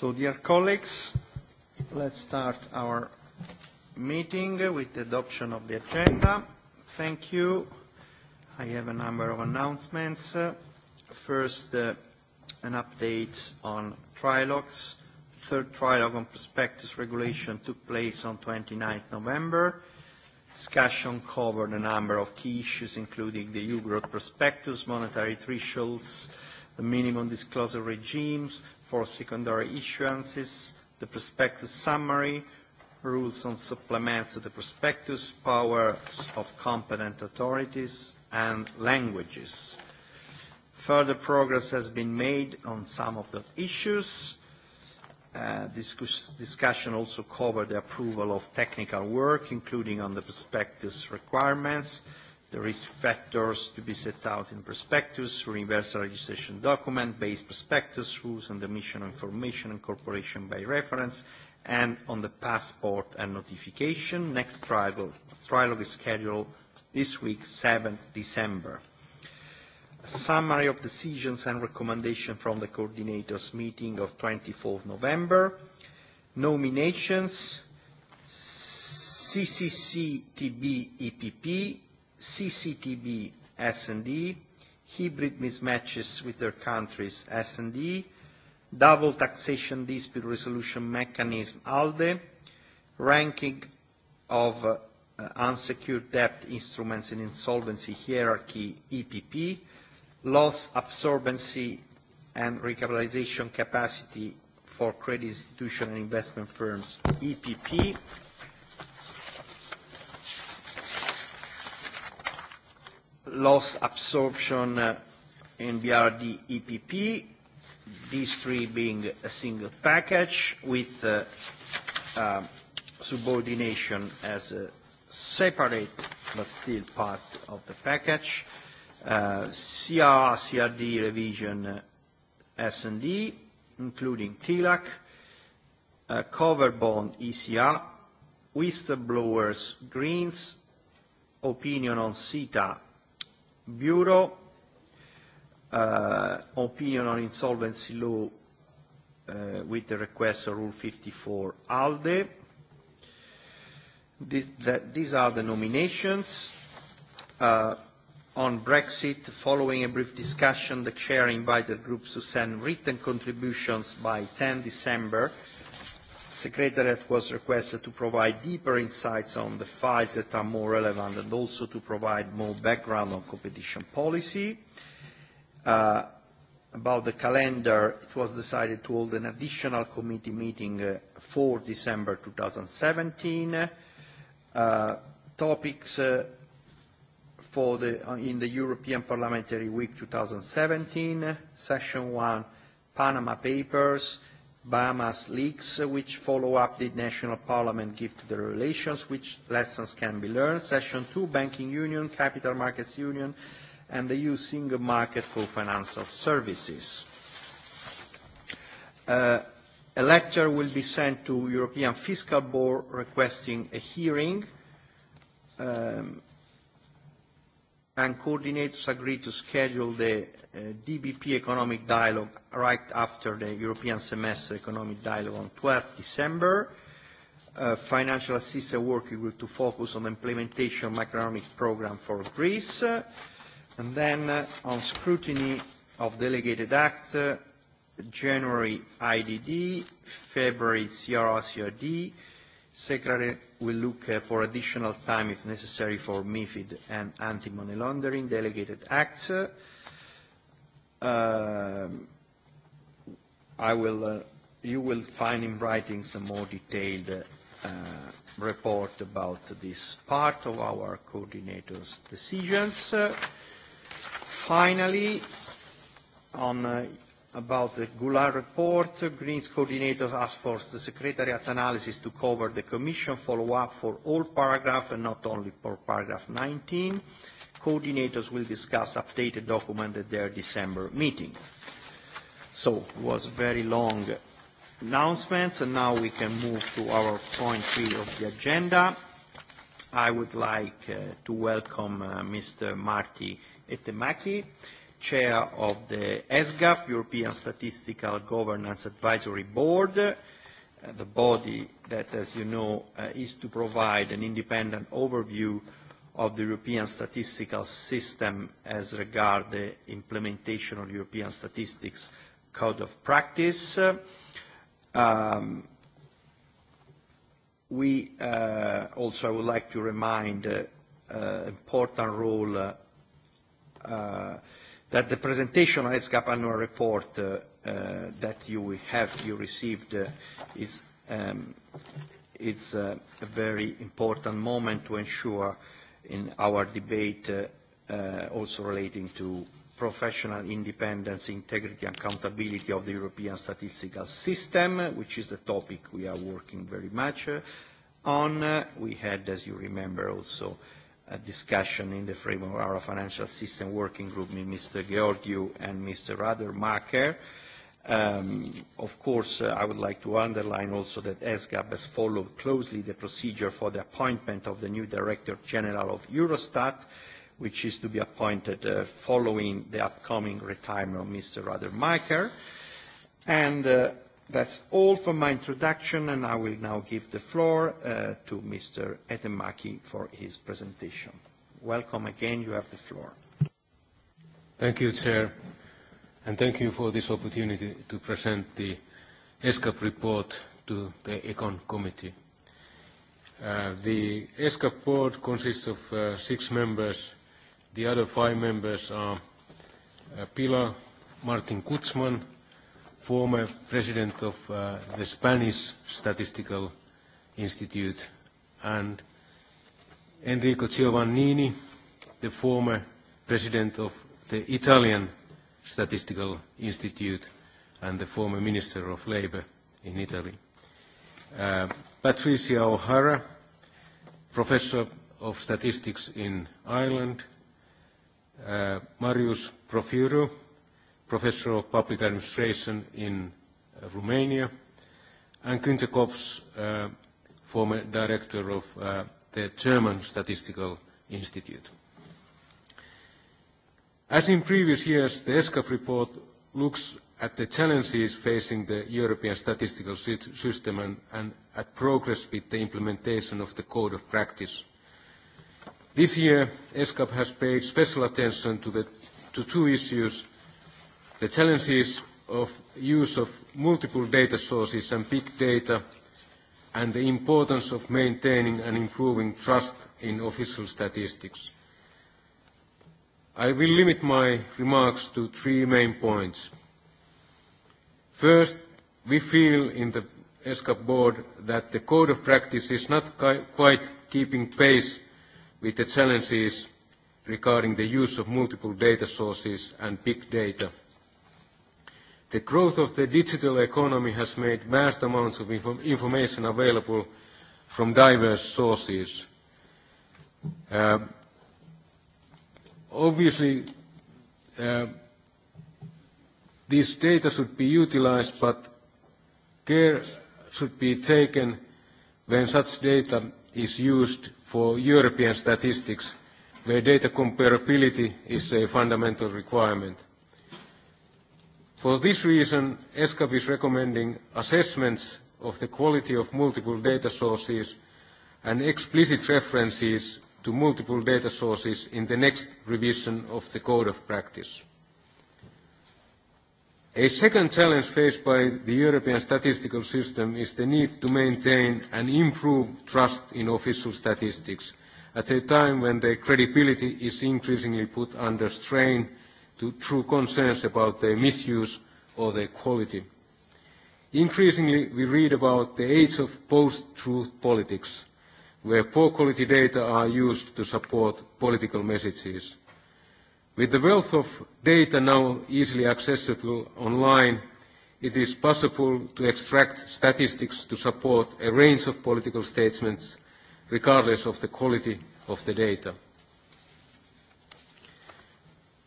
So, dear colleagues, let's start our meeting with the adoption of the agenda. Thank you. I have a number of announcements. First, uh, an update on trilogues. Third trilogue on prospectus regulation took place on 29th November. Discussion covered a number of key issues, including the EU growth prospectus, monetary thresholds, the minimum disclosure regimes, for secondary issuances, the prospectus summary, rules on supplements to the prospectus, powers of competent authorities, and languages. Further progress has been made on some of the issues. Uh, this discussion also covered the approval of technical work, including on the prospectus requirements, the risk factors to be set out in prospectus, universal registration document, base prospectus, rules on the mission information incorporation by reference, and on the passport and notification. Next trilogue, trilogue is scheduled this week, 7th December. A summary of decisions and recommendations from the coordinators meeting of 24th November. Nominations, CCCTB EPP, CCTB S&D, hybrid mismatches with their countries S&D, double taxation dispute resolution mechanism ALDE, ranking of uh, uh, unsecured debt instruments in insolvency hierarchy EPP, loss absorbency and recapitalization capacity for credit institution and investment firms EPP, loss absorption uh, in BRD EPP, these three being a single package with uh, um, subordination as a separate but still part of the package. Uh, CRR CRD revision S&D, including TLAC, covered cover bond ECR, whistleblowers, Greens, opinion on CETA Bureau, uh, opinion on insolvency law uh, with the request of Rule 54 ALDE. This, that, these are the nominations. Uh, on Brexit, following a brief discussion, the Chair invited groups to send written contributions by 10 December Secretariat was requested to provide deeper insights on the files that are more relevant and also to provide more background on competition policy. Uh, about the calendar, it was decided to hold an additional committee meeting uh, for December 2017. Uh, topics uh, for the, uh, in the European Parliamentary Week 2017, Session 1, Panama Papers, Bahamas leaks, uh, which follow-up did national parliament give to the relations, which lessons can be learned. Session two: Banking Union, Capital Markets Union, and the EU Single Market for Financial Services. Uh, a letter will be sent to European Fiscal Board requesting a hearing um, and coordinators agreed to schedule the uh, DBP economic dialogue right after the European semester economic dialogue on 12 December. Uh, financial assistance working group to focus on the implementation of macroeconomic program for Greece. Uh, and then uh, on scrutiny of delegated acts, uh, January IDD, February CRR-CRD, Secretary will look uh, for additional time, if necessary, for MIFID and anti-money laundering delegated acts. Uh, um, I will, uh, you will find in writing some more detailed uh, uh, report about this part of our coordinators' decisions. Uh, finally, on uh, about the Goulart report. Greens coordinators asked for the Secretariat analysis to cover the Commission follow-up for all paragraphs and not only for paragraph 19. Coordinators will discuss updated document at their December meeting. So it was very long announcements, and now we can move to our point three of the agenda. I would like uh, to welcome uh, Mr. Marty Etemaki, chair of the ESGAP, European Statistical Governance Advisory Board, uh, the body that, as you know, uh, is to provide an independent overview of the European statistical system as regard the implementation of European statistics code of practice. Uh, um, we uh, also, I would like to remind, uh, uh, important role uh, uh, that the presentation on ESGAP annual report uh, uh, that you have, you received, uh, is um, it's uh, a very important moment to ensure in our debate uh, uh, also relating to professional independence, integrity and accountability of the European statistical system, which is the topic we are working very much uh, on. Uh, we had, as you remember, also uh, discussion in the framework of our financial system working group with Mr. Georgiou and Mr. Radermacher. Um, of course, uh, I would like to underline also that ESGAB has followed closely the procedure for the appointment of the new Director General of Eurostat, which is to be appointed uh, following the upcoming retirement of Mr. Radermacher. And uh, That's all for my introduction, and I will now give the floor uh, to Mr. Etemaki for his presentation. Welcome again. You have the floor. Thank you, Chair, and thank you for this opportunity to present the ESCAP report to the Econ Committee. Uh, the ESCAP board consists of uh, six members. The other five members are uh, Pilar Martin Kutzmann, former president of uh, the Spanish Statistical Institute, and Enrico Giovannini, the former president of the Italian Statistical Institute and the former Minister of Labour in Italy. Uh, Patricia O'Hara, Professor of Statistics in Ireland, uh, Marius Profuro professor of public administration in uh, Romania, and Günter Kops, uh, former director of uh, the German Statistical Institute. As in previous years, the ESCAP report looks at the challenges facing the European statistical system and, and at progress with the implementation of the Code of Practice. This year, ESCAP has paid special attention to, the, to two issues The challenges of use of multiple data sources and big data and the importance of maintaining and improving trust in official statistics. I will limit my remarks to three main points. First, we feel in the ESCAP board that the code of practice is not quite keeping pace with the challenges regarding the use of multiple data sources and big data The growth of the digital economy has made vast amounts of information available from diverse sources. Uh, obviously, uh, these data should be utilized, but care should be taken when such data is used for European statistics, where data comparability is a fundamental requirement. For this reason, ESCAP is recommending assessments of the quality of multiple data sources and explicit references to multiple data sources in the next revision of the Code of Practice. A second challenge faced by the European statistical system is the need to maintain and improve trust in official statistics at a time when their credibility is increasingly put under strain to true concerns about the misuse or the quality. Increasingly, we read about the age of post-truth politics, where poor quality data are used to support political messages. With the wealth of data now easily accessible online, it is possible to extract statistics to support a range of political statements, regardless of the quality of the data.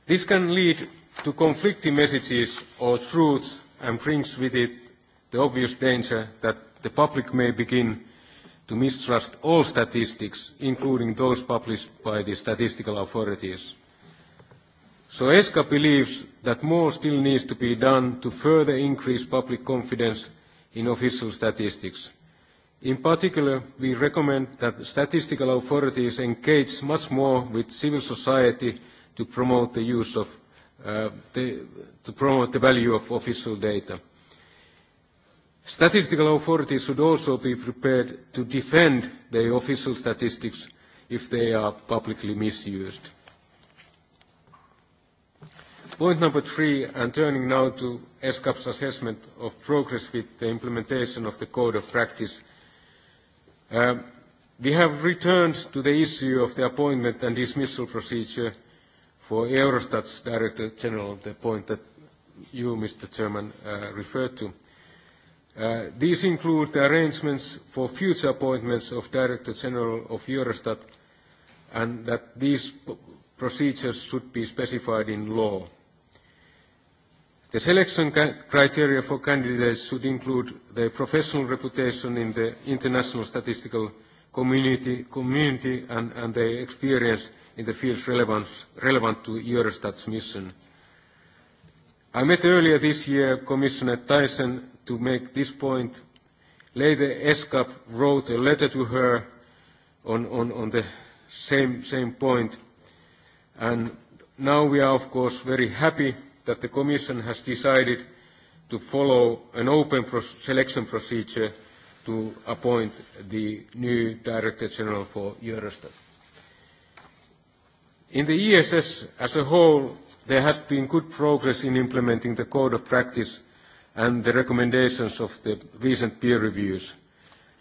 This can lead to conflicting messages or truths and brings with it the obvious danger that the public may begin to mistrust all statistics, including those published by the statistical authorities. So ESCA believes that more still needs to be done to further increase public confidence in official statistics. In particular, we recommend that statistical authorities engage much more with civil society to promote the use of uh, the, to promote the value of official data. Statistical authorities should also be prepared to defend their official statistics if they are publicly misused. Point number three, and turning now to ESCAP's assessment of progress with the implementation of the Code of Practice. Uh, we have returned to the issue of the appointment and dismissal procedure for Eurostat's Director General, the point that you, Mr. Chairman, uh, referred to. Uh, these include the arrangements for future appointments of Director General of Eurostat and that these procedures should be specified in law. The selection criteria for candidates should include their professional reputation in the international statistical community, community and, and their experience in the fields relevant, relevant to Eurostat's mission. I met earlier this year Commissioner Tyson to make this point. Later, ESCAP wrote a letter to her on, on, on the same, same point. And now we are, of course, very happy that the Commission has decided to follow an open pro selection procedure to appoint the new Director General for Eurostat. In the ESS as a whole, there has been good progress in implementing the Code of Practice and the recommendations of the recent peer reviews.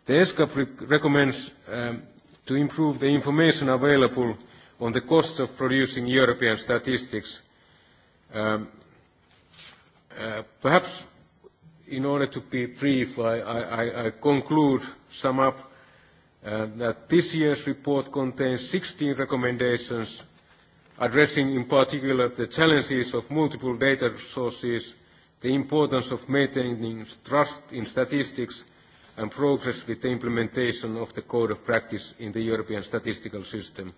The ESCAP re recommends um, to improve the information available on the cost of producing European statistics. Um, uh, perhaps in order to be brief, I, I, I conclude, sum up, uh, that this year's report contains 16 recommendations addressing in particular the challenges of multiple data sources, the importance of maintaining trust in statistics, and progress with the implementation of the Code of Practice in the European Statistical System.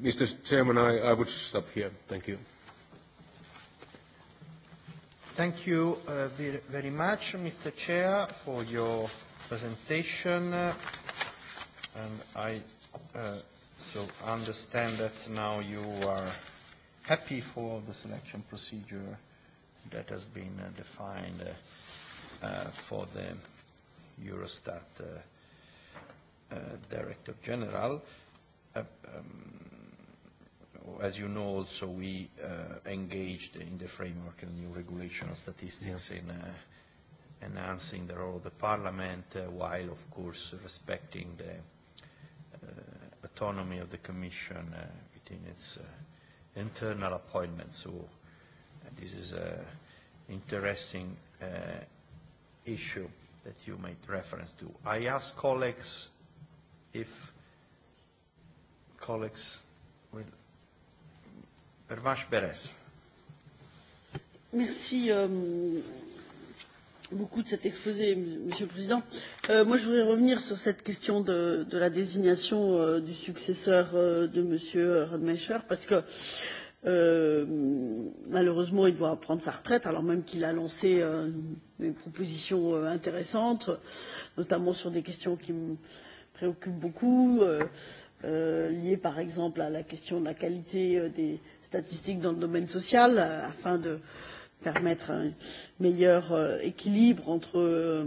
Mr. Chairman, I, I would stop here. Thank you. Thank you uh, very much, Mr. Chair, for your presentation. Uh, and I uh, so understand that now you are happy for the selection procedure that has been uh, defined uh, uh, for the Eurostat uh, uh, Director General. Uh, um, as you know, also we uh, engaged in the framework and new regulation on statistics yeah. in uh, enhancing the role of the Parliament, uh, while of course respecting the uh, autonomy of the Commission uh, within its uh, internal appointments. So uh, this is an interesting uh, issue that you made reference to. I ask colleagues if colleagues Pervás Perez. Merci euh, beaucoup de cet exposé, Monsieur le Président. Euh, moi, je voudrais revenir sur cette question de, de la désignation euh, du successeur euh, de Monsieur Radmacher, parce que euh, malheureusement, il doit prendre sa retraite, alors même qu'il a lancé euh, des propositions euh, intéressantes, notamment sur des questions qui me préoccupent beaucoup, euh, euh, liées par exemple à la question de la qualité euh, des statistiques dans le domaine social euh, afin de permettre un meilleur euh, équilibre entre euh,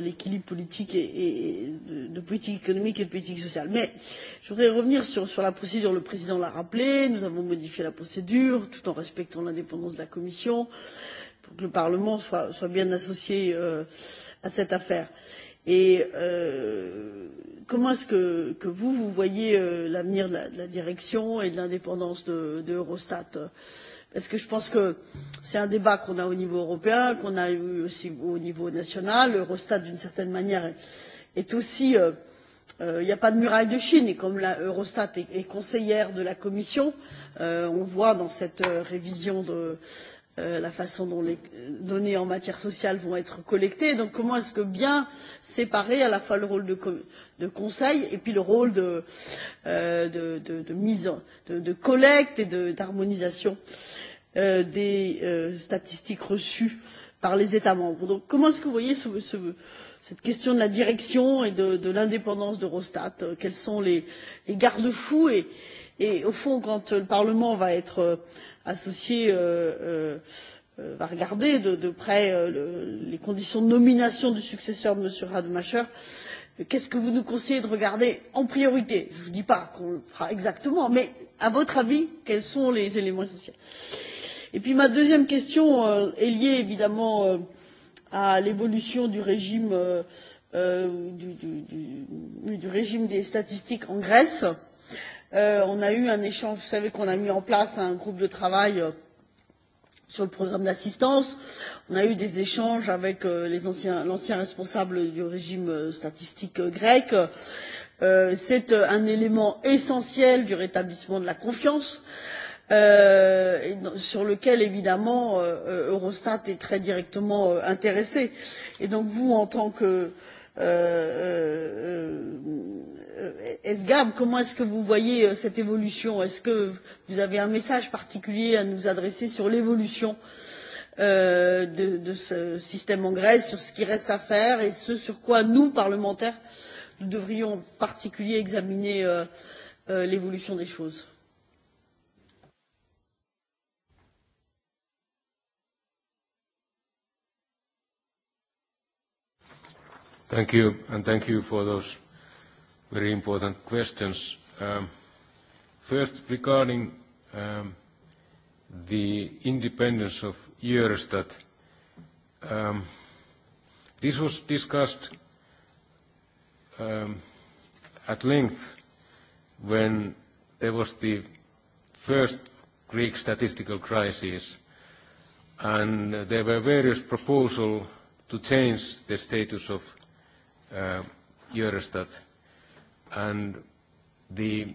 l'équilibre politique et, et de, de politique économique et de politique sociale. Mais je voudrais revenir sur, sur la procédure. Le président l'a rappelé, nous avons modifié la procédure tout en respectant l'indépendance de la Commission pour que le Parlement soit, soit bien associé euh, à cette affaire. Et euh, comment est-ce que, que vous, vous voyez euh, l'avenir de, la, de la direction et de l'indépendance de, de Eurostat Parce que je pense que c'est un débat qu'on a au niveau européen, qu'on a eu aussi au niveau national. Eurostat, d'une certaine manière, est, est aussi... Euh, euh, il euh, n'y euh, a pas de muraille de Chine et comme la Eurostat est, est conseillère de la Commission, euh, on voit dans cette euh, révision de, Euh, la façon dont les données en matière sociale vont être collectées. Donc comment est-ce que bien séparer à la fois le rôle de, de conseil et puis le rôle de, euh, de, de, de mise de, de collecte et d'harmonisation de, euh, des euh, statistiques reçues par les États membres. Donc comment est-ce que vous voyez ce, ce, cette question de la direction et de, de l'indépendance d'Eurostat euh, Quels sont les, les garde-fous et, et au fond quand le Parlement va être euh, associé euh, euh, euh, va regarder de, de près euh, le, les conditions de nomination du successeur de M. Rademacher. Qu'est ce que vous nous conseillez de regarder en priorité? Je ne vous dis pas qu'on le fera exactement, mais à votre avis, quels sont les éléments essentiels? Et puis ma deuxième question euh, est liée évidemment euh, à l'évolution du régime euh, euh, du, du, du, du régime des statistiques en Grèce. Euh, Euh, on a eu un échange, vous savez qu'on a mis en place un groupe de travail euh, sur le programme d'assistance. On a eu des échanges avec euh, l'ancien responsable du régime euh, statistique grec. Euh, C'est un élément essentiel du rétablissement de la confiance euh, sur lequel évidemment euh, Eurostat est très directement euh, intéressé. Et donc vous, en tant que euh, euh, Esgab, euh, comment est-ce que vous voyez euh, cette évolution Est-ce que vous avez un message particulier à nous adresser sur l'évolution euh, de, de ce système en Grèce, sur ce qui reste à faire et ce sur quoi nous, parlementaires, nous devrions en particulier examiner euh, euh, l'évolution des choses Thank you, and thank you for those very important questions. Um, first, regarding um, the independence of Eurostat, um, this was discussed um, at length when there was the first Greek statistical crisis, and there were various proposals to change the status of uh, Eurostat. And the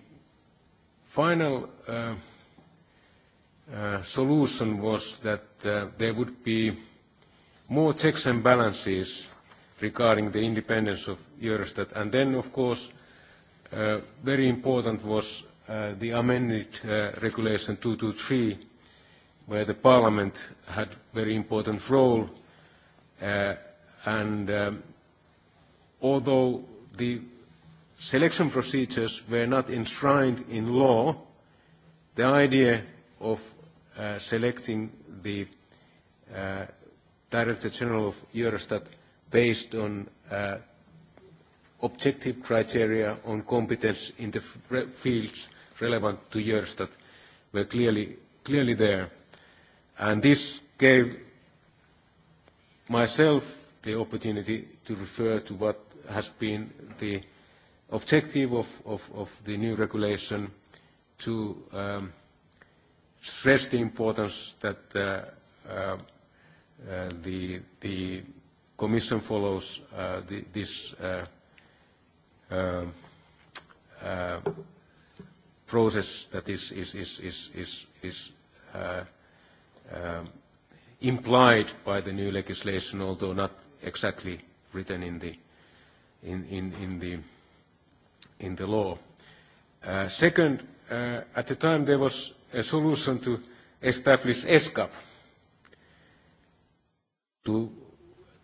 final uh, uh, solution was that uh, there would be more checks and balances regarding the independence of Eurostat. And then, of course, uh, very important was uh, the amended uh, Regulation 223, where the Parliament had very important role. Uh, and um, although the selection procedures were not enshrined in law, the idea of uh, selecting the uh, Director General of Eurostat based on uh, objective criteria on competence in the fields relevant to Eurostat were clearly, clearly there. And this gave myself the opportunity to refer to what has been the objective of, of, of the new regulation to um, stress the importance that uh, uh, uh the, the Commission follows uh, the, this uh, uh, uh, process that is, is, is, is, is, is uh, uh, implied by the new legislation, although not exactly written in the, in, in, in the in the law. Uh, second, uh, at the time there was a solution to establish ESCAP. To,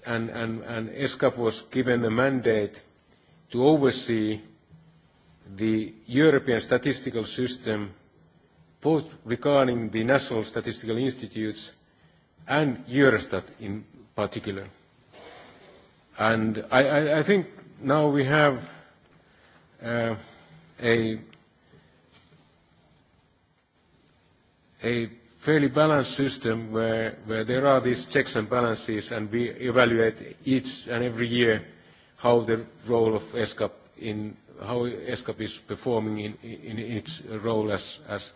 and, and, and ESCAP was given a mandate to oversee the European statistical system, both regarding the national statistical institutes and Eurostat in particular. And I, I, I think now we have uh, a, a fairly balanced system where, where there are these checks and balances and we evaluate each and every year how the role of ESCAP in how ESCAP is performing in, in, in its role as, as,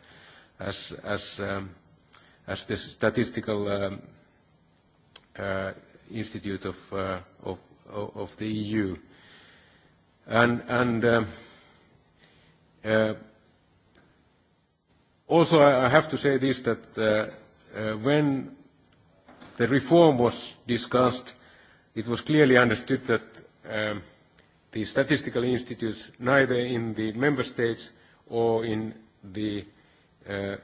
as, as, um, as the statistical um, uh, institute of, uh, of, of the EU. And, and um, uh, also, I have to say this, that uh, uh, when the reform was discussed, it was clearly understood that um, the statistical institutes, neither in the member states or in the uh,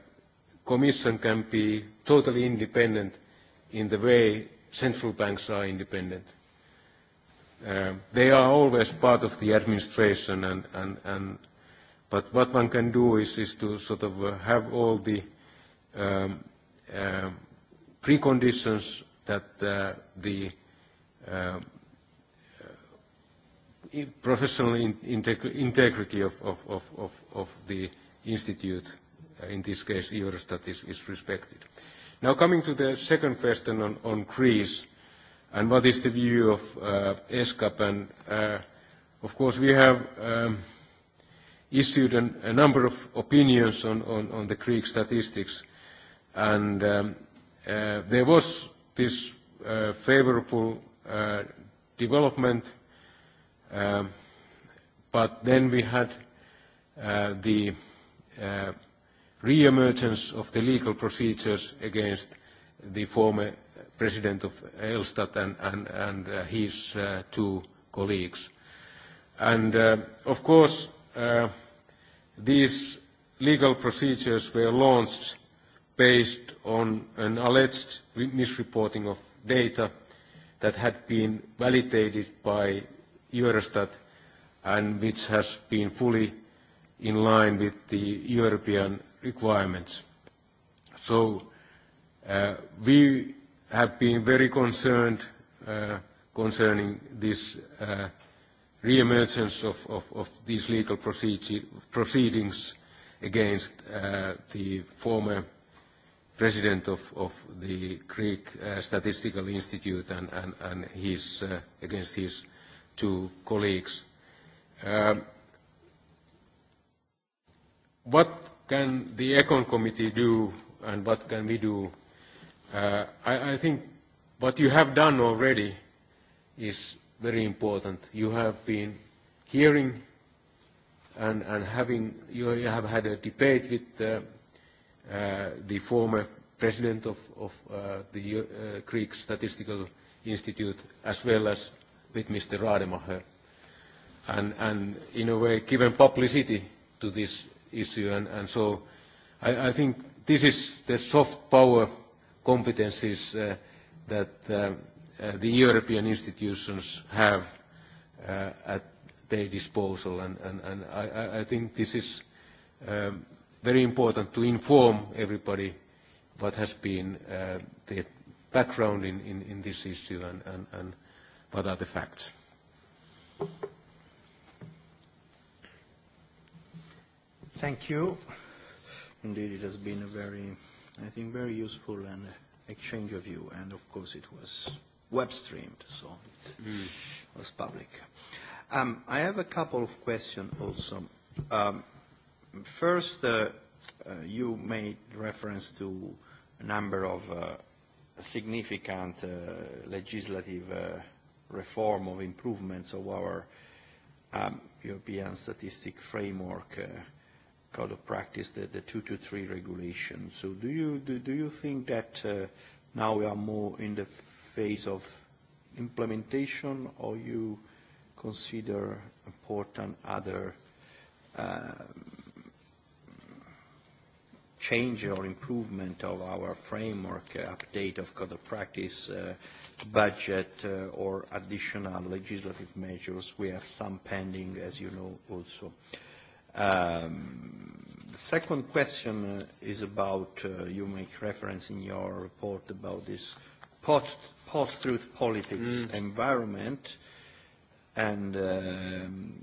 commission, can be totally independent in the way central banks are independent. Uh, they are always part of the administration, and, and, and, but what one can do is, is to sort of uh, have all the um, uh, preconditions that uh, the um, uh, professional in, integ integrity of, of, of, of, of the institute, uh, in this case Eurostat, is, is respected. Now coming to the second question on, on Greece, and what is the view of uh, ESCAP. And uh, of course, we have um, issued an, a number of opinions on, on, on the Greek statistics, and um, uh, there was this uh, favorable uh, development, uh, but then we had uh, the uh, re-emergence of the legal procedures against the former president of Elstat and, and, and uh, his uh, two colleagues. And uh, of course, uh, these legal procedures were launched based on an alleged misreporting of data that had been validated by Eurostat and which has been fully in line with the European requirements. So uh, we have been very concerned uh, concerning this uh, emergence of, of, of these legal proceedings against uh, the former president of, of the Greek uh, Statistical Institute and, and, and his, uh, against his two colleagues. Um, what can the ECON committee do and what can we do Uh, I, I think what you have done already is very important. You have been hearing and, and having, you have had a debate with uh, uh, the former president of, of uh, the uh, Greek Statistical Institute as well as with Mr. Rademacher. And, and in a way given publicity to this issue and, and so I, I think this is the soft power competencies uh, that uh, uh, the European institutions have uh, at their disposal. And, and, and I, I think this is um, very important to inform everybody what has been uh, the background in, in, in this issue and, and, and what are the facts. Thank you. Indeed, it has been a very I think, very useful and exchange of view. And of course, it was web streamed, so mm. it mm. was public. Um, I have a couple of questions also. Um, first, uh, uh, you made reference to a number of uh, significant uh, legislative uh, reform of improvements of our um, European statistic framework. Uh, code of practice, the, the 3 regulation. So do you, do, do you think that uh, now we are more in the phase of implementation or you consider important other uh, change or improvement of our framework, uh, update of code of practice, uh, budget, uh, or additional legislative measures. We have some pending, as you know, also. Uh, Um, the second question uh, is about, uh, you make reference in your report about this post, truth politics mm. environment and um,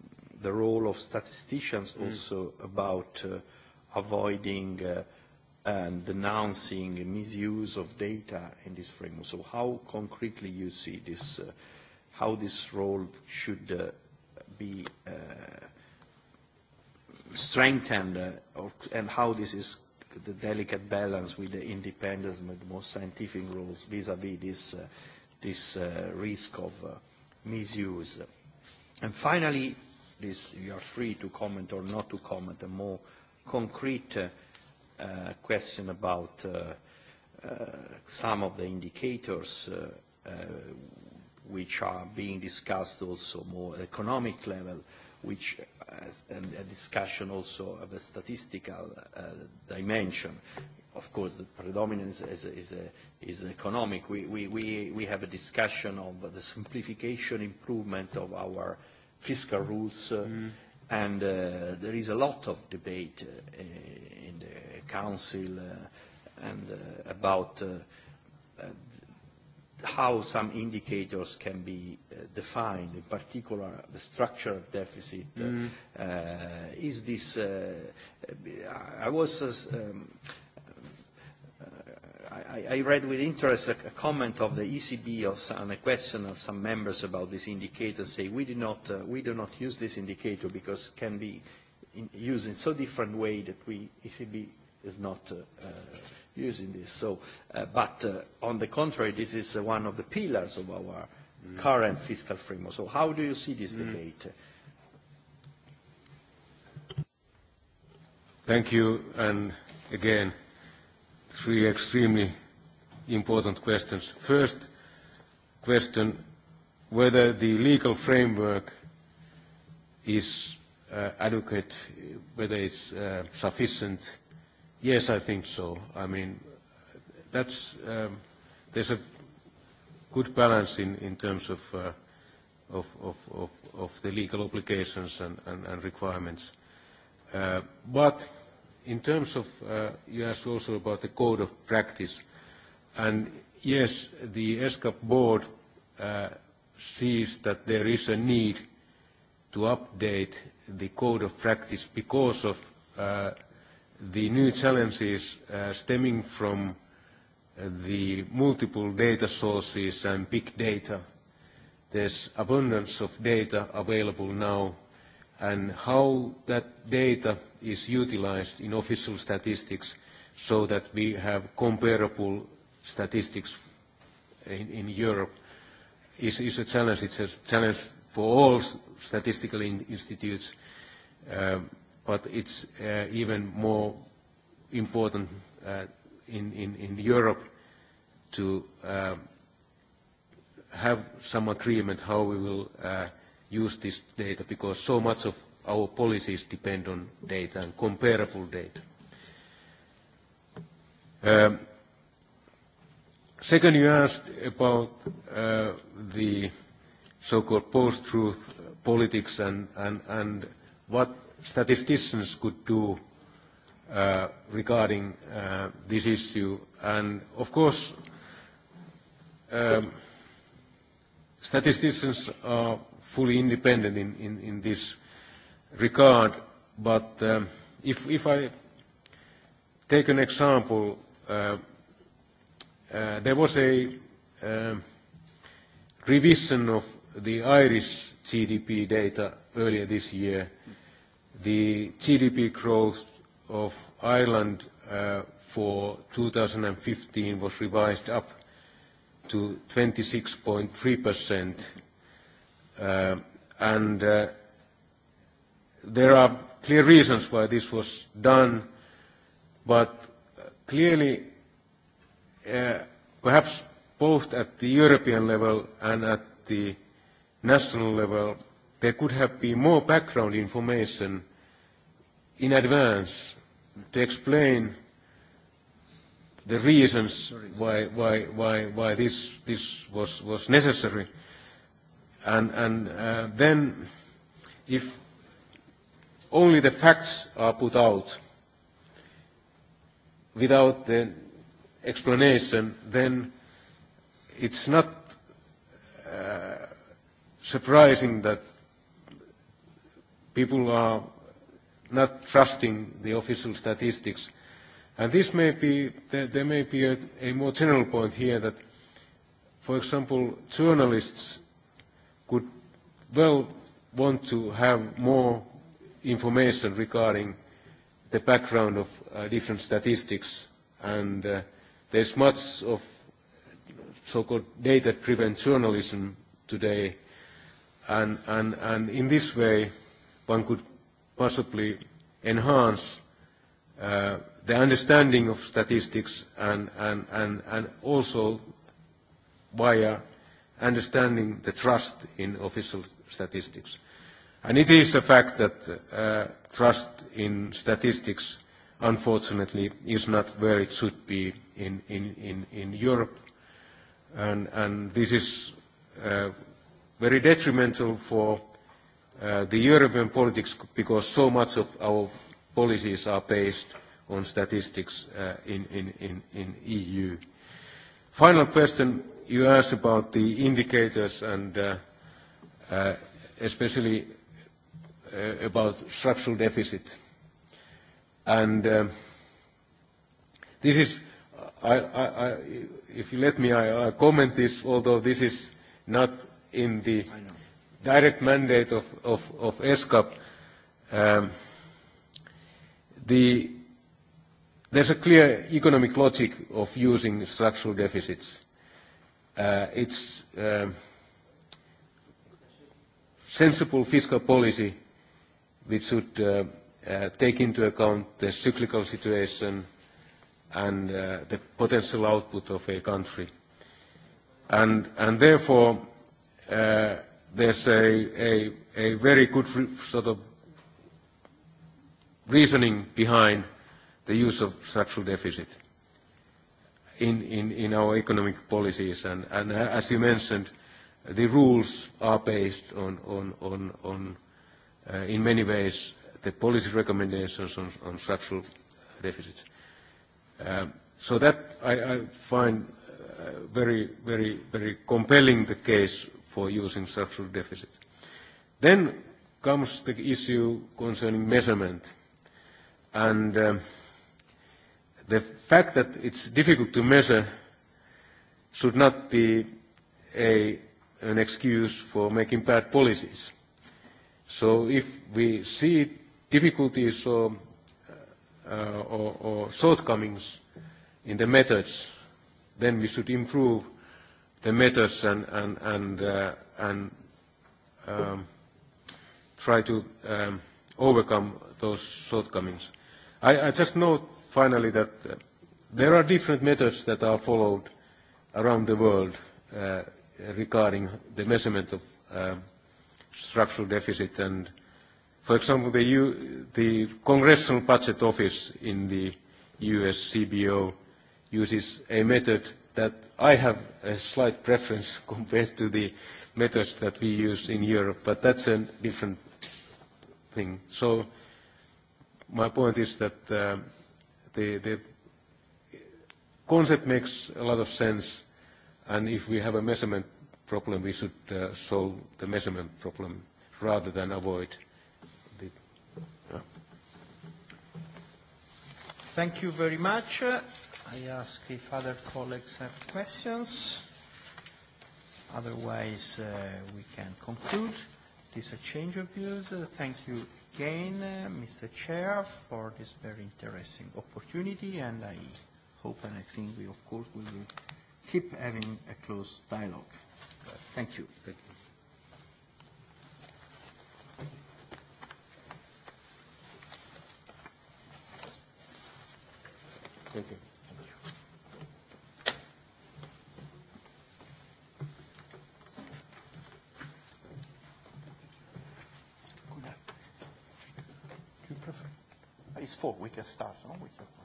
the role of statisticians mm. also about uh, avoiding uh, and denouncing misuse of data in this framework. So how concretely you see this, uh, how this role should uh, be uh, strengthened uh, and how this is the delicate balance with the independence and the most scientific rules vis-à-vis -vis this, uh, this uh, risk of uh, misuse. And finally, this, you are free to comment or not to comment, a more concrete uh, uh, question about uh, uh, some of the indicators uh, uh, which are being discussed also more economic level. Uh, which has a discussion also of a statistical uh, dimension. Of course, the predominance is, is, a, is economic. We, we, we, we have a discussion of the simplification improvement of our fiscal rules, uh, mm. and uh, there is a lot of debate uh, in the Council uh, and uh, about uh, uh, how some indicators can be uh, defined, in particular the structure of deficit. Uh, mm. Uh, is this, uh, uh I was, uh, um, uh, I, I read with interest a, a comment of the ECB of, on a question of some members about this indicator, say we do not, uh, we do not use this indicator because it can be in, used in so different way that we, ECB is not uh, uh, using this. So, uh, but uh, on the contrary, this is uh, one of the pillars of our mm. current fiscal framework. So how do you see this mm. debate? Thank you. And again, three extremely important questions. First question, whether the legal framework is uh, adequate, whether it's uh, sufficient Yes, I think so. I mean, that's, um, there's a good balance in, in terms of, uh, of, of, of, of the legal obligations and, and, and requirements. Uh, but in terms of, uh, you asked also about the code of practice. And yes, the ESCAP board uh, sees that there is a need to update the code of practice because of uh, the new challenges uh, stemming from uh, the multiple data sources and big data. There's abundance of data available now, and how that data is utilized in official statistics so that we have comparable statistics in, in Europe is, is a challenge. It's a challenge for all statistical in institutes. Uh, but it's uh, even more important uh, in, in, in Europe to uh, have some agreement how we will uh, use this data because so much of our policies depend on data and comparable data. Um, second, you asked about uh, the so-called post-truth politics and, and, and what statisticians could do uh, regarding uh, this issue. And of course, um, statisticians are fully independent in, in, in this regard, but um, if, if I take an example, uh, uh, there was a uh, revision of the Irish GDP data earlier this year, the GDP growth of Ireland uh, for 2015 was revised up to 26.3%. Uh, and uh, there are clear reasons why this was done, but clearly, uh, perhaps both at the European level and at the national level, there could have been more background information in advance to explain the reasons why, why, why, why this, this was, was necessary. And, and uh, then if only the facts are put out without the explanation, then it's not uh, surprising that people are not trusting the official statistics. And this may be, there, there may be a, a more general point here that, for example, journalists could well want to have more information regarding the background of uh, different statistics. And uh, there's much of so-called data-driven journalism today. And, and, and in this way, one could possibly enhance uh, the understanding of statistics and, and, and, and also via understanding the trust in official statistics. And it is a fact that uh, trust in statistics, unfortunately, is not where it should be in, in, in, in Europe. And, and this is uh, very detrimental for Uh, the European politics because so much of our policies are based on statistics uh, in, in, in, in EU. Final question, you asked about the indicators and uh, uh, especially uh, about structural deficit. And uh, this is, I, I, I, if you let me, I, I comment this, although this is not in the... I know direct mandate of, of, of ESCAP, um, the, there's a clear economic logic of using structural deficits. Uh, it's uh, sensible fiscal policy which should uh, uh, take into account the cyclical situation and uh, the potential output of a country. And, and therefore, uh, there's a, a, a very good sort of reasoning behind the use of structural deficit in, in, in our economic policies. And, and as you mentioned, the rules are based on, on, on, on uh, in many ways, the policy recommendations on, on structural deficits. Um, so that I, I find uh, very, very, very compelling the case for using structural deficits. Then comes the issue concerning measurement. And um, the fact that it's difficult to measure should not be a, an excuse for making bad policies. So if we see difficulties or, uh, or, or shortcomings in the methods, then we should improve the methods and, and, and, uh, and um, try to um, overcome those shortcomings. I, I just note finally that uh, there are different methods that are followed around the world uh, regarding the measurement of uh, structural deficit and for example, the, U, the Congressional Budget Office in the US CBO uses a method that I have a slight preference compared to the methods that we use in Europe, but that's a different thing. So my point is that uh, the, the concept makes a lot of sense, and if we have a measurement problem, we should uh, solve the measurement problem rather than avoid the... Yeah. Thank you very much. I ask if other colleagues have questions. Otherwise, uh, we can conclude this exchange of views. Uh, thank you again, uh, Mr. Chair, for this very interesting opportunity, and I hope and I think we, of course, we will keep having a close dialogue. Uh, thank you. Thank you. Thank you. four. We can start no? with your point.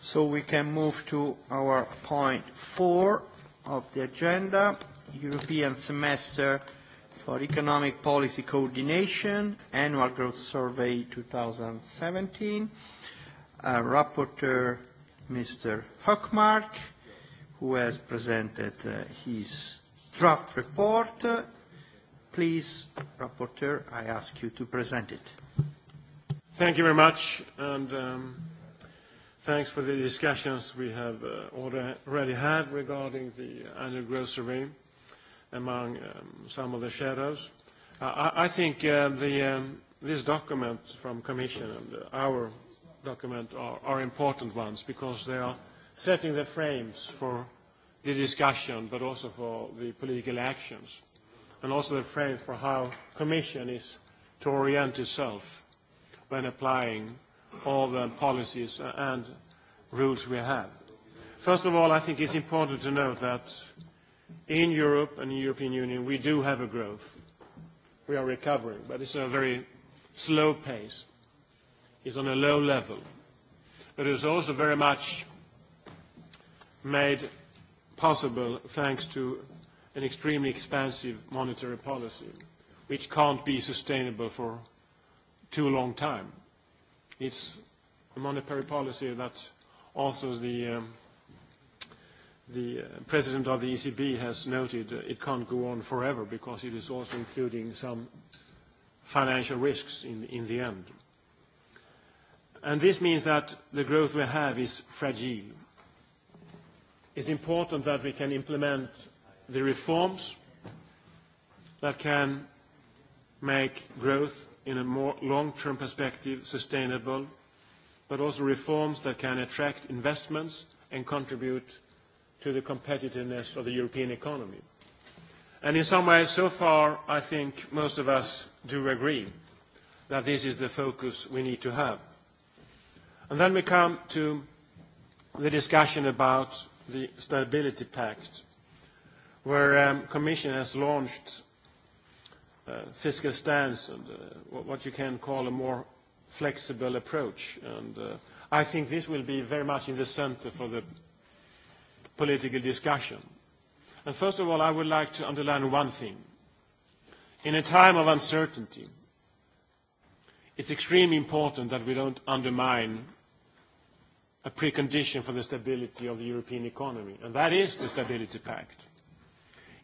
So we can move to our point four of the agenda, European semester for Economic Policy Coordination, Annual Growth Survey 2017. Uh, rapporteur, Mr. Hockmark, who has presented uh, his draft report. Uh, please, Rapporteur, I ask you to present it. Thank you very much, and um, thanks for the discussions we have uh, already had regarding the annual growth survey among um, some of the shadows. Uh, I, I think uh, the, um, this document from Commission and uh, our document are, are important ones because they are setting the frames for the discussion but also for the political actions and also the frame for how Commission is to orient itself when applying all the policies and rules we have. First of all, I think it's important to note that in Europe and the European Union, we do have a growth. We are recovering, but it's at a very slow pace. It's on a low level. But it's also very much made possible thanks to an extremely expansive monetary policy, which can't be sustainable for too long time. It's a monetary policy that also the um, the uh, president of the ECB has noted it can't go on forever because it is also including some financial risks in, in the end. And this means that the growth we have is fragile. It's important that we can implement the reforms that can make growth in a more long-term perspective sustainable, but also reforms that can attract investments and contribute to the competitiveness of the European economy. And in some ways, so far, I think most of us do agree that this is the focus we need to have. And then we come to the discussion about the Stability Pact, where um, Commission has launched uh, fiscal stance and uh, what you can call a more flexible approach. And uh, I think this will be very much in the center for the political discussion. And first of all, I would like to underline one thing. In a time of uncertainty, it's extremely important that we don't undermine a precondition for the stability of the European economy, and that is the Stability Pact.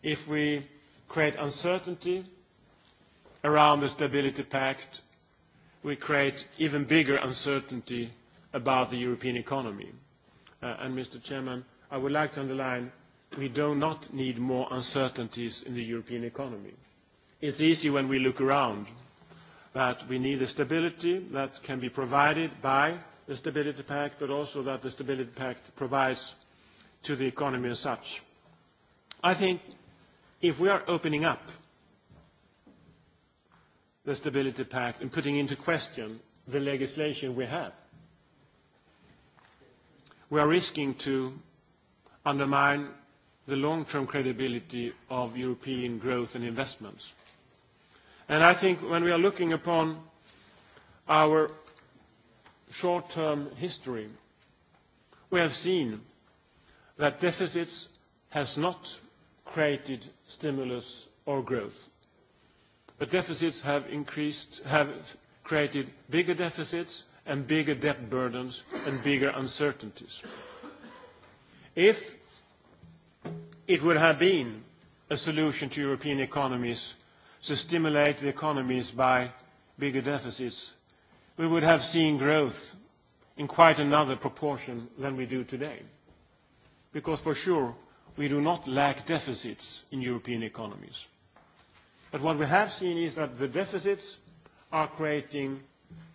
If we create uncertainty around the Stability Pact, we create even bigger uncertainty about the European economy. Uh, and Mr. Chairman, I would like to underline we do not need more uncertainties in the European economy. It's easy when we look around that we need a stability that can be provided by the Stability Pact, but also that the Stability Pact provides to the economy as such. I think if we are opening up the Stability Pact and putting into question the legislation we have, we are risking to undermine the long-term credibility of European growth and investments. And I think when we are looking upon our short-term history, we have seen that deficits has not created stimulus or growth. But deficits have increased, have created bigger deficits and bigger debt burdens and bigger uncertainties. If it would have been a solution to European economies to stimulate the economies by bigger deficits, we would have seen growth in quite another proportion than we do today. Because for sure, we do not lack deficits in European economies. But what we have seen is that the deficits are creating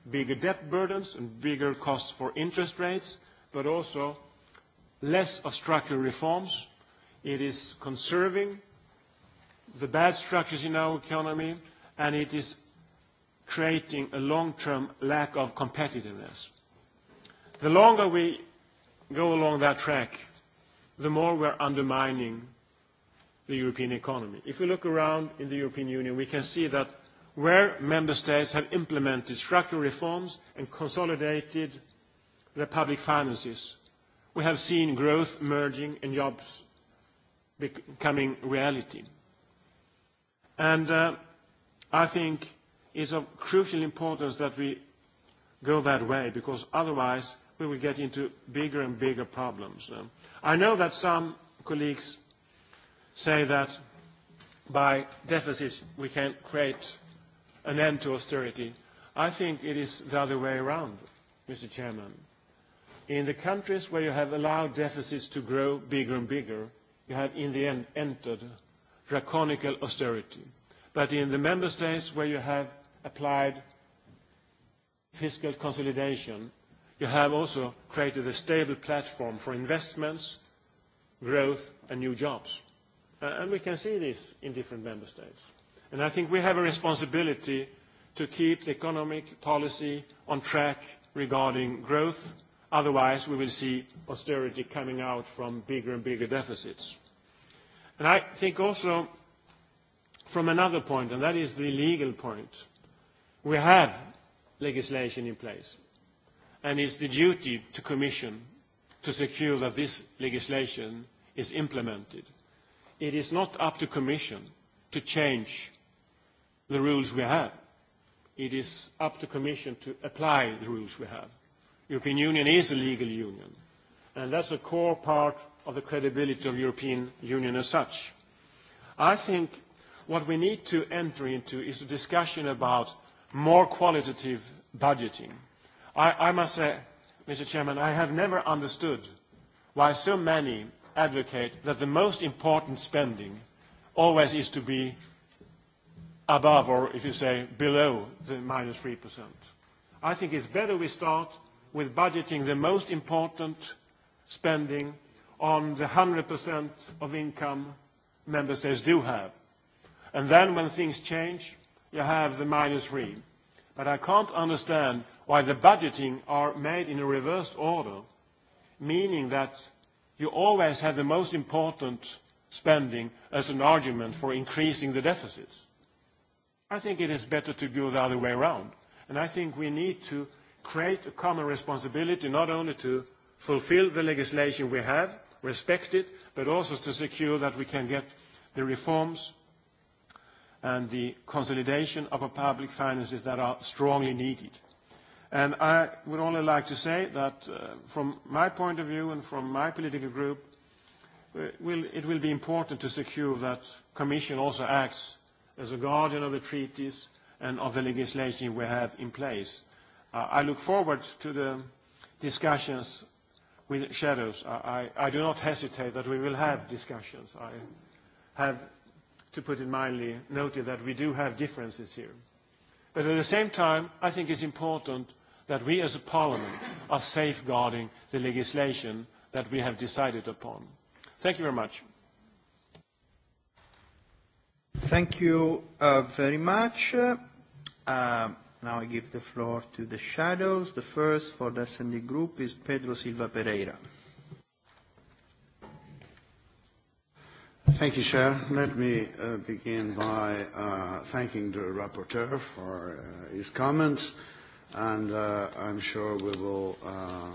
bigger debt burdens and bigger costs for interest rates, but also less of structural reforms. It is conserving the bad structures in our economy, and it is creating a long-term lack of competitiveness. The longer we go along that track, the more we're undermining the European economy. If we look around in the European Union, we can see that where member states have implemented structural reforms and consolidated their public finances, we have seen growth emerging and jobs becoming reality. And uh, I think it's of crucial importance that we go that way because otherwise we will get into bigger and bigger problems. Uh, I know that some colleagues say that by deficits we can create an end to austerity. I think it is the other way around, Mr. Chairman in the countries where you have allowed deficits to grow bigger and bigger, you have in the end entered draconical austerity. But in the member states where you have applied fiscal consolidation, you have also created a stable platform for investments, growth, and new jobs. Uh, and we can see this in different member states. And I think we have a responsibility to keep the economic policy on track regarding growth, Otherwise, we will see austerity coming out from bigger and bigger deficits. And I think also from another point, and that is the legal point, we have legislation in place, and it's the duty to Commission to secure that this legislation is implemented. It is not up to Commission to change the rules we have. It is up to Commission to apply the rules we have. European Union is a legal union. And that's a core part of the credibility of European Union as such. I think what we need to enter into is a discussion about more qualitative budgeting. I, I must say, Mr. Chairman, I have never understood why so many advocate that the most important spending always is to be above or, if you say, below the minus 3%. I think it's better we start with budgeting the most important spending on the 100% of income member states do have. And then when things change, you have the minus three. But I can't understand why the budgeting are made in a reversed order, meaning that you always have the most important spending as an argument for increasing the deficits. I think it is better to go the other way around. And I think we need to create a common responsibility not only to fulfill the legislation we have, respect it, but also to secure that we can get the reforms and the consolidation of our public finances that are strongly needed. And I would only like to say that uh, from my point of view and from my political group, it uh, will, it will be important to secure that Commission also acts as a guardian of the treaties and of the legislation we have in place Uh, I look forward to the discussions with shadows. I, I, I do not hesitate that we will have discussions. I have, to put it mildly, noted that we do have differences here. But at the same time, I think it's important that we as a parliament are safeguarding the legislation that we have decided upon. Thank you very much. Thank you uh, very much. Uh, Now I give the floor to the shadows. The first for the SND group is Pedro Silva Pereira. Thank you, Chair. Let me uh, begin by uh, thanking the rapporteur for uh, his comments, and uh, I'm sure we will uh,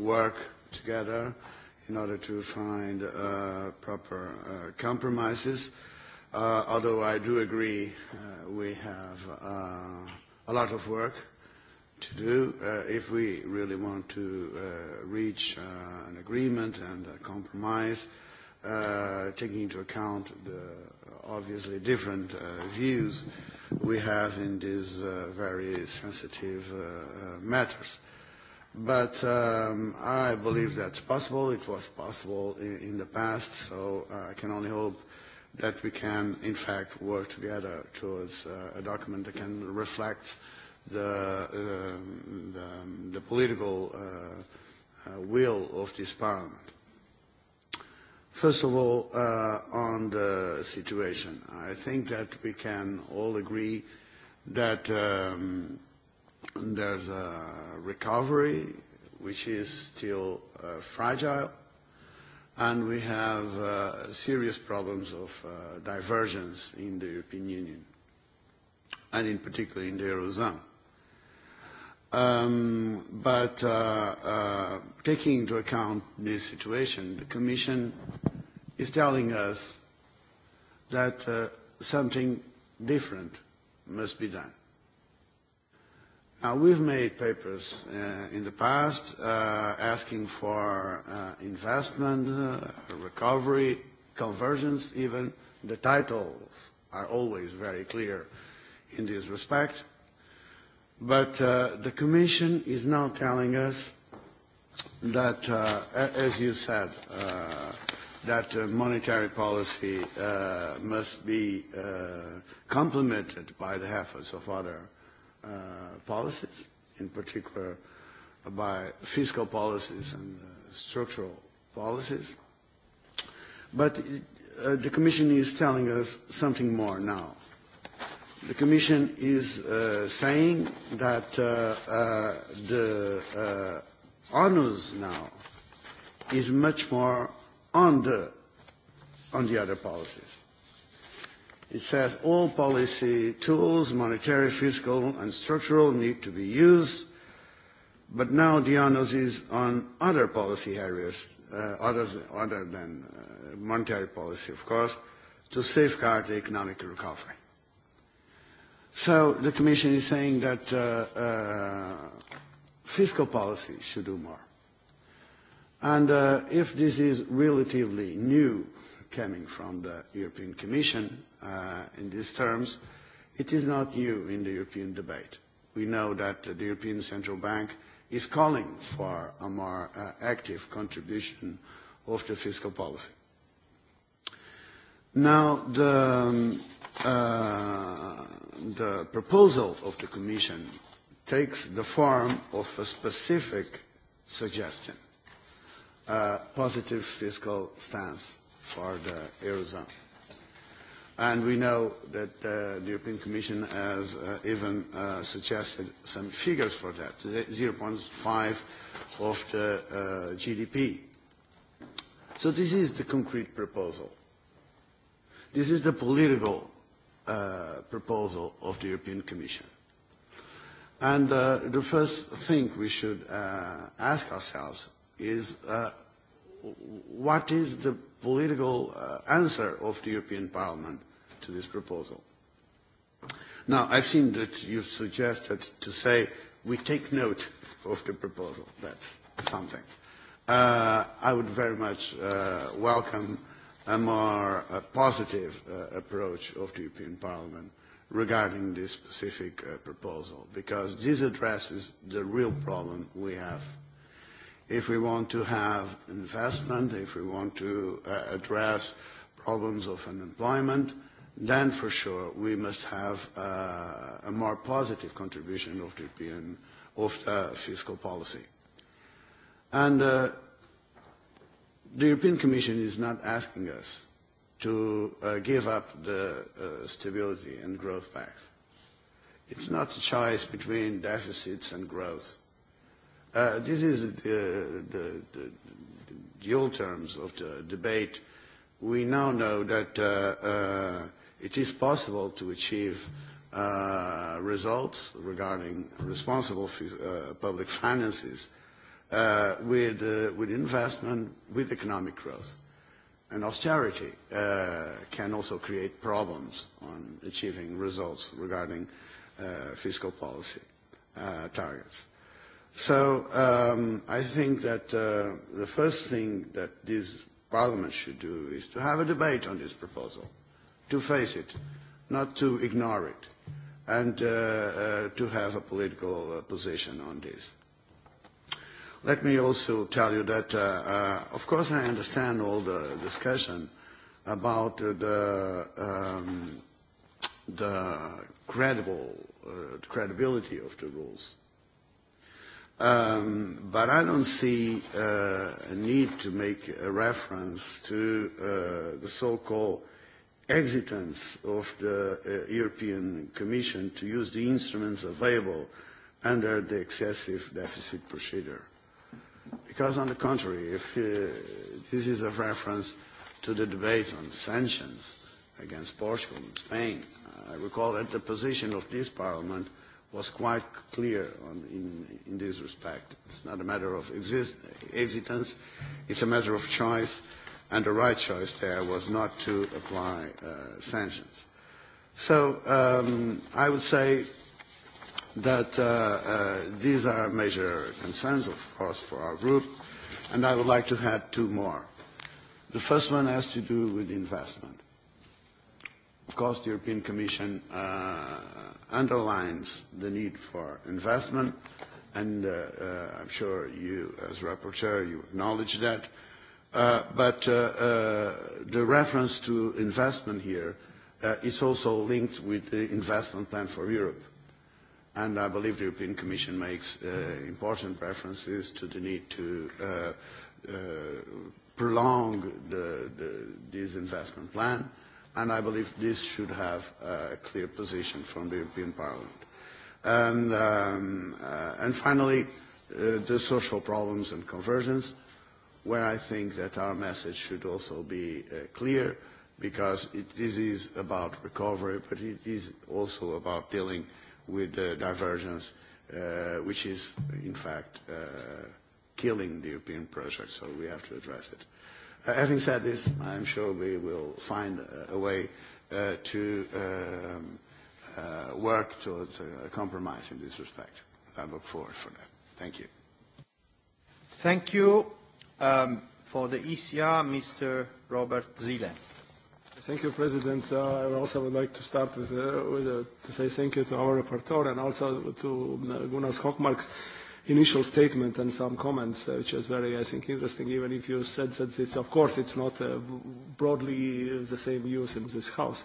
work together in order to find uh, proper uh, compromises. Uh, although I do agree uh, we have uh, a lot of work to do uh, if we really want to uh, reach uh, an agreement and a compromise, uh, taking into account the obviously different uh, views we have in these uh, very sensitive uh, uh, matters. But um, I believe that's possible. It was possible in, in the past, so uh, I can only hope that we can, in fact, work together towards uh, a document that can reflect the, uh, the, the political uh, uh, will of this parliament. First of all, uh, on the situation, I think that we can all agree that um, there's a recovery which is still uh, fragile, and we have uh, serious problems of uh, divergence in the European Union, and in particular in the Eurozone. Um, but uh, uh, taking into account this situation, the Commission is telling us that uh, something different must be done. Now, uh, we've made papers uh, in the past uh, asking for uh, investment, uh, recovery, convergence even. The titles are always very clear in this respect. But uh, the Commission is now telling us that, uh, as you said, uh, that uh, monetary policy uh, must be uh, complemented by the efforts of other Uh, policies, in particular by fiscal policies and uh, structural policies. But uh, the Commission is telling us something more now. The Commission is uh, saying that uh, uh, the uh, onus now is much more on the, on the other policies It says all policy tools, monetary, fiscal, and structural, need to be used. But now the onus is on other policy areas, uh, others, other than uh, monetary policy, of course, to safeguard the economic recovery. So the Commission is saying that uh, uh, fiscal policy should do more. And uh, if this is relatively new coming from the European Commission, uh, in these terms. It is not new in the European debate. We know that the European Central Bank is calling for a more uh, active contribution of the fiscal policy. Now, the, um, uh, the proposal of the Commission takes the form of a specific suggestion, a positive fiscal stance for the Eurozone. And we know that uh, the European Commission has uh, even uh, suggested some figures for that, 0.5 of the uh, GDP. So this is the concrete proposal. This is the political uh, proposal of the European Commission. And uh, the first thing we should uh, ask ourselves is uh, what is the political uh, answer of the European Parliament to this proposal. Now, I've seen that you've suggested to say we take note of the proposal. That's something. Uh, I would very much uh, welcome a more uh, positive uh, approach of the European Parliament regarding this specific uh, proposal, because this addresses the real problem we have if we want to have investment, if we want to uh, address problems of unemployment, then for sure we must have uh, a more positive contribution of the European of the fiscal policy. And uh, the European Commission is not asking us to uh, give up the uh, stability and growth pact. It's not a choice between deficits and growth Uh, this is uh, the, the, the, the old terms of the debate. We now know that uh, uh, it is possible to achieve uh, results regarding responsible uh, public finances uh, with, uh, with investment, with economic growth. And austerity uh, can also create problems on achieving results regarding uh, fiscal policy uh, targets. So um, I think that uh, the first thing that this Parliament should do is to have a debate on this proposal, to face it, not to ignore it, and uh, uh, to have a political uh, position on this. Let me also tell you that, uh, uh, of course, I understand all the discussion about uh, the, um, the credible uh, credibility of the rules Um, but I don't see uh, a need to make a reference to uh, the so-called exitance of the uh, European Commission to use the instruments available under the excessive deficit procedure. Because on the contrary, if uh, this is a reference to the debate on sanctions against Portugal and Spain, I recall that the position of this Parliament – was quite clear on, in, in this respect. It's not a matter of exist, hesitance, it's a matter of choice, and the right choice there was not to apply uh, sanctions. So um, I would say that uh, uh, these are major concerns, of course, for our group, and I would like to add two more. The first one has to do with investment course, the European Commission uh, underlines the need for investment, and uh, uh, I'm sure you, as rapporteur, you acknowledge that. Uh, but uh, uh, the reference to investment here uh, is also linked with the investment plan for Europe. And I believe the European Commission makes uh, important references to the need to uh, uh, prolong the, the, this investment plan uh, and I believe this should have uh, a clear position from the European Parliament. And, um, uh, and finally, uh, the social problems and convergence, where I think that our message should also be uh, clear, because it, this is about recovery, but it is also about dealing with the divergence, uh, which is, in fact, uh, killing the European project, so we have to address it having said this, I'm sure we will find a, way uh, to um, uh, work towards a, compromise in this respect. I look forward for that. Thank you. Thank you. Um, for the ECR, Mr. Robert Zile. Thank you, President. Uh, I also would like to start with, uh, with uh, to say thank you to our rapporteur and also to uh, Gunnar Skockmarks initial statement and some comments, uh, which is very, I think, interesting, even if you said that it's, of course, it's not uh, broadly uh, the same views in this House.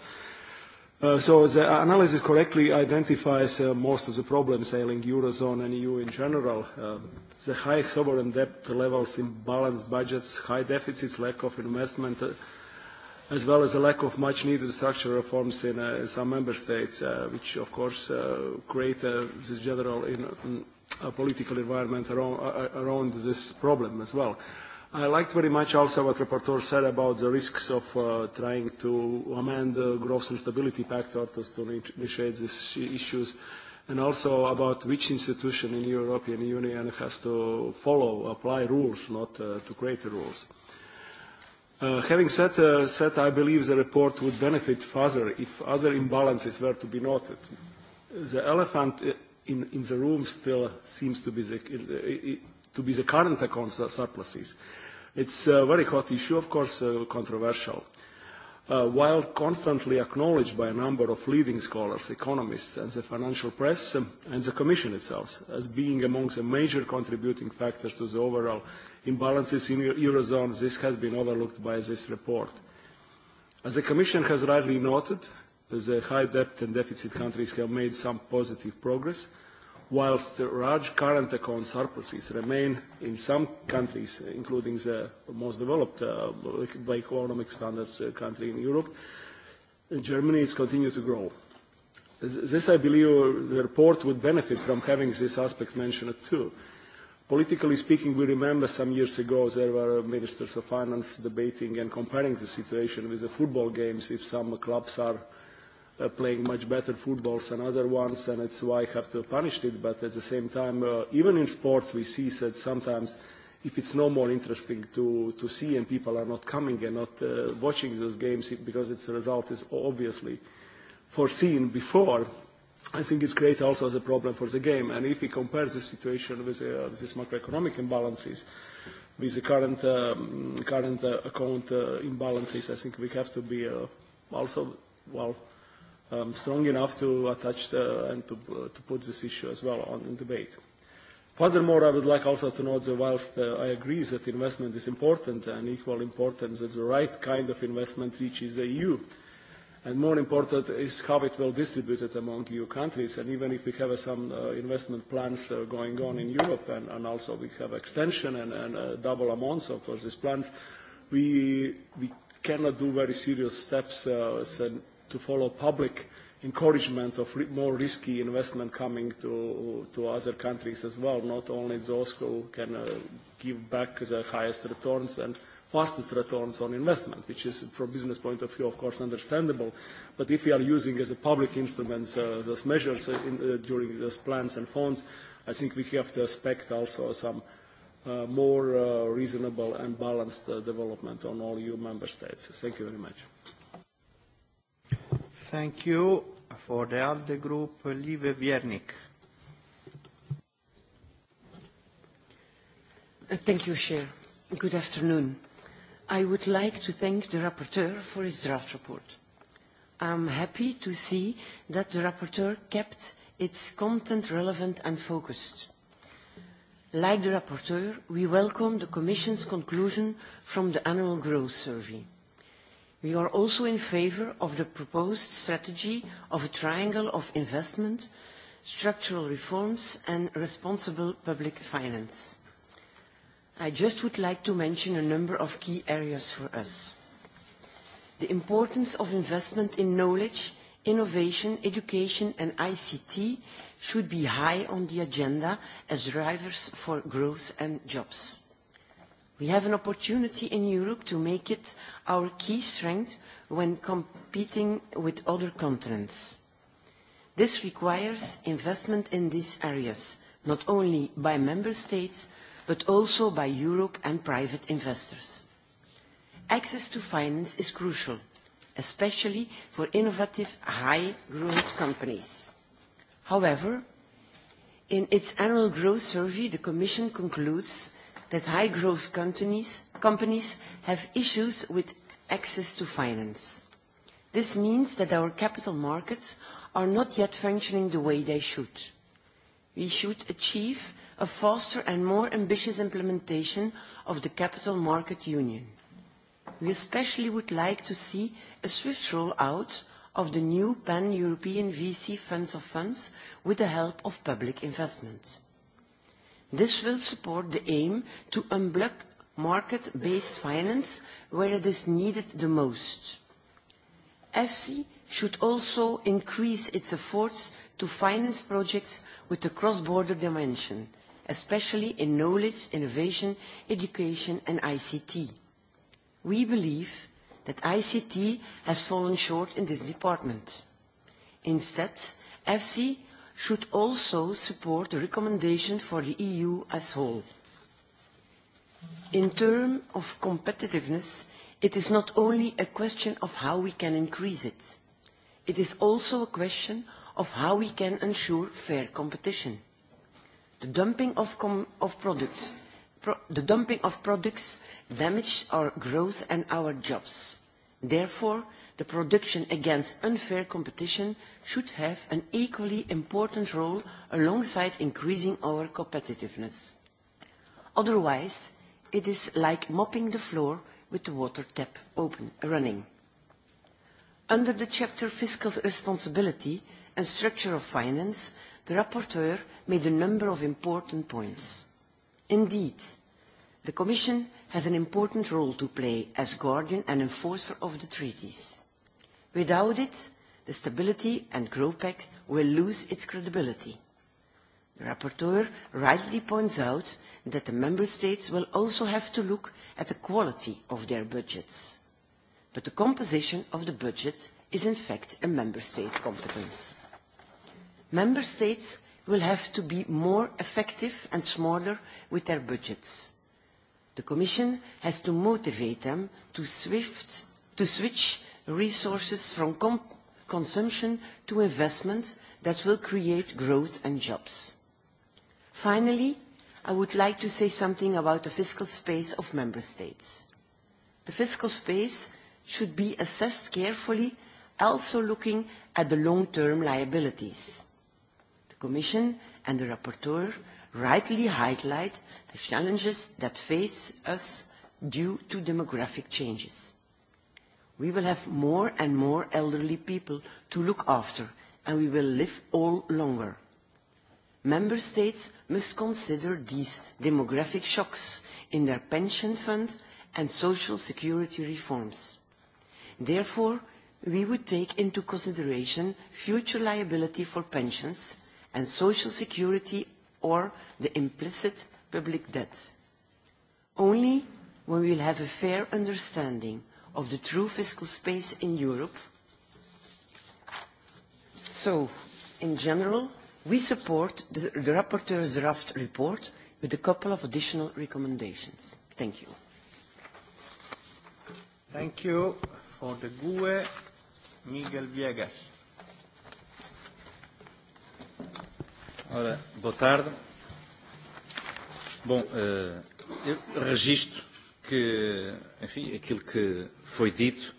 Uh, so the analysis correctly identifies uh, most of the problems ailing Eurozone and EU in general. Uh, the high sovereign debt levels, imbalanced budgets, high deficits, lack of investment, uh, as well as a lack of much needed structural reforms in uh, some member states, uh, which of course uh, create uh, the general in, in uh, political environment around, uh, around this problem as well. I liked very much also what the Rapporteur said about the risks of uh, trying to amend the Growth and Stability Pact or to, to initiate these issues, and also about which institution in the European Union has to follow, apply rules, not uh, to create the rules. Uh, having said uh, said, I believe the report would benefit further if other imbalances were to be noted. The elephant uh, in, in the room still seems to be the, to be the current account surpluses. It's a very hot issue, of course, uh, controversial. Uh, while constantly acknowledged by a number of leading scholars, economists, and the financial press, um, and the Commission itself, as being among the major contributing factors to the overall imbalances in the Eurozone, this has been overlooked by this report. As the Commission has rightly noted, the high debt and deficit countries have made some positive progress, whilst the large current account surpluses remain in some countries, including the most developed uh, by economic standards uh, country in Europe, and Germany is continuing to grow. This, I believe, the report would benefit from having this aspect mentioned too. Politically speaking, we remember some years ago there were ministers of finance debating and comparing the situation with the football games if some clubs are uh, playing much better footballs than other ones, and it's why I have to punish it. But at the same time, uh, even in sports, we see that sometimes if it's no more interesting to, to see and people are not coming and not uh, watching those games because its result is obviously foreseen before, I think it's great also as a problem for the game. And if we compare the situation with uh, these macroeconomic imbalances, with the current, um, current uh, account uh, imbalances, I think we have to be uh, also, well, um, strong enough to attach uh, and to, uh, to put this issue as well on in debate. Furthermore, I would like also to note that whilst uh, I agree that investment is important and equal important that the right kind of investment reaches the EU, and more important is how it will distributed among EU countries. And even if we have uh, some uh, investment plans uh, going on in Europe, and, and also we have extension and, and uh, double amounts of these plans, we, we cannot do very serious steps uh, to follow public encouragement of more risky investment coming to, to other countries as well, not only those who can uh, give back the highest returns and fastest returns on investment, which is from business point of view, of course, understandable. But if we are using as a public instruments uh, those measures in, uh, during those plans and funds, I think we have to expect also some uh, more uh, reasonable and balanced uh, development on all EU member states. Thank you very much. Thank you. For the ALDE group, Lieve Viernik. Thank you, Chair. Good afternoon. I would like to thank the rapporteur for his draft report. I'm happy to see that the rapporteur kept its content relevant and focused. Like the rapporteur, we welcome the Commission's conclusion from the annual growth survey. We are also in favour of the proposed strategy of a triangle of investment, structural reforms and responsible public finance. I just would like to mention a number of key areas for us. The importance of investment in knowledge, innovation, education and ICT should be high on the agenda as drivers for growth and jobs. We have an opportunity in Europe to make it our key strength when competing with other continents. This requires investment in these areas, not only by member states, but also by Europe and private investors. Access to finance is crucial, especially for innovative, high-growth companies. However, in its annual growth survey, the Commission concludes that high-growth companies, companies have issues with access to finance. This means that our capital markets are not yet functioning the way they should. We should achieve a faster and more ambitious implementation of the Capital Market Union. We especially would like to see a swift rollout of the new pan-European VC funds of funds with the help of public investments. This will support the aim to unblock market-based finance where it is needed the most. EFSI should also increase its efforts to finance projects with a cross-border dimension, especially in knowledge, innovation, education and ICT. We believe that ICT has fallen short in this department. Instead, EFSI should also support the recommendation for the EU as a whole. In terms of competitiveness, it is not only a question of how we can increase it. It is also a question of how we can ensure fair competition. The dumping of, of products pro the dumping of products damages our growth and our jobs. Therefore, the production against unfair competition should have an equally important role alongside increasing our competitiveness. Otherwise, it is like mopping the floor with the water tap open, running. Under the chapter Fiscal Responsibility and Structure of Finance, the rapporteur made a number of important points. Indeed, the Commission has an important role to play as guardian and enforcer of the treaties Without it, the Stability and Growth Pact will lose its credibility. The rapporteur rightly points out that the member states will also have to look at the quality of their budgets. But the composition of the budget is in fact a member state competence. Member states will have to be more effective and smarter with their budgets. The Commission has to motivate them to, swift, to switch resources from consumption to investment that will create growth and jobs. Finally, I would like to say something about the fiscal space of member states. The fiscal space should be assessed carefully, also looking at the long-term liabilities. The Commission and the Rapporteur rightly highlight the challenges that face us due to demographic changes we will have more and more elderly people to look after, and we will live all longer. Member States must consider these demographic shocks in their pension funds and social security reforms. Therefore, we would take into consideration future liability for pensions and social security or the implicit public debt. Only when we will have a fair understanding of the true fiscal space in Europe. So, in general, we support the, the rapporteur's draft report with a couple of additional recommendations. Thank you. Thank you for the GUE, Miguel Viegas. Ora, boa tarde. Bom, uh, eu registro que, enfim, aquilo que foi dito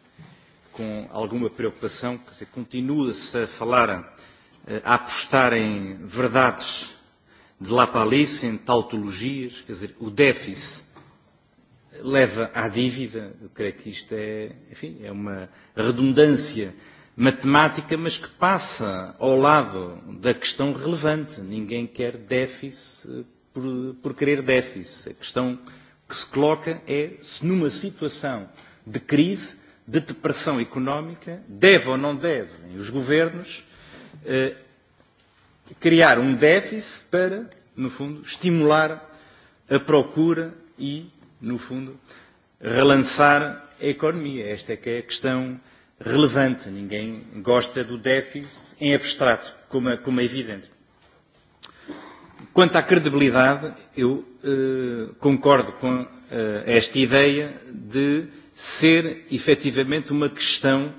com alguma preocupação, quer dizer, continua-se a falar, eh, a apostar em verdades de lá para ali, sem tautologias, quer dizer, o déficit leva à dívida, eu creio que isto é, enfim, é uma redundância matemática, mas que passa ao lado da questão relevante. Ninguém quer déficit eh, por, por querer déficit. A questão que se coloca é se numa situação de crise, de depressão económica, deve ou não devem os governos eh, criar um déficit para, no fundo, estimular a procura e, no fundo, relançar a economia. Esta é que é a questão relevante. Ninguém gosta do déficit em abstrato, como como é evidente. Quanto à credibilidade, eu eh, concordo com eh, esta ideia de ser efetivamente uma questão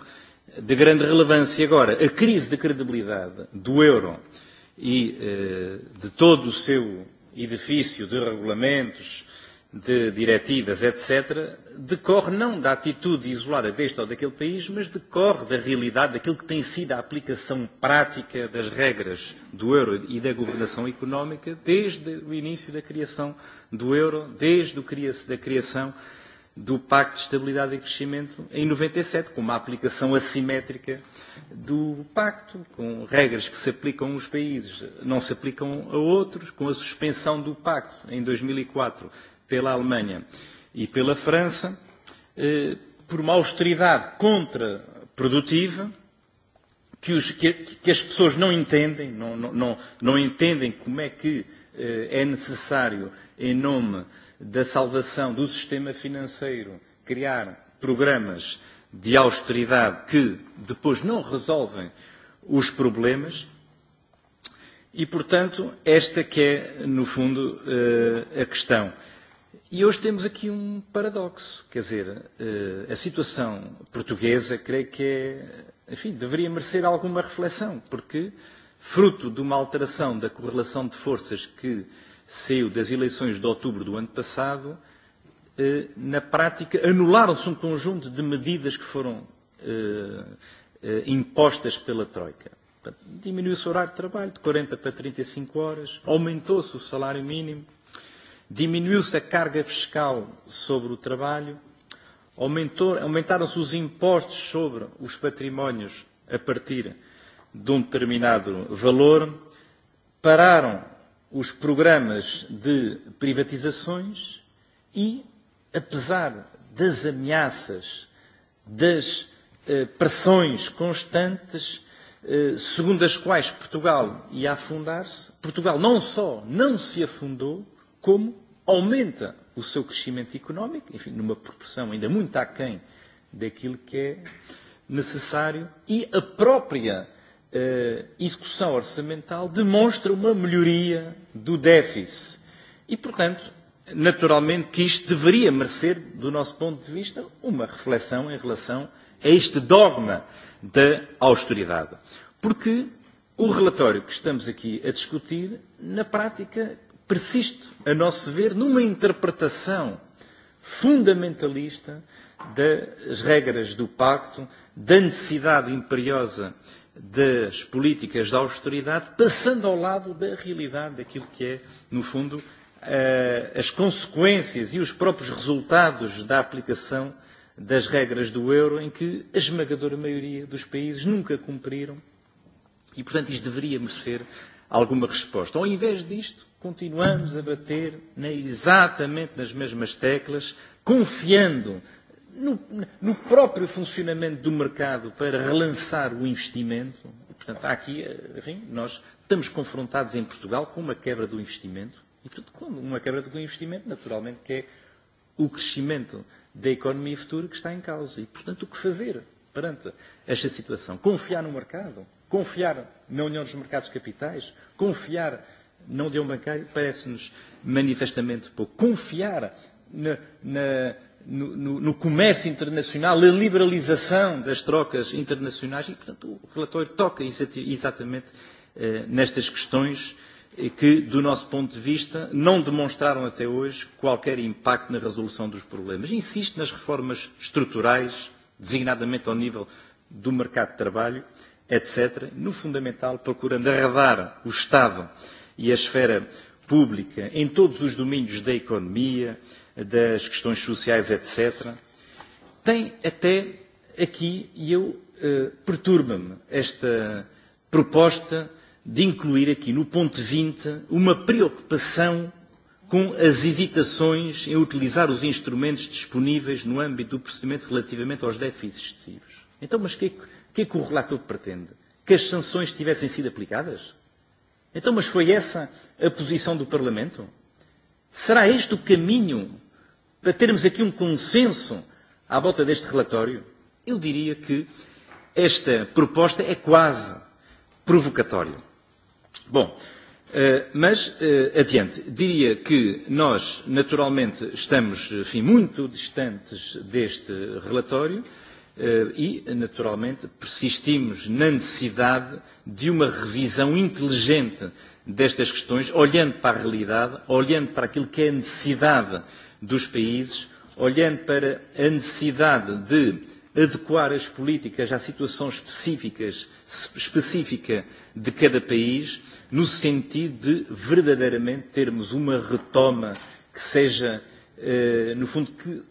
de grande relevância. Agora, a crise de credibilidade do euro e eh, de todo o seu edifício de regulamentos, de diretivas, etc., decorre não da atitude isolada deste ou daquele país, mas decorre da realidade daquilo que tem sido a aplicação prática das regras do euro e da governação económica desde o início da criação do euro, desde o cria da criação do Pacto de Estabilidade e Crescimento em 97, e com uma aplicação assimétrica do pacto, com regras que se aplicam aos países, não se aplicam a outros, com a suspensão do pacto em 2004 pela Alemanha e pela França, eh, por uma austeridade contraprodutiva que, os, que, que as pessoas não entendem, não, não, não, não entendem como é que eh, é necessário, em nome da salvação do sistema financeiro, criar programas de austeridade que depois não resolvem os problemas. E, portanto, esta que é, no fundo, eh, a questão. E hoje temos aqui um paradoxo, quer dizer, eh, a situação portuguesa, creio que é, enfim, deveria merecer alguma reflexão, porque fruto de uma alteração da correlação de forças que saiu das eleições de outubro do ano passado, eh, na prática anularam-se um conjunto de medidas que foram eh, impostas pela Troika. Diminuiu-se o horário de trabalho de 40 para 35 e horas, aumentou-se o salário mínimo, diminuiu-se a carga fiscal sobre o trabalho, aumentaram-se os impostos sobre os patrimónios a partir de um determinado valor, pararam os programas de privatizações e, apesar das ameaças, das eh, pressões constantes, eh, segundo as quais Portugal ia afundar-se, Portugal não só não se afundou, como aumenta o seu crescimento económico, enfim, numa proporção ainda muito aquém daquilo que é necessário, e a própria uh, execução orçamental demonstra uma melhoria do déficit. E, portanto, naturalmente que isto deveria merecer, do nosso ponto de vista, uma reflexão em relação a este dogma da austeridade. Porque o relatório que estamos aqui a discutir, na prática, persiste, a nosso ver, numa interpretação fundamentalista das regras do pacto, da necessidade imperiosa das políticas da austeridade, passando ao lado da realidade daquilo que é, no fundo, eh, as consequências e os próprios resultados da aplicação das regras do euro, em que a esmagadora maioria dos países nunca cumpriram, e, portanto, isto deveria merecer alguma resposta. Ao invés disto, continuamos a bater na, exatamente nas mesmas teclas, confiando no, no próprio funcionamento do mercado para relançar o investimento. E, portanto, há aqui, enfim, nós estamos confrontados em Portugal com uma quebra do investimento. E, tudo com uma quebra do investimento, naturalmente, que é o crescimento da economia futura que está em causa. E, portanto, o que fazer perante esta situação? Confiar no mercado? Confiar na União dos Mercados Capitais? Confiar não na um bancário, parece-nos manifestamente pouco. Confiar na, na, no, no, no comércio internacional, a liberalização das trocas internacionais, e, portanto, o relatório toca exatamente eh, nestas questões eh, que, do nosso ponto de vista, não demonstraram até hoje qualquer impacto na resolução dos problemas. Insiste nas reformas estruturais, designadamente ao nível do mercado de trabalho, etc., no fundamental, procurando arredar o Estado eh, e a esfera pública em todos os domínios da economia, das questões sociais, etc., tem até aqui, e eu eh, perturba-me esta proposta de incluir aqui no ponto 20 uma preocupação com as hesitações em utilizar os instrumentos disponíveis no âmbito do procedimento relativamente aos déficits excessivos. Então, mas o que, que é que o relator pretende? Que as sanções tivessem sido aplicadas? Então, mas foi essa a posição do Parlamento? Será este o caminho para termos aqui um consenso à volta deste relatório? Eu diria que esta proposta é quase provocatória. Bom, eh, mas eh, adiante. Diria que nós, naturalmente, estamos enfim, muito distantes deste relatório. Eh, e, naturalmente, persistimos na necessidade de uma revisão inteligente destas questões, olhando para a realidade, olhando para aquilo que é a necessidade dos países, olhando para a necessidade de adequar as políticas à situação específicas, específica de cada país, no sentido de verdadeiramente termos uma retoma que seja, eh, no fundo, que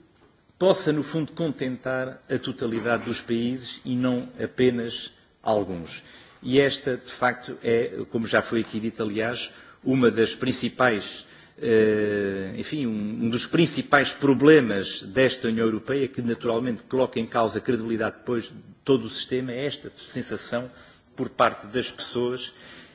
possa, no fundo, contentar a totalidade dos países e não apenas alguns. E esta, de facto, é, como já foi aqui dito, aliás, uma das principais, eh, enfim, um, um dos principais problemas desta União Europeia, que naturalmente coloca em causa a credibilidade depois de todo o sistema, é esta sensação por parte das pessoas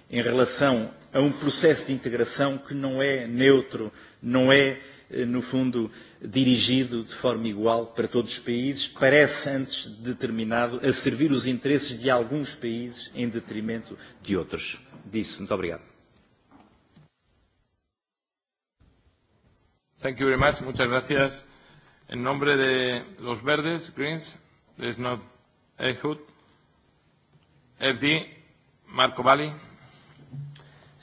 em relação a um processo de integração que não é neutro, não é uh, no fundo, dirigido de forma igual para todos os países, parece antes determinado a servir os interesses de alguns países em detrimento de outros. Disse. Muito obrigado. Thank you very much. Muchas gracias. En nombre de los verdes, Greens, there's no Ehud, FD, Marco Valli.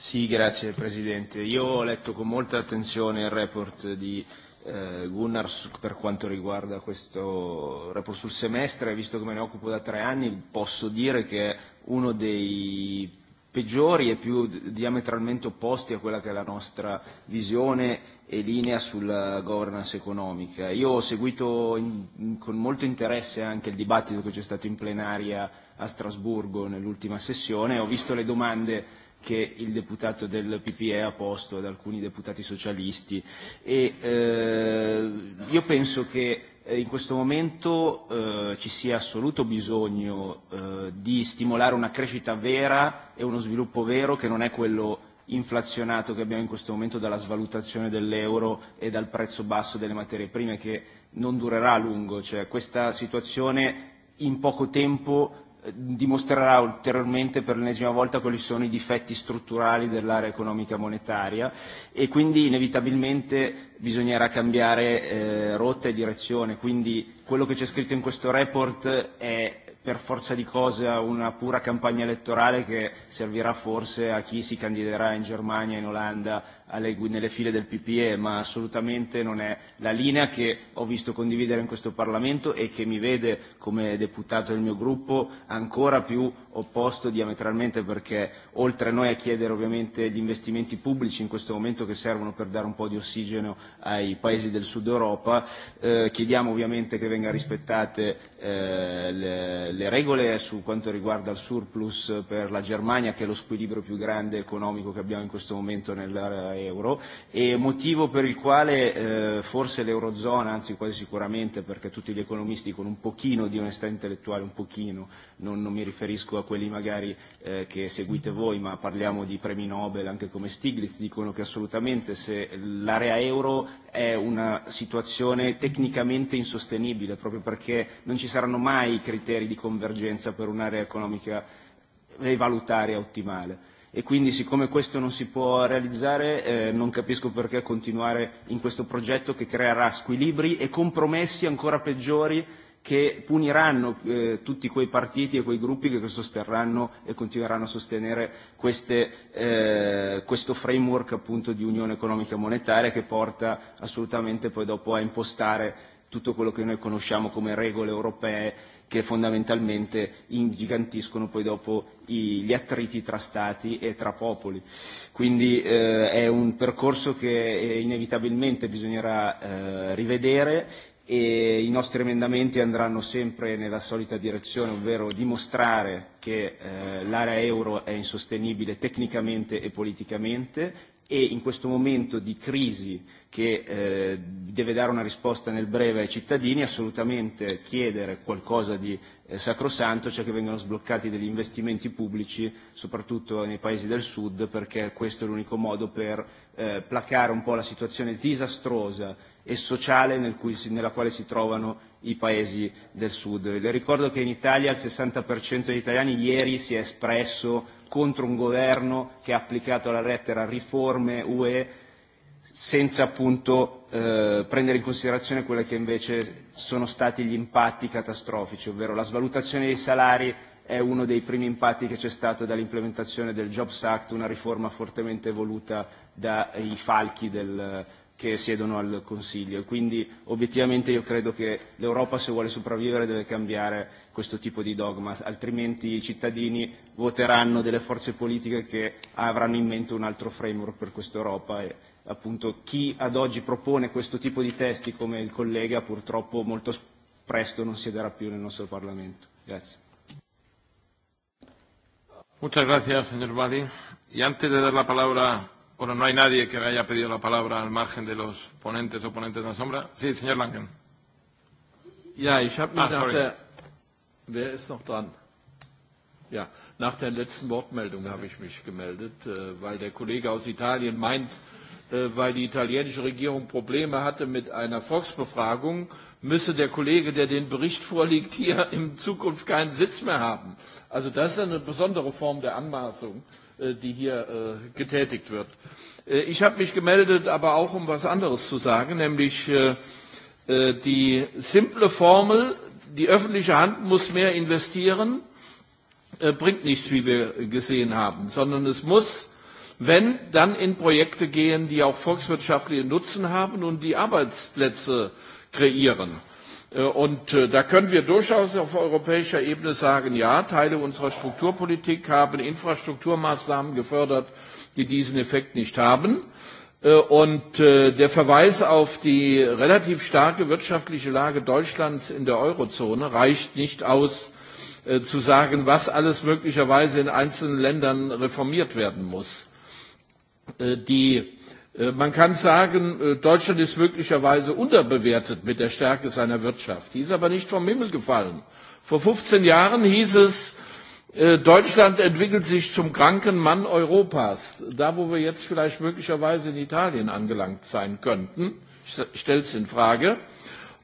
Sì, grazie Presidente. Io ho letto con molta attenzione il report di eh, Gunnar per quanto riguarda questo report sul semestre, visto che me ne occupo da tre anni, posso dire che è uno dei peggiori e più diametralmente opposti a quella che è la nostra visione e linea sulla governance economica. Io ho seguito in, in, con molto interesse anche il dibattito che c'è stato in plenaria a Strasburgo nell'ultima sessione, ho visto le domande che il deputato del PPE ha posto ad alcuni deputati socialisti e eh, io penso che eh, in questo momento eh, ci sia assoluto bisogno eh, di stimolare una crescita vera e uno sviluppo vero che non è quello inflazionato che abbiamo in questo momento dalla svalutazione dell'euro e dal prezzo basso delle materie prime che non durerà a lungo, cioè questa situazione in poco tempo Eh, dimostrerà ulteriormente per l'ennesima volta quali sono i difetti strutturali dell'area economica monetaria e quindi inevitabilmente bisognerà cambiare eh, rotta e direzione. Quindi quello che c'è scritto in questo report è per forza di cose una pura campagna elettorale che servirà forse a chi si candiderà in Germania, e in Olanda alle, nelle file del PPE, ma assolutamente non è la linea che ho visto condividere in questo Parlamento e che mi vede come deputato del mio gruppo ancora più opposto diametralmente perché oltre a noi a chiedere ovviamente gli investimenti pubblici in questo momento che servono per dare un po' di ossigeno ai paesi del sud Europa, eh, chiediamo ovviamente che vengano rispettate eh, le, le regole su quanto riguarda il surplus per la Germania che è lo squilibrio più grande economico che abbiamo in questo momento nell'area euro e motivo per il quale eh, forse l'Eurozona, anzi quasi sicuramente perché tutti gli economisti con un pochino di onestà intellettuale, un pochino, non, non mi riferisco a quelli magari eh, che seguite voi, ma parliamo di premi Nobel anche come Stiglitz, dicono che assolutamente se l'area euro è una situazione tecnicamente insostenibile proprio perché non ci saranno mai criteri di convergenza per un'area economica e valutaria ottimale e quindi siccome questo non si può realizzare eh, non capisco perché continuare in questo progetto che creerà squilibri e compromessi ancora peggiori che puniranno eh, tutti quei partiti e quei gruppi che sosterranno e continueranno a sostenere queste, eh, questo framework appunto di unione economica e monetaria che porta assolutamente poi dopo a impostare tutto quello che noi conosciamo come regole europee che fondamentalmente ingigantiscono poi dopo i, gli attriti tra stati e tra popoli. Quindi eh, è un percorso che eh, inevitabilmente bisognerà eh, rivedere e i nostri emendamenti andranno sempre nella solita direzione, ovvero dimostrare che eh, l'area euro è insostenibile tecnicamente e politicamente, e in questo momento di crisi che eh, deve dare una risposta nel breve ai cittadini, assolutamente chiedere qualcosa di eh, sacrosanto, cioè che vengano sbloccati degli investimenti pubblici, soprattutto nei paesi del sud, perché questo è l'unico modo per eh, placare un po' la situazione disastrosa e sociale nel cui, nella quale si trovano i paesi del sud. Le ricordo che in Italia il 60% degli italiani ieri si è espresso contro un governo che ha applicato alla lettera riforme UE senza appunto eh, prendere in considerazione quelli che invece sono stati gli impatti catastrofici, ovvero la svalutazione dei salari è uno dei primi impatti che c'è stato dall'implementazione del Jobs Act, una riforma fortemente voluta dai falchi del, che siedono al Consiglio. Quindi obiettivamente io credo che l'Europa se vuole sopravvivere deve cambiare questo tipo di dogma, altrimenti i cittadini voteranno delle forze politiche che avranno in mente un altro framework per questa Europa e appunto chi ad oggi propone questo tipo di testi come il collega purtroppo molto presto non siederà più nel nostro Parlamento. Grazie. Muchas gracias, señor Bali. Y antes de dar la palabra Bueno, no hay nadie que me haya pedido la palabra al margen de los ponentes o ponentes de la sombra. Sí, señor Langen. Ja, ich habe mich ah, nach sorry. der... Wer ist noch dran? Ja, nach der letzten Wortmeldung habe ich mich gemeldet, äh, weil der Kollege aus Italien meint, äh, weil die italienische Regierung Probleme hatte mit einer Volksbefragung, müsse der Kollege, der den Bericht vorliegt, hier in Zukunft keinen Sitz mehr haben. Also das ist eine besondere Form der Anmaßung Äh, die hier äh, getätigt wird. Äh, ich habe mich gemeldet, aber auch um was anderes zu sagen, nämlich die simple Formel, die öffentliche Hand muss mehr investieren, bringt nichts, wie wir gesehen haben, sondern es muss, wenn, dann in Projekte gehen, die auch volkswirtschaftlichen Nutzen haben und die Arbeitsplätze kreieren. Äh, und äh, da können wir durchaus auf europäischer Ebene sagen, ja, Teile unserer Strukturpolitik haben Infrastrukturmaßnahmen gefördert, die diesen Effekt nicht haben. Äh, und der Verweis auf die relativ starke wirtschaftliche Lage Deutschlands in der Eurozone reicht nicht aus, zu sagen, was alles möglicherweise in einzelnen Ländern reformiert werden muss. Die Äh, man kann sagen, äh, Deutschland ist möglicherweise unterbewertet mit der Stärke seiner Wirtschaft. Die ist aber nicht vom Himmel gefallen. Vor 15 Jahren hieß es, äh, Deutschland entwickelt sich zum kranken Mann Europas, da wo wir jetzt vielleicht möglicherweise in Italien angelangt sein könnten. Ich stelle es in Frage.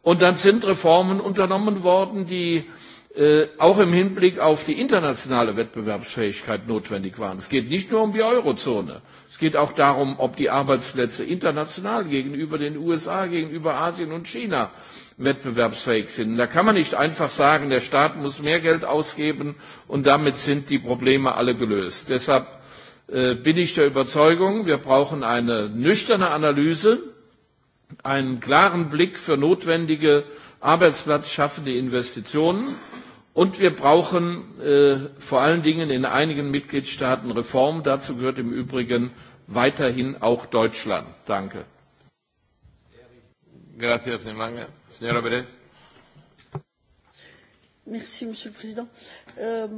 Und dann sind Reformen unternommen worden, die äh, Äh, auch im Hinblick auf die internationale Wettbewerbsfähigkeit notwendig waren. Es geht nicht nur um die Eurozone. Es geht auch darum, ob die Arbeitsplätze international gegenüber den USA, gegenüber Asien und China wettbewerbsfähig sind. da kann man nicht einfach sagen, der Staat muss mehr Geld ausgeben und damit sind die Probleme alle gelöst. Deshalb äh, bin ich der Überzeugung, wir brauchen eine nüchterne Analyse, einen klaren Blick für notwendige arbeitsplatzschaffende Investitionen Und wir brauchen äh, vor allen Dingen in einigen Mitgliedstaaten Reformen. Dazu gehört im Übrigen weiterhin auch Deutschland. Danke. Gracias, Señora Pérez. Merci, Monsieur le Président. Euh,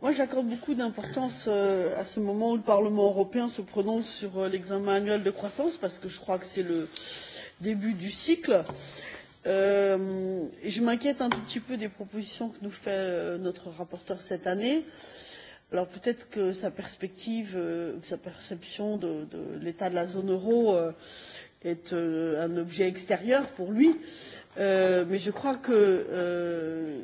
moi, j'accorde beaucoup d'importance euh, à ce moment où le Parlement européen se prononce sur euh, l'examen annuel de croissance, parce que je crois que c'est le début du cycle. Euh, Euh, je m'inquiète un tout petit peu des propositions que nous fait euh, notre rapporteur cette année. Alors peut-être que sa perspective, euh, sa perception de, de l'état de la zone euro euh, est euh, un objet extérieur pour lui, euh, mais je crois que euh,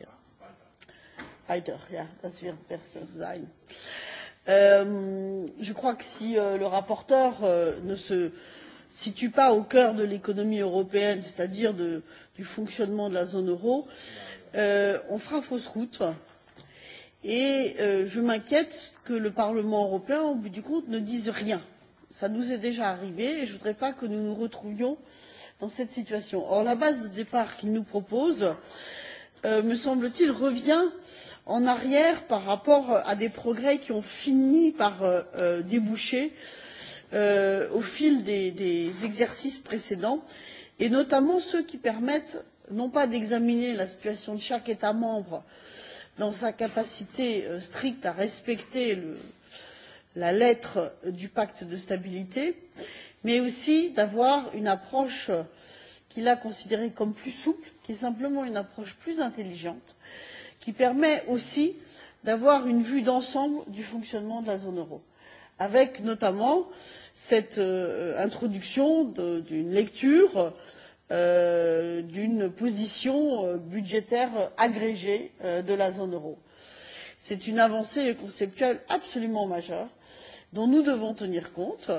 yeah. ja, das wird besser sein. Euh, je crois que si euh, le rapporteur euh, ne se situe pas au cœur de l'économie européenne, c'est-à-dire du fonctionnement de la zone euro, euh, on fera fausse route. Et euh, je m'inquiète que le Parlement européen, au bout du compte, ne dise rien. Ça nous est déjà arrivé et je ne voudrais pas que nous nous retrouvions dans cette situation. Or, la base de départ qu'il nous propose, euh, me semble-t-il, revient euh, en arrière par rapport euh, à des progrès qui ont fini par euh, euh, déboucher euh, au fil des, des exercices précédents et notamment ceux qui permettent non pas d'examiner la situation de chaque état membre dans sa capacité euh, stricte à respecter le, la lettre du pacte de stabilité mais aussi d'avoir une approche euh, qu'il a considérée comme plus souple qui est simplement une approche plus intelligente qui permet aussi d'avoir une vue d'ensemble du fonctionnement de la zone euro avec notamment cette euh, introduction d'une lecture euh, d'une position euh, budgétaire agrégée euh, de la zone euro. C'est une avancée conceptuelle absolument majeure dont nous devons tenir compte,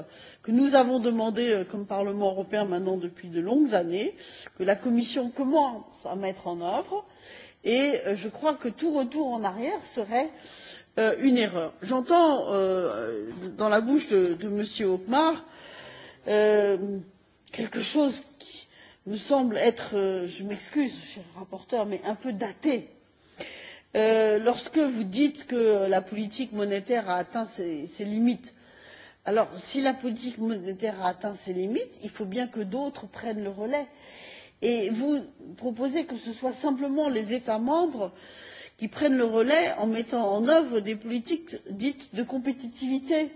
que nous avons demandé euh, comme Parlement européen maintenant depuis de longues années, que la Commission commence à mettre en œuvre et euh, je crois que tout retour en arrière serait euh, une erreur. j'entends euh, dans la bouche de, de m. hkmark euh, quelque chose qui me semble être euh, je m'excuse cher rapporteur mais un peu daté euh, lorsque vous dites que la politique monétaire a atteint ses, ses limites. alors si la politique monétaire a atteint ses limites il faut bien que d'autres prennent le relais et vous proposez que ce soient simplement les états membres qui prennent le relais en mettant en œuvre des politiques dites de compétitivité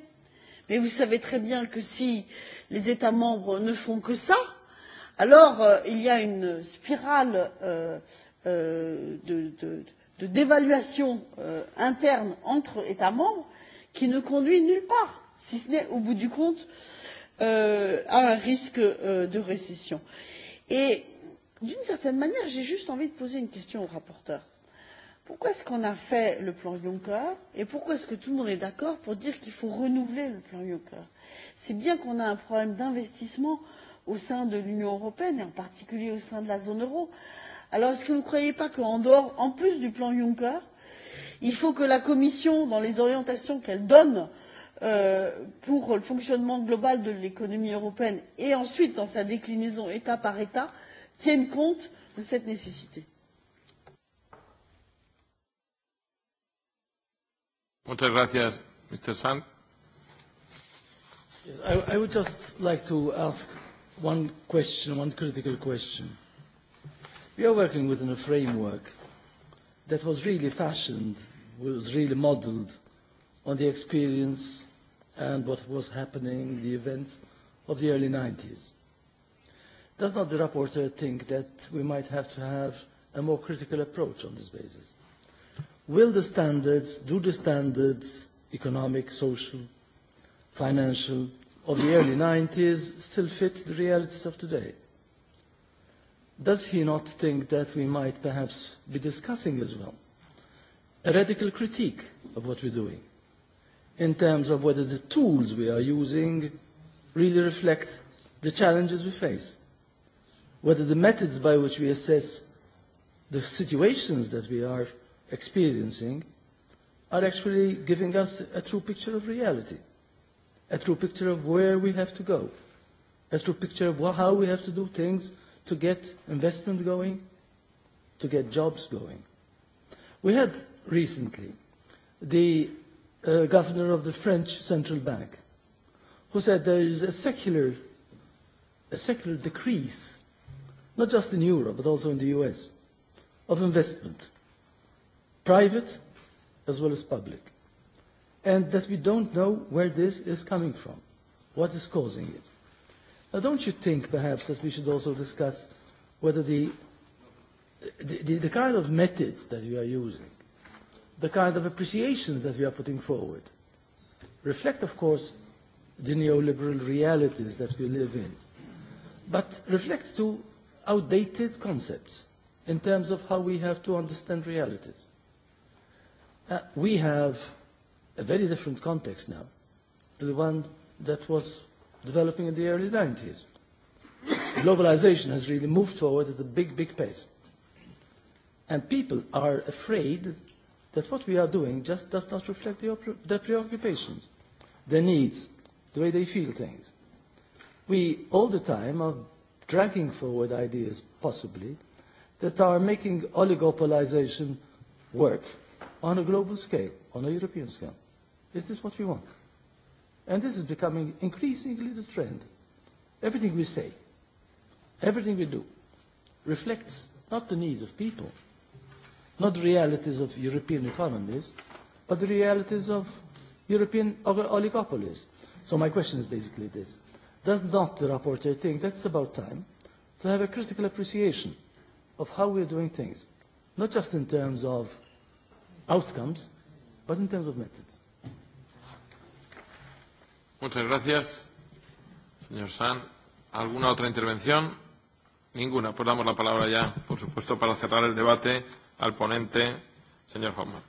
mais vous savez très bien que si les états membres ne font que cela alors euh, il y a une spirale euh, euh, de, de, de dévaluation euh, interne entre états membres qui ne conduit nulle part si ce n'est au bout du compte euh, à un risque euh, de récession. Et D'une certaine manière, j'ai juste envie de poser une question au rapporteur. Pourquoi est-ce qu'on a fait le plan Juncker et pourquoi est-ce que tout le monde est d'accord pour dire qu'il faut renouveler le plan Juncker C'est bien qu'on a un problème d'investissement au sein de l'Union européenne et en particulier au sein de la zone euro. Alors est-ce que vous ne croyez pas qu'en dehors, en plus du plan Juncker, il faut que la Commission, dans les orientations qu'elle donne euh, pour le fonctionnement global de l'économie européenne et ensuite dans sa déclinaison État par État, euh, tienne compte de cette nécessité. Muchas gracias, Mr. Sand. Yes, I, I would just like to ask one question, one critical question. We are working within a framework that was really fashioned, was really modeled on the experience and what was happening, the events of the early 90s. Does not the rapporteur think that we might have to have a more critical approach on this basis? Will the standards, do the standards, economic, social, financial, of the early 90s still fit the realities of today? Does he not think that we might perhaps be discussing as well a radical critique of what we're doing in terms of whether the tools we are using really reflect the challenges we face? whether the methods by which we assess the situations that we are experiencing are actually giving us a true picture of reality, a true picture of where we have to go, a true picture of how we have to do things to get investment going, to get jobs going. We had recently the uh, governor of the French Central Bank who said there is a secular, a secular decrease not just in Europe, but also in the US, of investment, private as well as public, and that we don't know where this is coming from, what is causing it. Now, don't you think perhaps that we should also discuss whether the, the, the, the kind of methods that we are using, the kind of appreciations that we are putting forward, reflect, of course, the neoliberal realities that we live in, but reflect to outdated concepts in terms of how we have to understand realities. Uh, we have a very different context now to the one that was developing in the early 90s. Globalization has really moved forward at a big, big pace. And people are afraid that what we are doing just does not reflect the their preoccupations, their needs, the way they feel things. We all the time are dragging forward ideas, possibly, that are making oligopolization work on a global scale, on a European scale. Is this what we want? And this is becoming increasingly the trend. Everything we say, everything we do, reflects not the needs of people, not the realities of European economies, but the realities of European oligopolies. So my question is basically this does not the rapporteur think that it's about time to have a critical appreciation of how we're doing things, not just in terms of outcomes, but in terms of methods? Muchas gracias, señor San. ¿Alguna otra intervención? Ninguna. Pues damos la palabra ya, por supuesto, para cerrar el debate al ponente, señor Hoffman.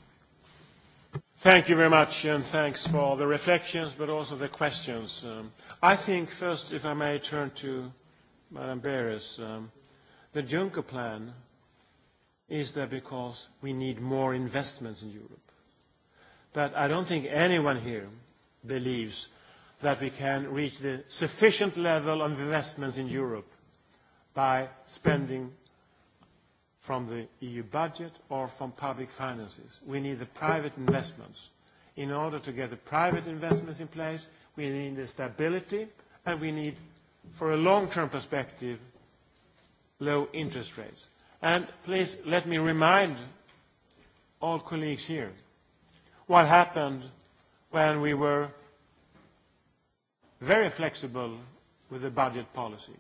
Thank you very much, and thanks for the reflections, but also the questions. Um, I think first, if I may turn to Madame Beres, um, the Juncker plan is there because we need more investments in Europe. But I don't think anyone here believes that we can reach the sufficient level of investments in Europe by spending from the EU budget or from public finances. We need the private investments. In order to get the private investments in place, we need the stability, and we need, for a long-term perspective, low interest rates. And please let me remind all colleagues here what happened when we were very flexible with the budget policy.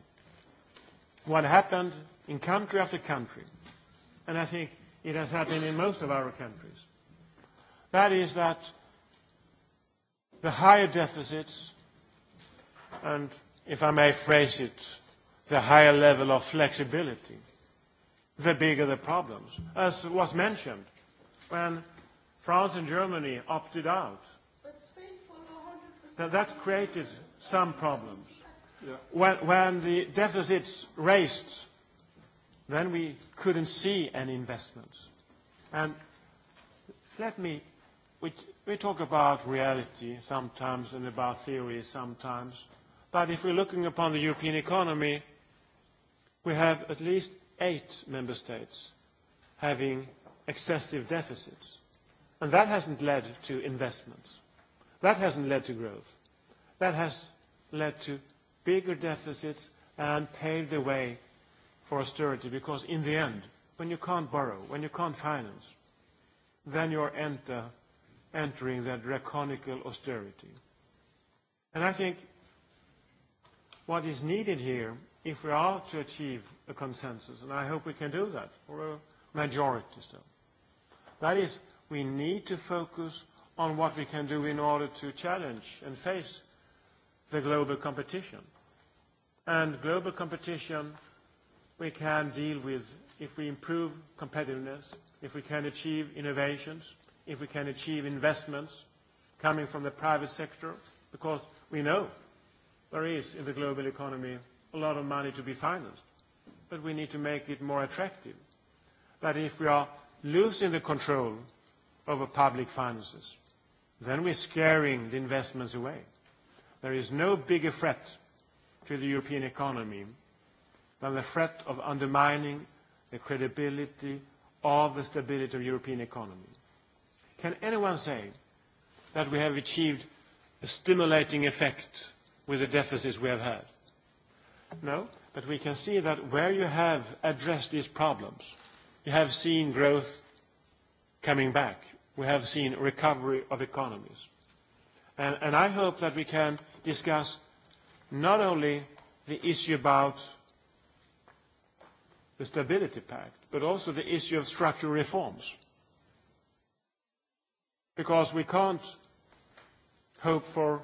What happened in country after country and I think it has happened in most of our countries. That is that the higher deficits and, if I may phrase it, the higher level of flexibility, the bigger the problems. As was mentioned, when France and Germany opted out, that, that created some problems. Yeah. When, when the deficits raised then we couldn't see any investments. And let me, we, we talk about reality sometimes and about theory sometimes, but if we're looking upon the European economy, we have at least eight member states having excessive deficits. And that hasn't led to investments. That hasn't led to growth. That has led to bigger deficits and paved the way for austerity because in the end, when you can't borrow, when you can't finance, then you're enter, entering that draconical austerity. And I think what is needed here, if we are to achieve a consensus, and I hope we can do that, or a majority still, that is, we need to focus on what we can do in order to challenge and face the global competition. And global competition we can deal with if we improve competitiveness, if we can achieve innovations, if we can achieve investments coming from the private sector, because we know there is in the global economy a lot of money to be financed, but we need to make it more attractive. But if we are losing the control over public finances, then we're scaring the investments away. There is no bigger threat to the European economy than the threat of undermining the credibility of the stability of European economy. Can anyone say that we have achieved a stimulating effect with the deficits we have had? No, but we can see that where you have addressed these problems, you have seen growth coming back. We have seen recovery of economies. And, and I hope that we can discuss not only the issue about the Stability Pact, but also the issue of structural reforms. Because we can't hope for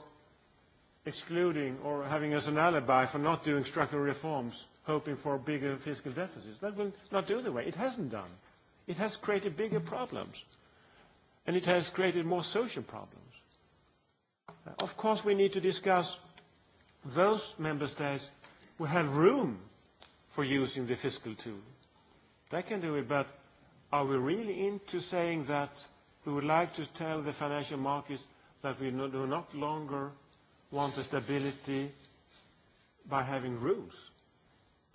excluding or having as an alibi for not doing structural reforms, hoping for bigger fiscal deficits. That will not do the way. It hasn't done. It has created bigger problems. And it has created more social problems. Of course, we need to discuss those member states who have room for using the fiscal tool. They can do it, but are we really into saying that we would like to tell the financial markets that we no, do not longer want the stability by having rules?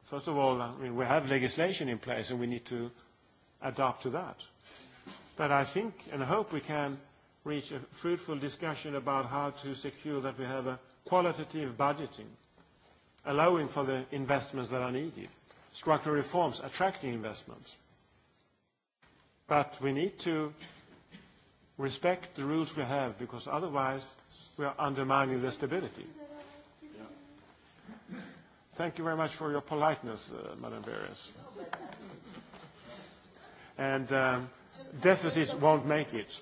First of all, I mean, we have legislation in place and we need to adapt to that. But I think and I hope we can reach a fruitful discussion about how to secure that we have a qualitative budgeting allowing for the investments that are needed, structural reforms, attracting investments. But we need to respect the rules we have, because otherwise we are undermining the stability. Yeah. Thank you very much for your politeness, uh, Madam Beres. And um, deficits won't make it.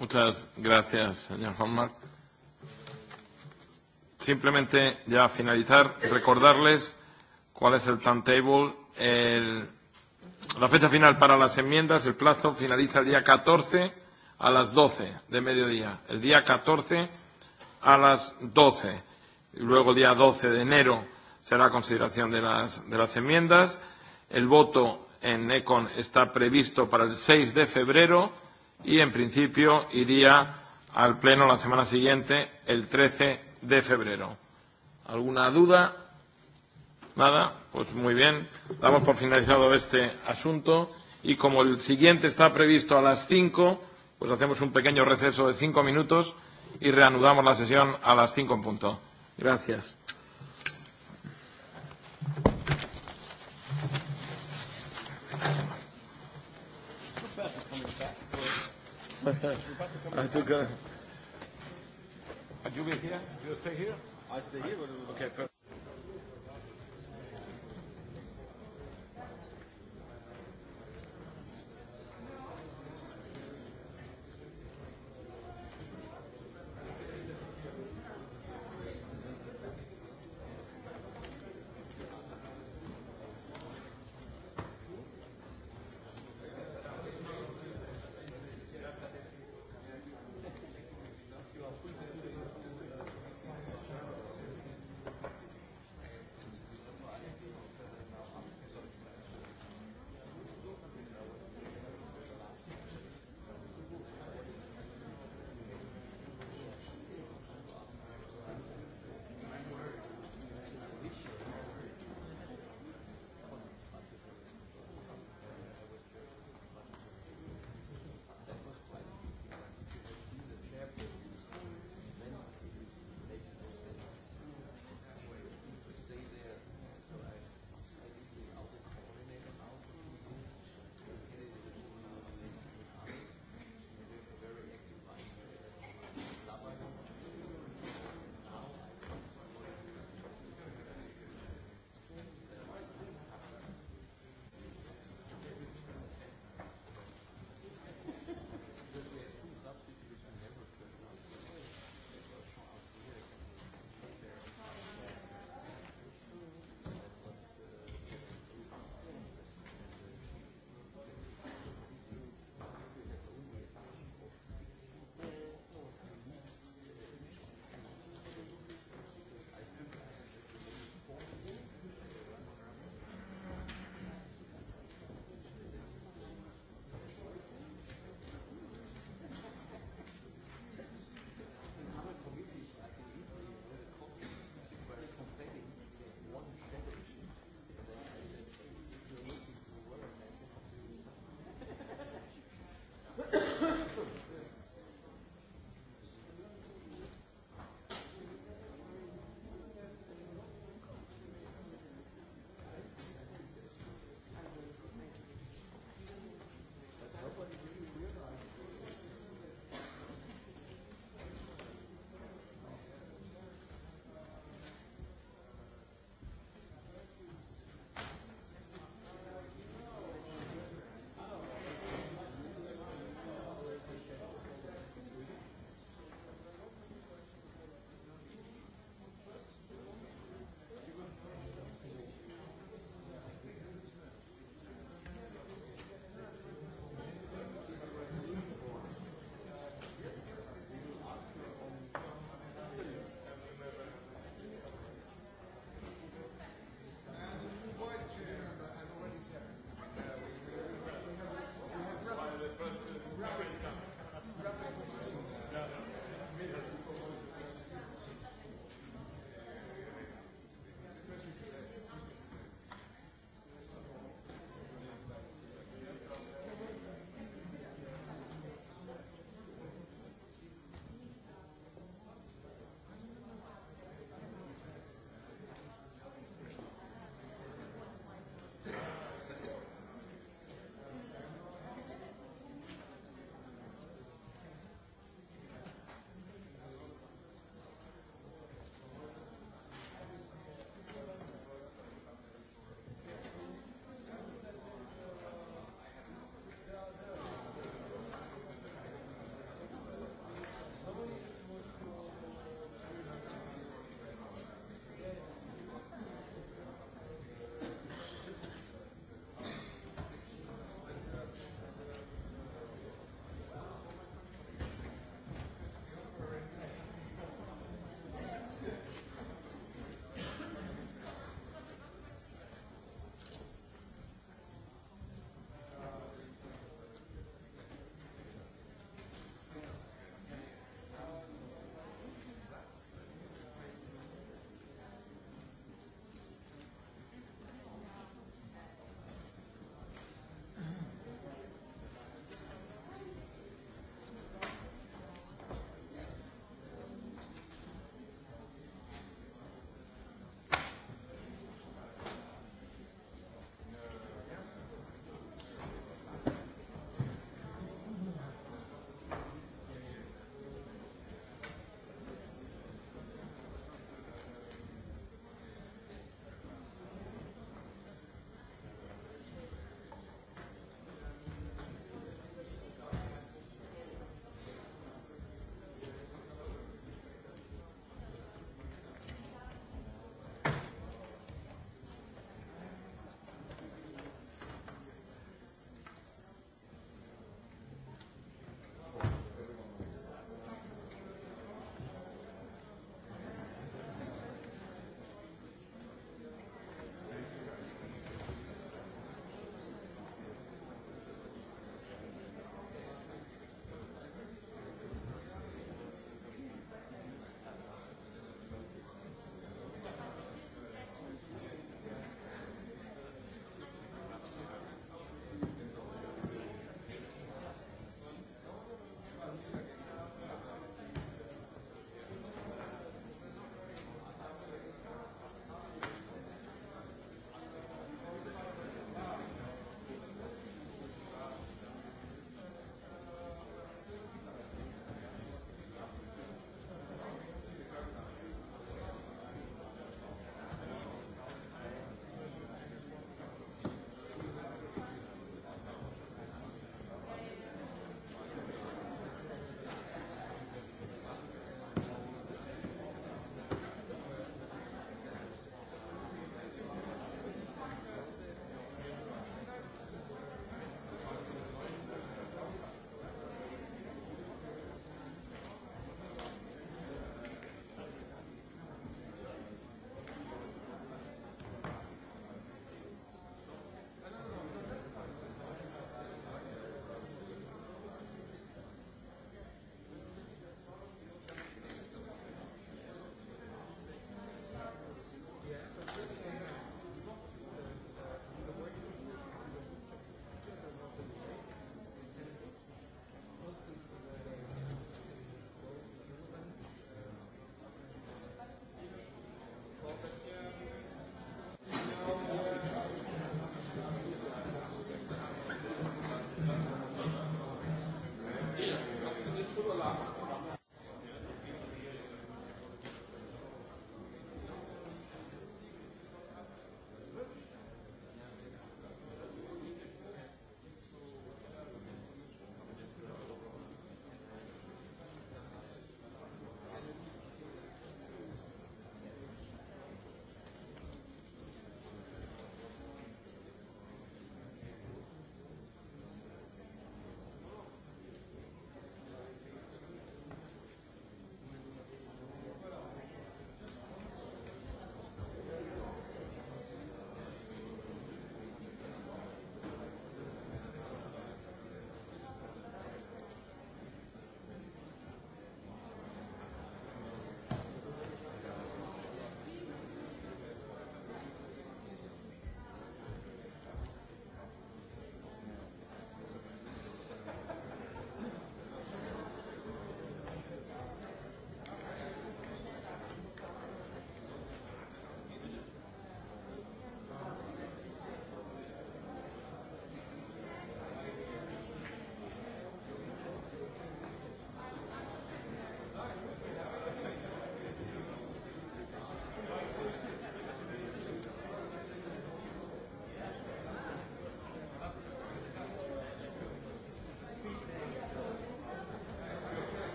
Muchas gracias, señor Hallmark. Simplemente, ya a finalizar, recordarles cuál es el timetable. El, la fecha final para las enmiendas, el plazo finaliza el día 14 a las 12 de mediodía. El día 14 a las 12. Y luego el día 12 de enero será consideración de las, de las enmiendas. El voto en ECON está previsto para el 6 de febrero y, en principio, iría al Pleno la semana siguiente, el 13 de febrero. ¿Alguna duda? Nada, pues muy bien. Damos por finalizado este asunto y como el siguiente está previsto a las cinco, pues hacemos un pequeño receso de cinco minutos y reanudamos la sesión a las cinco en punto. Gracias. I took a you be here? You stay here? I stay here. Okay, perfect.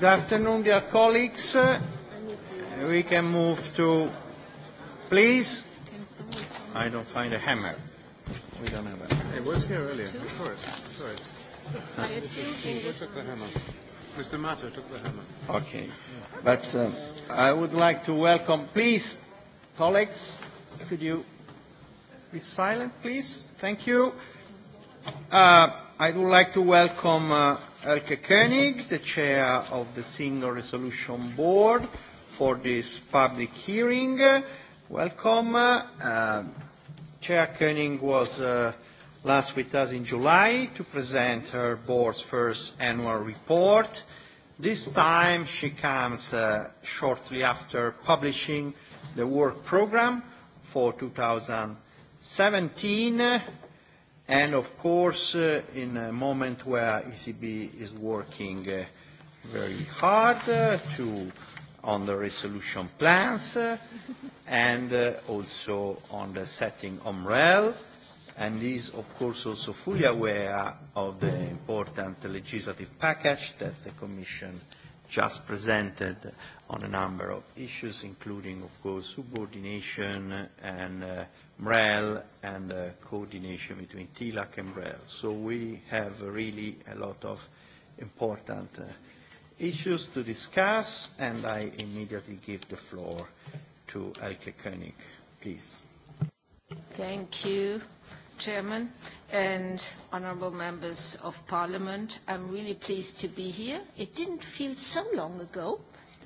Good afternoon, dear colleagues. We can move to, please. I don't find a hammer. We don't have it. It was here earlier. I saw it. I saw it. took the hammer? Mr. Mato took the hammer. Okay, but um, I would like to welcome, please, colleagues. Could you be silent, please? Thank you. Uh, I would like to welcome. Uh, Elke Koenig, the chair of the Single Resolution Board, for this public hearing. Welcome. Uh, chair Koenig was uh, last with us in July to present her board's first annual report. This time she comes uh, shortly after publishing the work program for 2017 And of course, uh, in a moment where ECB is working uh, very hard uh, to, on the resolution plans uh, and uh, also on the setting MREL, and is of course also fully aware of the important legislative package that the Commission just presented on a number of issues, including of course subordination and uh, MREL and uh, coordination between TLAC and MREL. So we have really a lot of important uh, issues to discuss, and I immediately give the floor to Elke Koenig, please. Thank you, Chairman and honorable members of Parliament. I'm really pleased to be here. It didn't feel so long ago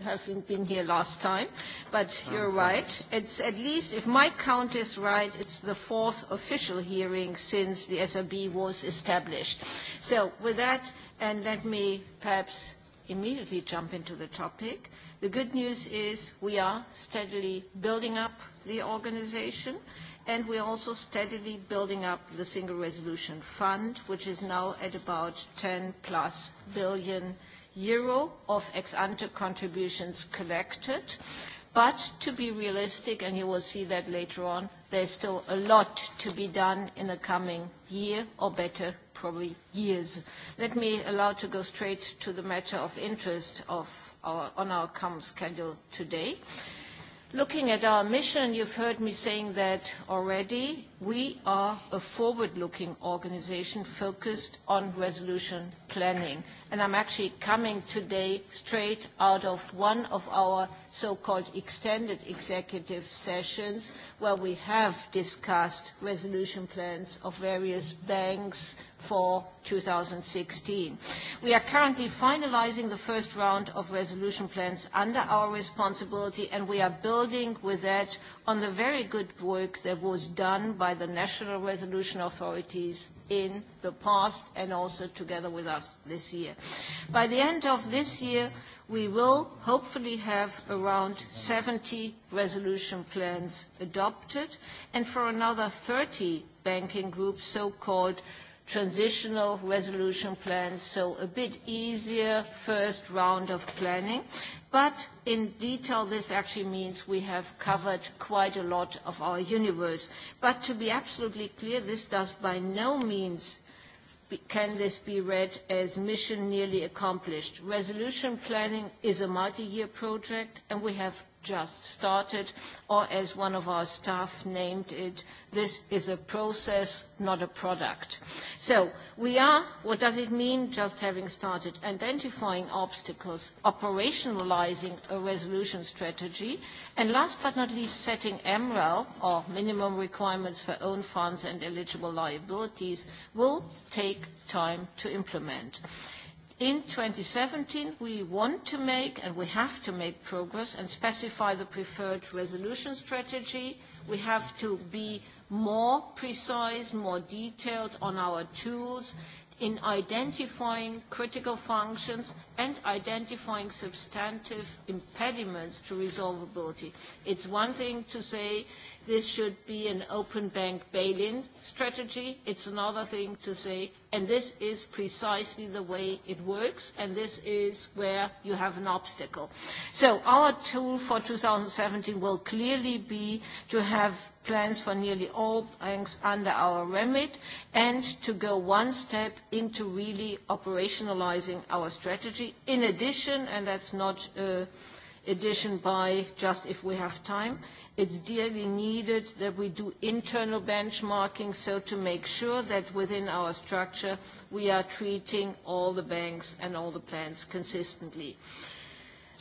having been here last time, but ah, you're right. It's at least, if my count is right, it's the fourth official hearing since the SRB was established. So with that, and let me perhaps immediately jump into the topic. The good news is we are steadily building up the organization, and we're also steadily building up the Single Resolution Fund, which is now at about 10+ plus billion euros euro of ex-ante contributions collected. But to be realistic, and you will see that later on, there's still a lot to be done in the coming year, or better, probably years. Let me allow to go straight to the matter of interest of our, on our common schedule today. Looking at our mission, you've heard me saying that already, We are a forward-looking organization focused on resolution planning. And I'm actually coming today straight out of one of our so-called extended executive sessions where we have discussed resolution plans of various banks for 2016. We are currently finalizing the first round of resolution plans under our responsibility, and we are building with that on the very good work that was done by by the national resolution authorities in the past and also together with us this year. By the end of this year, we will hopefully have around 70 resolution plans adopted and for another 30 banking groups, so-called transitional resolution plans, so a bit easier first round of planning. But in detail, this actually means we have covered quite a lot of our universe. But to be absolutely clear, this does by no means can this be read as mission nearly accomplished. Resolution planning is a multi-year project, and we have just started, or as one of our staff named it, this is a process, not a product. So we are, what does it mean, just having started identifying obstacles, operationalizing a resolution strategy, and last but not least, setting MREL, or minimum requirements for own funds and eligible liabilities, will take time to implement. In 2017, we want to make, and we have to make progress and specify the preferred resolution strategy. We have to be more precise, more detailed on our tools in identifying critical functions and identifying substantive impediments to resolvability. It's one thing to say this should be an open bank bail-in strategy. It's another thing to say And this is precisely the way it works, and this is where you have an obstacle. So our tool for 2017 will clearly be to have plans for nearly all banks under our remit and to go one step into really operationalizing our strategy. In addition, and that's not uh, addition by just if we have time, It's dearly needed that we do internal benchmarking so to make sure that within our structure we are treating all the banks and all the plans consistently.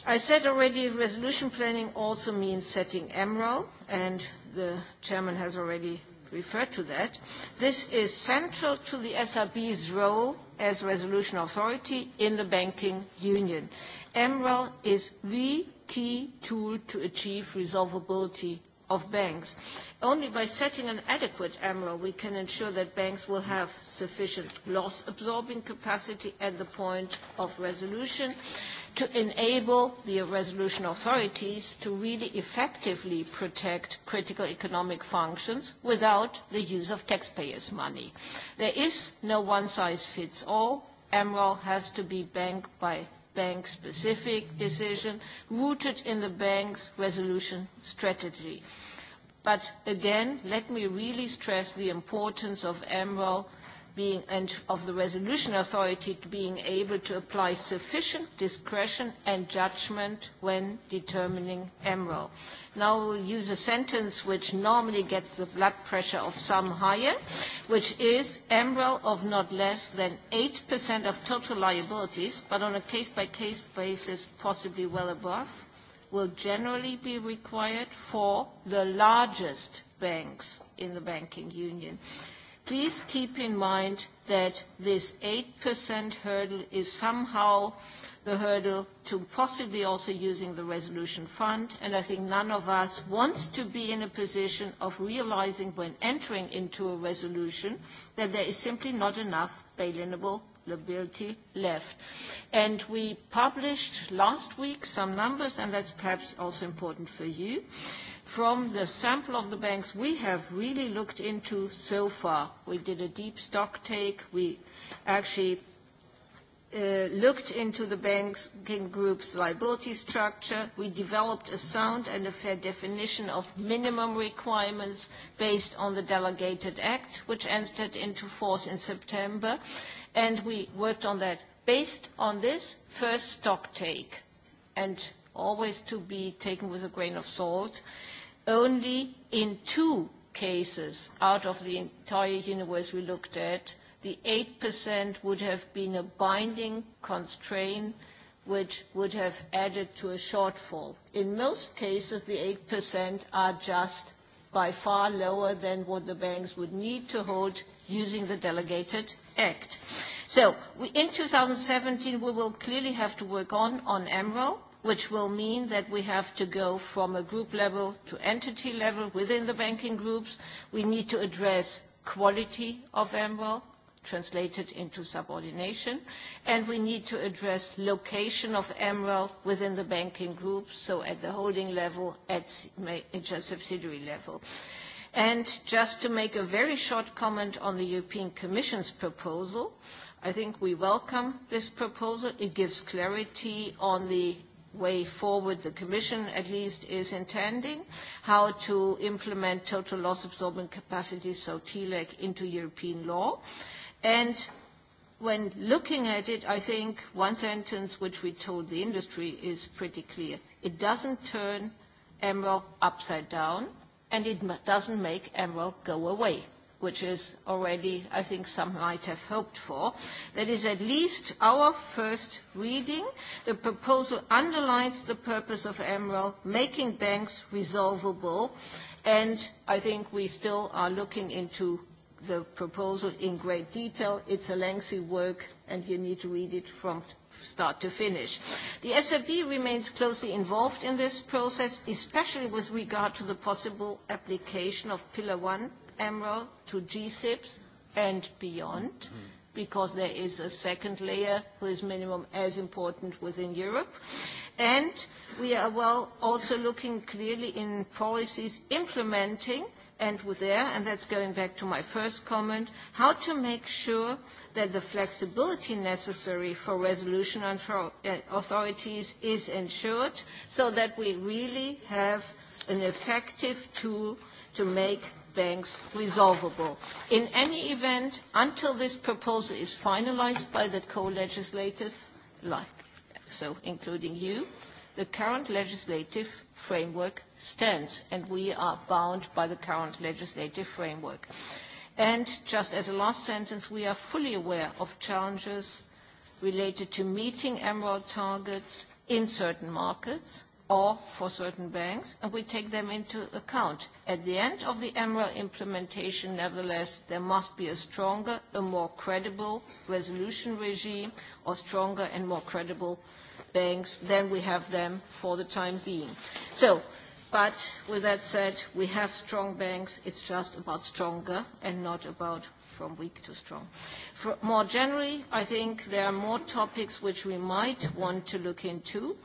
I said already resolution planning also means setting MREL, and the chairman has already referred to that. This is central to the SRB's role as resolution authority in the banking union. MREL is the key tool to achieve resolvability of banks. Only by setting an adequate MREL we can ensure that banks will have sufficient loss absorbing capacity at the point of resolution to enable the resolution authorities to really effectively protect critical economic functions without the use of taxpayers' money. There is no one-size-fits-all. MREL has to be bank by bank-specific decision rooted in the bank's resolution strategy. But again, let me really stress the importance of MREL being, and of the resolution authority being able to apply sufficient discretion and judgment when determining MREL. Now we'll use a sentence which normally gets the blood pressure of some higher, which is MREL of not less than 8% of total liabilities, but on a case-by-case -case basis possibly well above, will generally be required for the largest banks in the banking union please keep in mind that this 8% hurdle is somehow the hurdle to possibly also using the resolution fund, and I think none of us wants to be in a position of realizing when entering into a resolution that there is simply not enough bail-inable liability left. And we published last week some numbers, and that's perhaps also important for you. From the sample of the banks we have really looked into so far, we did a deep stock take. We actually Uh, looked into the banking group's liability structure. We developed a sound and a fair definition of minimum requirements based on the Delegated Act, which entered into force in September. And we worked on that. Based on this, first stock take, and always to be taken with a grain of salt, only in two cases out of the entire universe we looked at The 8% would have been a binding constraint which would have added to a shortfall. In most cases, the 8% are just by far lower than what the banks would need to hold using the delegated act. So we, in 2017, we will clearly have to work on, on MREL, which will mean that we have to go from a group level to entity level within the banking groups. We need to address quality of MREL translated into subordination. And we need to address location of MREL within the banking group, so at the holding level, at major subsidiary level. And just to make a very short comment on the European Commission's proposal, I think we welcome this proposal. It gives clarity on the way forward the Commission at least is intending, how to implement total loss absorbing capacity, so TLAC, e into European law. And when looking at it, I think one sentence which we told the industry is pretty clear. It doesn't turn MREL upside down, and it doesn't make MREL go away, which is already, I think, some might have hoped for. That is at least our first reading. The proposal underlines the purpose of MREL, making banks resolvable, and I think we still are looking into the proposal in great detail. It's a lengthy work, and you need to read it from start to finish. The SRB remains closely involved in this process, especially with regard to the possible application of Pillar 1 Emerald to GSIPs and beyond, mm -hmm. because there is a second layer who is minimum as important within Europe. And we are well also looking clearly in policies implementing – end with there, and that's going back to my first comment, how to make sure that the flexibility necessary for resolution uh, authorities is ensured so that we really have an effective tool to make banks resolvable. In any event, until this proposal is finalized by the co-legislators, like, so including you, the current legislative framework stands, and we are bound by the current legislative framework. And just as a last sentence, we are fully aware of challenges related to meeting Emerald targets in certain markets or for certain banks, and we take them into account. At the end of the Emerald implementation, nevertheless, there must be a stronger, a more credible resolution regime or stronger and more credible banks, then we have them for the time being. So, but with that said, we have strong banks. It's just about stronger and not about from weak to strong. For more generally, I think there are more topics which we might want to look into.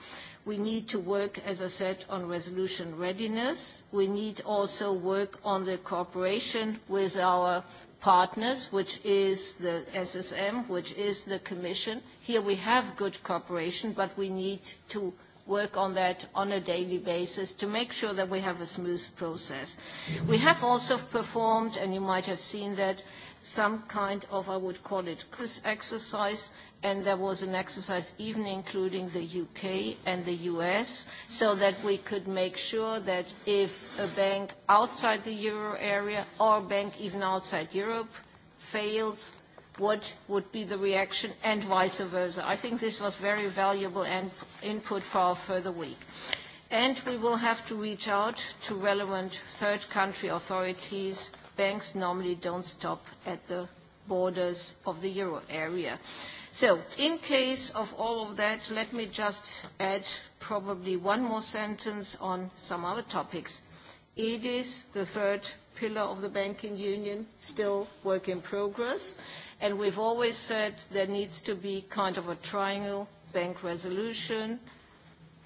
We need to work, as I said, on resolution readiness. We need also work on the cooperation with our partners, which is the SSM, which is the Commission. Here we have good cooperation, but we need to work on that on a daily basis to make sure that we have a smooth process. We have also performed, and you might have seen that, some kind of, I would call it, this exercise, and there was an exercise even including the UK and the US, so that we could make sure that if a bank outside the euro area or a bank even outside Europe fails, what would be the reaction and vice versa. I think this was very valuable and input for our further week. And we will have to reach out to relevant third country authorities banks normally don't stop at the borders of the euro area. So in case of all of that, let me just add probably one more sentence on some other topics. It is the third pillar of the banking union, still work in progress, and we've always said there needs to be kind of a triangle bank resolution,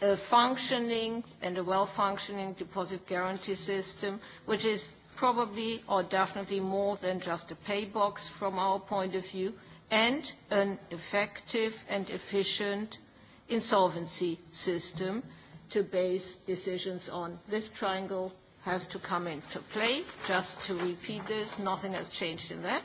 a functioning and a well-functioning deposit guarantee system, which is probably or definitely more than just a pay box from our point of view, and an effective and efficient insolvency system to base decisions on. This triangle has to come into play. Just to repeat this, nothing has changed in that.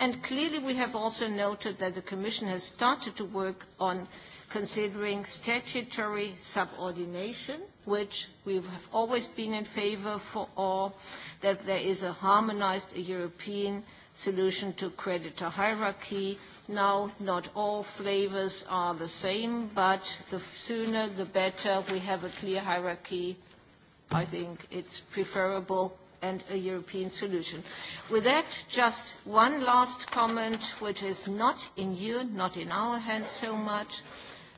And clearly we have also noted that the Commission has started to work on considering statutory subordination – which we have always been in favor for all, that there is a harmonized European solution to creditor hierarchy. Now, not all flavors are the same, but the sooner the better we have a clear hierarchy. I think it's preferable and a European solution. With that, just one last comment, which is not in you, not in our hands so much.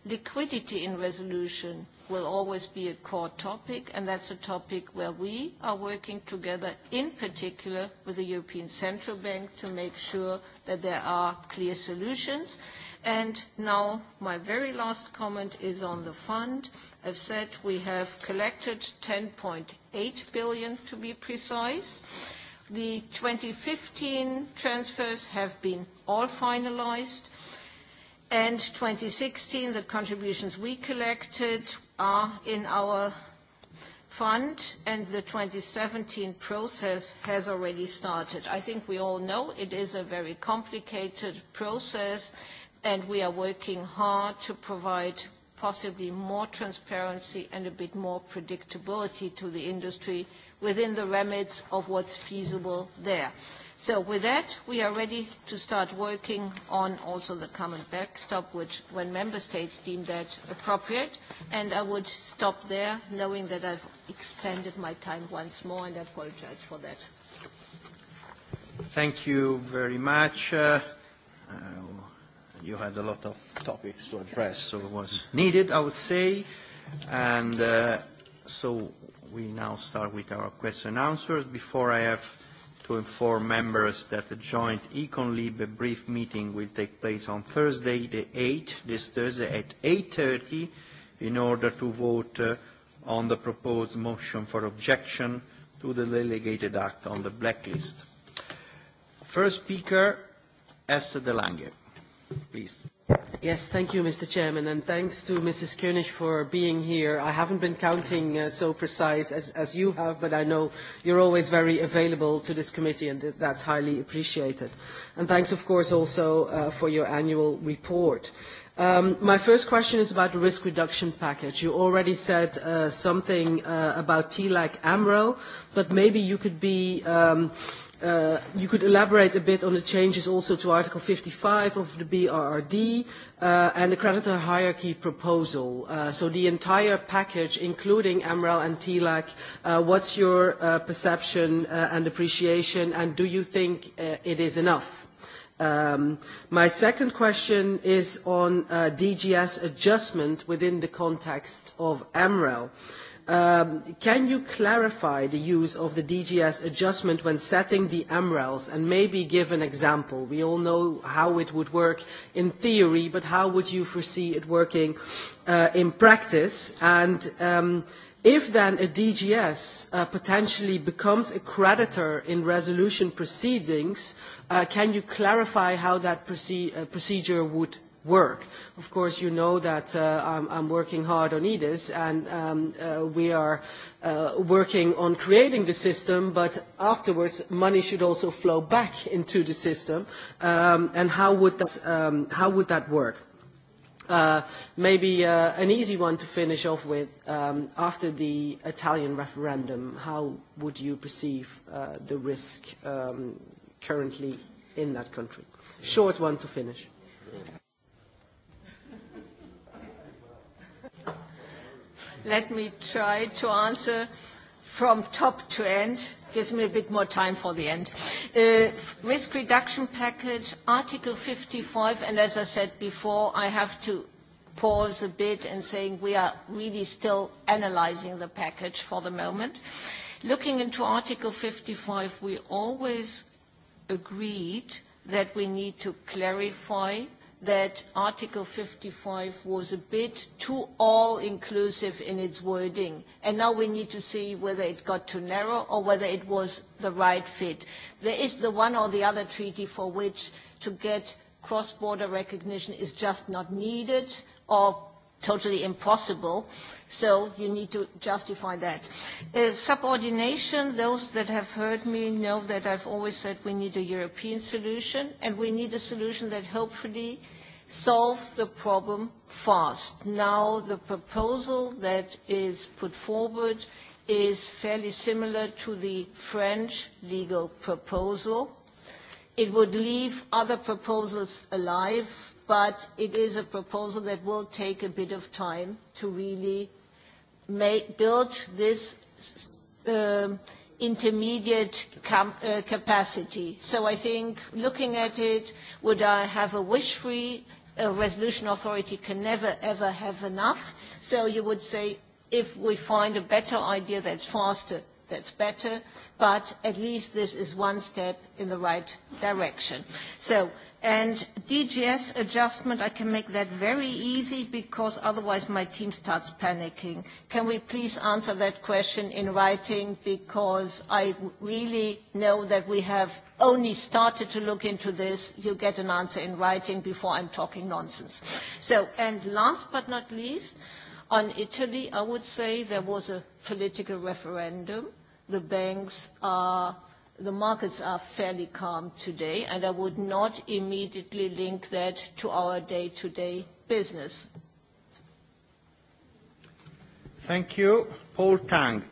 Liquidity in resolution will always be a core topic, and that's a topic where we are working together, in particular with the European Central Bank, to make sure that there are clear solutions. And now my very last comment is on the fund. I've said we have collected 10.8 billion, to be precise. The 2015 transfers have been all finalized and 2016, the contributions we collected are in our fund, and the 2017 process has already started. I think we all know it is a very complicated process, and we are working hard to provide possibly more transparency and a bit more predictability to the industry within the remits of what's feasible there. So with that, we are ready to start working on also the common backstop, which when member states deem that appropriate. And I would stop there, knowing that I've expanded my time once more, and I apologize for that. Thank you very much. Uh, uh, you had a lot of topics to address, so it was needed, I would say. And uh, so we now start with our question and answers. Before I have to inform members that the joint Econ-Lib brief meeting will take place on Thursday, the 8th, this Thursday at 8.30, in order to vote uh, on the proposed motion for objection to the delegated act on the blacklist. First speaker, Esther de Lange, please. Yes, thank you, Mr. Chairman, and thanks to Mrs. Koenig for being here. I haven't been counting uh, so precise as, as you have, but I know you're always very available to this committee, and that's highly appreciated. And thanks, of course, also uh, for your annual report. Um, my first question is about the risk reduction package. You already said uh, something uh, about TLAC AMRO, but maybe you could be... Um, Uh, you could elaborate a bit on the changes also to Article 55 of the BRRD uh, and the creditor hierarchy proposal. Uh, so the entire package, including MREL and TLAC, uh, what's your uh, perception uh, and appreciation, and do you think uh, it is enough? Um, my second question is on uh, DGS adjustment within the context of MREL. Uh, Um, can you clarify the use of the DGS adjustment when setting the MRELs and maybe give an example? We all know how it would work in theory, but how would you foresee it working uh, in practice? And um, if then a DGS uh, potentially becomes a creditor in resolution proceedings, uh, can you clarify how that proce uh, procedure would work. Of course, you know that uh, I'm, I'm working hard on EDIS, and um, uh, we are uh, working on creating the system, but afterwards money should also flow back into the system. Um, and how would that, um, how would that work? Uh, maybe uh, an easy one to finish off with. Um, after the Italian referendum, how would you perceive uh, the risk um, currently in that country? Short one to finish. Let me try to answer from top to end. Gives me a bit more time for the end. Uh, risk reduction package, Article 55, and as I said before, I have to pause a bit and saying we are really still analyzing the package for the moment. Looking into Article 55, we always agreed that we need to clarify that Article 55 was a bit too all-inclusive in its wording. And now we need to see whether it got too narrow or whether it was the right fit. There is the one or the other treaty for which to get cross-border recognition is just not needed or totally impossible. Uh, So you need to justify that. Uh, subordination, those that have heard me know that I've always said we need a European solution, and we need a solution that hopefully solve the problem fast. Now, the proposal that is put forward is fairly similar to the French legal proposal. It would leave other proposals alive, but it is a proposal that will take a bit of time to really make, build this uh, intermediate com uh, capacity. So I think looking at it, would I have a wish-free a resolution authority can never ever have enough. So you would say if we find a better idea that's faster, that's better, but at least this is one step in the right direction. So And DGS adjustment, I can make that very easy because otherwise my team starts panicking. Can we please answer that question in writing because I really know that we have only started to look into this. You'll get an answer in writing before I'm talking nonsense. So, and last but not least, on Italy, I would say there was a political referendum. The banks are the markets are fairly calm today, and I would not immediately link that to our day-to-day -day business. Thank you. Paul Tang.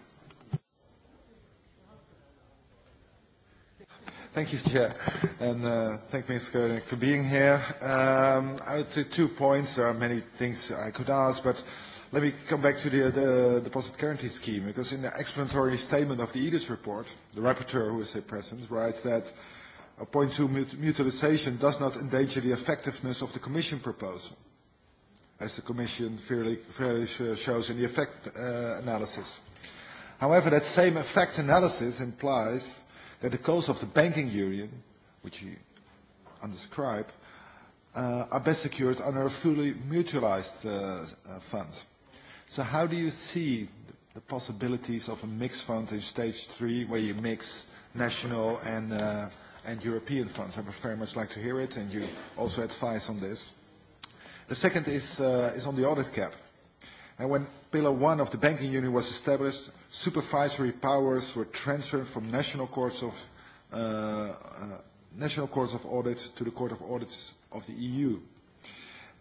Thank you, Chair, and uh, thank Ms. Gerling for being here. Um, I would say two points. There are many things I could ask, but Let me come back to the, uh, the deposit guarantee scheme, because in the explanatory statement of the EDIS report, the rapporteur, who is here present, writes that a point two mutualization does not endanger the effectiveness of the Commission proposal, as the Commission fairly, fairly shows in the effect uh, analysis. However, that same effect analysis implies that the goals of the banking union, which you undescribe, uh, are best secured under a fully mutualized uh, uh, fund. So how do you see the possibilities of a mixed fund in stage three, where you mix national and, uh, and European funds? I would very much like to hear it, and you also advise on this. The second is, uh, is on the audit cap. And when Pillar 1 of the Banking Union was established, supervisory powers were transferred from national courts of, uh, uh, national courts of audit to the Court of Audits of the EU.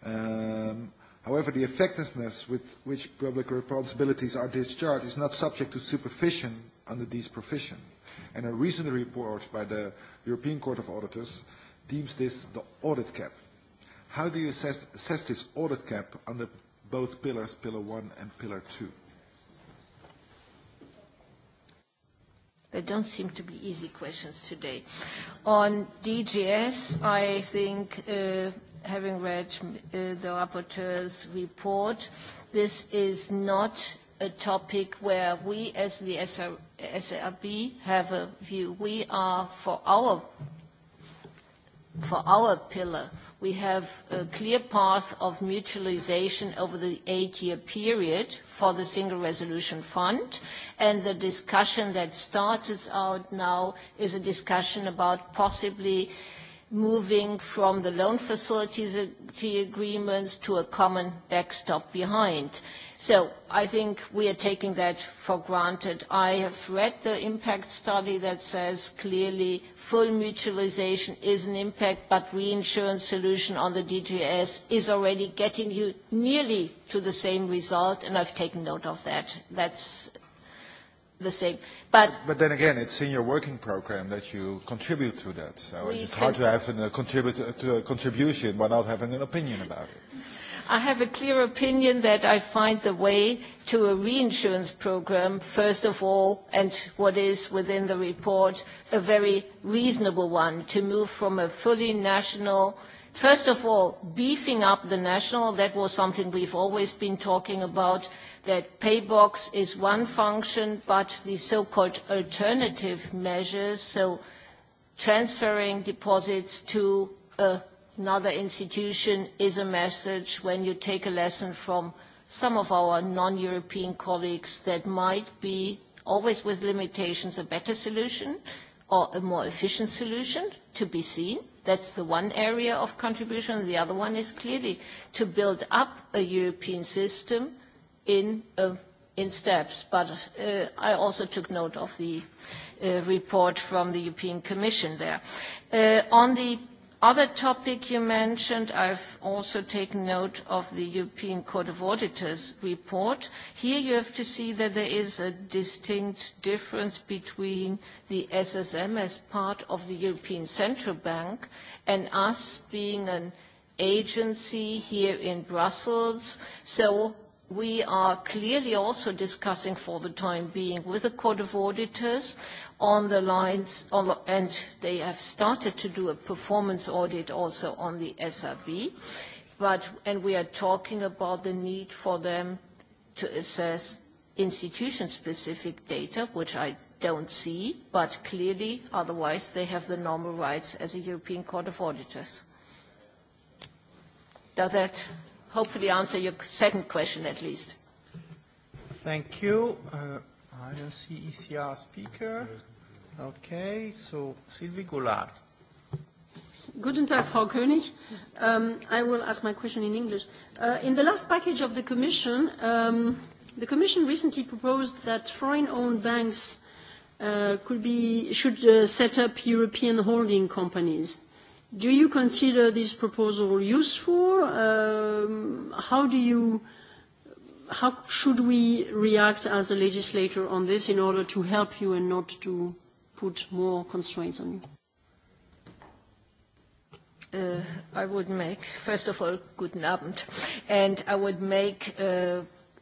Um, However, the effectiveness with which public responsibilities are discharged is not subject to supervision under these provisions. And a recent report by the European Court of Auditors deems this the audit cap. How do you assess, assess this audit cap under both pillars, Pillar one and Pillar two? They don't seem to be easy questions today. On DGS, I think uh, having read uh, the rapporteur's report, this is not a topic where we as the SRB have a view. We are for our, for our pillar. We have a clear path of mutualization over the eight-year period for the Single Resolution Fund, and the discussion that starts out now is a discussion about possibly uh, moving from the loan facilities agreements to a common backstop behind. So I think we are taking that for granted. I have read the impact study that says clearly full mutualization is an impact, but reinsurance solution on the DGS is already getting you nearly to the same result, and I've taken note of that. That's the same. But, but then again, it's in your working program that you contribute to that. So it's hard to have an, a, uh, contribute, uh, to a contribution by not having an opinion about it. I have a clear opinion that I find the way to a reinsurance program, first of all, and what is within the report, a very reasonable one, to move from a fully national First of all, beefing up the national, that was something we've always been talking about, that PayBox is one function, but the so-called alternative measures, so transferring deposits to another institution is a message when you take a lesson from some of our non-European colleagues that might be, always with limitations, a better solution or a more efficient solution to be seen. That's the one area of contribution. The other one is clearly to build up a European system in, uh, in steps. But uh, I also took note of the uh, report from the European Commission there. Uh, on the other topic you mentioned, I've also taken note of the European Court of Auditors report. Here you have to see that there is a distinct difference between the SSM as part of the European Central Bank and us being an agency here in Brussels. So We are clearly also discussing for the time being with the Court of Auditors on the lines, on, and they have started to do a performance audit also on the SRB. But, and we are talking about the need for them to assess institution-specific data, which I don't see, but clearly, otherwise, they have the normal rights as a European Court of Auditors. Does that hopefully answer your second question at least. Thank you. Uh, I don't see ECR speaker. Okay, so Sylvie Goulart. Guten Tag, Frau König. Um, I will ask my question in English. Uh, in the last package of the Commission, um, the Commission recently proposed that foreign-owned banks uh, could be, should uh, set up European holding companies. Do you consider this proposal useful? Um, how do you, how should we react as a legislator on this in order to help you and not to put more constraints on you? Uh, I would make, first of all, guten Abend, and I would make uh,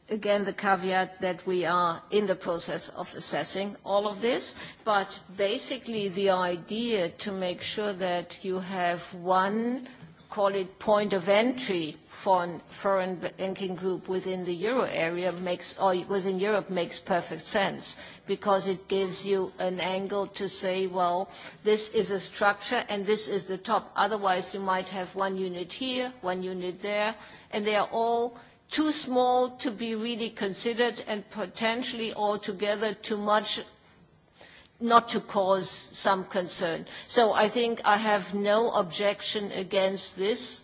again the caveat that we are in the process of assessing all of this, but basically the idea to make sure that you have one, call it point of entry for a foreign banking group within the euro area makes, or within Europe makes perfect sense because it gives you an angle to say, well, this is a structure and this is the top. Otherwise, you might have one unit here, one unit there, and they are all too small to be really considered and potentially altogether too much not to cause some concern. So I think I have no objection against this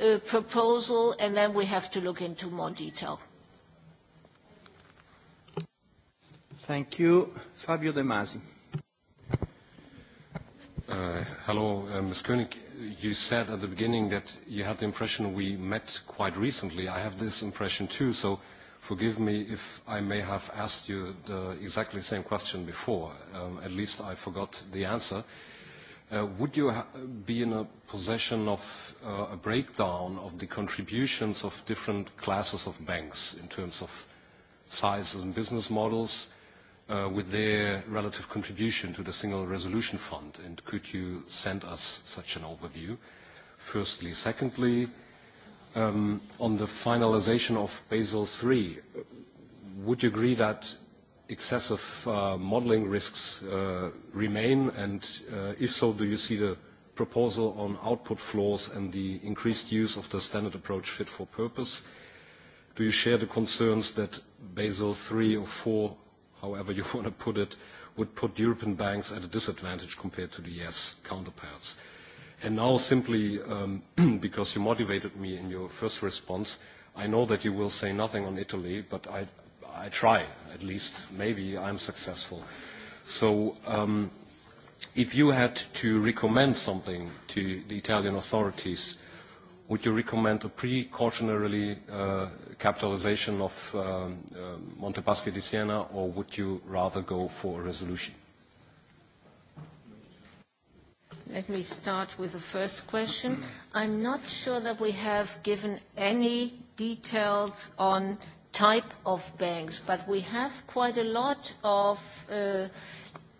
uh, proposal, and then we have to look into more detail. Thank you. Fabio De Masi. Uh, hello, uh, Ms. Koenig you said at the beginning that you had the impression we met quite recently. I have this impression too, so forgive me if I may have asked you the exactly same question before. Um, at least I forgot the answer. Uh, would you ha be in a possession of uh, a breakdown of the contributions of different classes of banks in terms of sizes and business models, uh, with their relative contribution to the Single Resolution Fund, and could you send us such an overview, firstly? Secondly, um, on the finalization of Basel III, would you agree that excessive uh, modeling risks uh, remain, and uh, if so, do you see the proposal on output floors and the increased use of the standard approach fit for purpose? Do you share the concerns that Basel III or IV however you want to put it, would put European banks at a disadvantage compared to the U.S. counterparts. And now simply um, because you motivated me in your first response, I know that you will say nothing on Italy, but I, I try at least. Maybe I'm successful. So um, if you had to recommend something to the Italian authorities, would you recommend a precautionary uh, capitalization of um, uh, Monte Paschi di Siena, or would you rather go for a resolution? Let me start with the first question. I'm not sure that we have given any details on type of banks, but we have quite a lot of uh,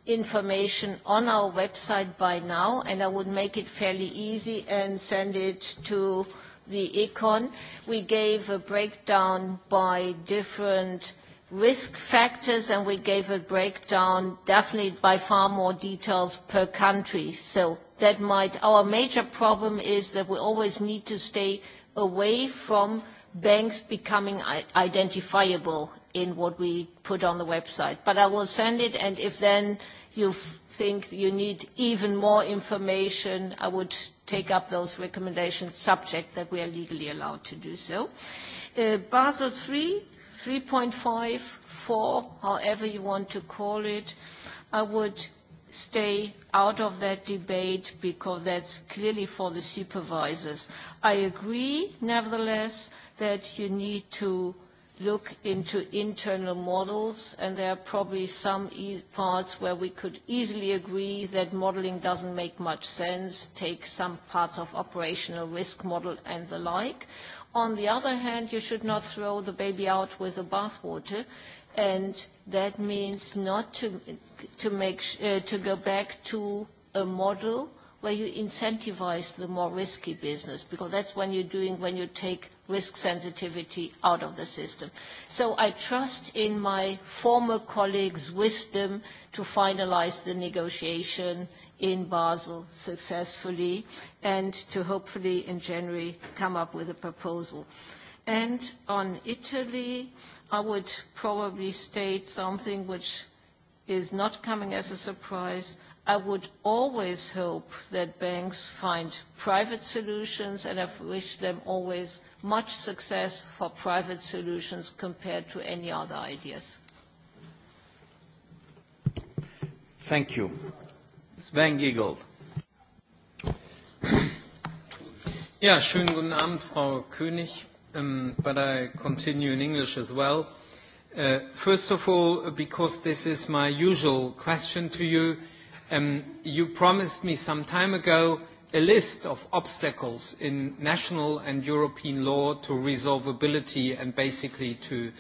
information on our website by now, and I would make it fairly easy and send it to uh, the econ, we gave a breakdown by different risk factors, and we gave a breakdown definitely by far more details per country. So that might. Our major problem is that we always need to stay away from banks becoming identifiable in what we put on the website. But I will send it, and if then you think you need even more information, I would take up those recommendations subject that we are legally allowed to do so. Uh, Basel III, 3.5, 4, however you want to call it, I would stay out of that debate because that's clearly for the supervisors. I agree, nevertheless, that you need to look into internal models, and there are probably some e parts where we could easily agree that modeling doesn't make much sense, take some parts of operational risk model and the like. On the other hand, you should not throw the baby out with the bathwater, and that means not to, to, make, uh, to go back to a model where you incentivize the more risky business, because that's when you're doing, when you take risk sensitivity out of the system. So I trust in my former colleagues' wisdom to finalize the negotiation in Basel successfully and to hopefully in January come up with a proposal. And on Italy, I would probably state something which is not coming as a surprise. I would always hope that banks find private solutions, and I wish them always much success for private solutions compared to any other ideas. Thank you. Sven Giegold. Ja, schönen guten Abend, Frau König. Um, but I continue in English as well. Uh, first of all, because this is my usual question to you, Um, you promised me some time ago a list of obstacles in national and European law to resolvability and basically to,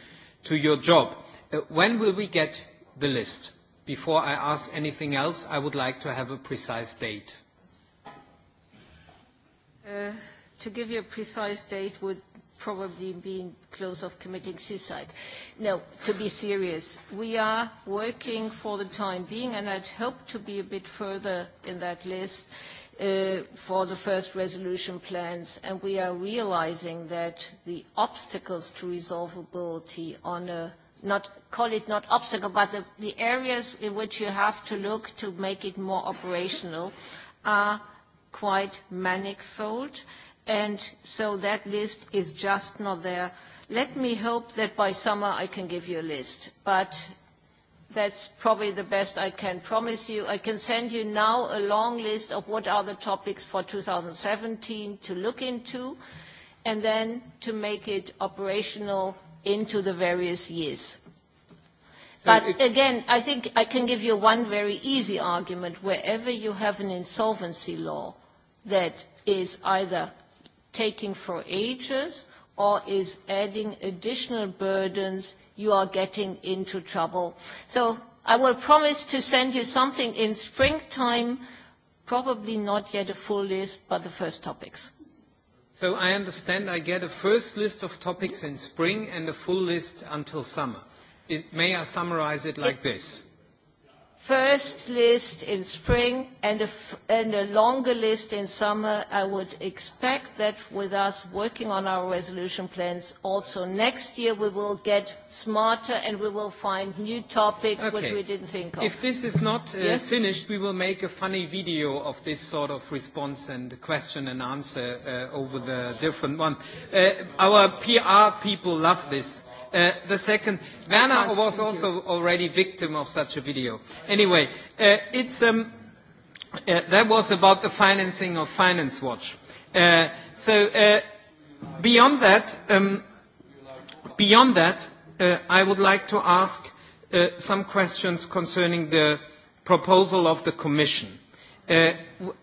to your job. Uh, when will we get the list? Before I ask anything else, I would like to have a precise date. Uh, to give you a precise date would probably being close of committing suicide. No, to be serious, we are working for the time being, and I'd hope to be a bit further in that list uh, for the first resolution plans, and we are realizing that the obstacles to resolvability on a not call it not obstacle, but the, the areas in which you have to look to make it more operational are quite manifold and so that list is just not there. Let me hope that by summer I can give you a list, but that's probably the best I can promise you. I can send you now a long list of what are the topics for 2017 to look into, and then to make it operational into the various years. So but it, again, I think I can give you one very easy argument. Wherever you have an insolvency law that is either taking for ages or is adding additional burdens, you are getting into trouble. So I will promise to send you something in springtime, probably not yet a full list, but the first topics. So I understand I get a first list of topics in spring and a full list until summer. It, may I summarize it like it, this? first list in spring and a, f and a longer list in summer. I would expect that with us working on our resolution plans also next year we will get smarter and we will find new topics okay. which we didn't think of. If this is not uh, yeah? finished, we will make a funny video of this sort of response and question and answer uh, over the different one. Uh, our PR people love this. Uh, the second, Werner was also already victim of such a video. Anyway, uh, it's, um, uh, that was about the financing of Finance Watch. Uh, so uh, beyond that, um, beyond that, uh, I would like to ask uh, some questions concerning the proposal of the Commission. Uh,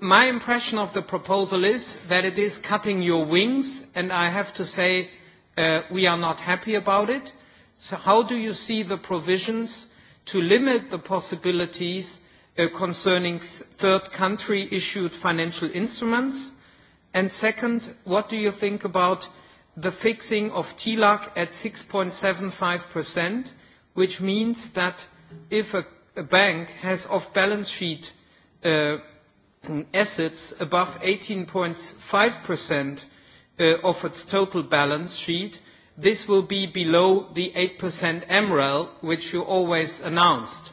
my impression of the proposal is that it is cutting your wings, and I have to say Uh, we are not happy about it. So how do you see the provisions to limit the possibilities uh, concerning third country issued financial instruments? And second, what do you think about the fixing of TLAC at 6.75%, which means that if a, a bank has off-balance sheet uh, assets above 18.5%, Uh, of its total balance sheet. This will be below the 8% MREL, which you always announced.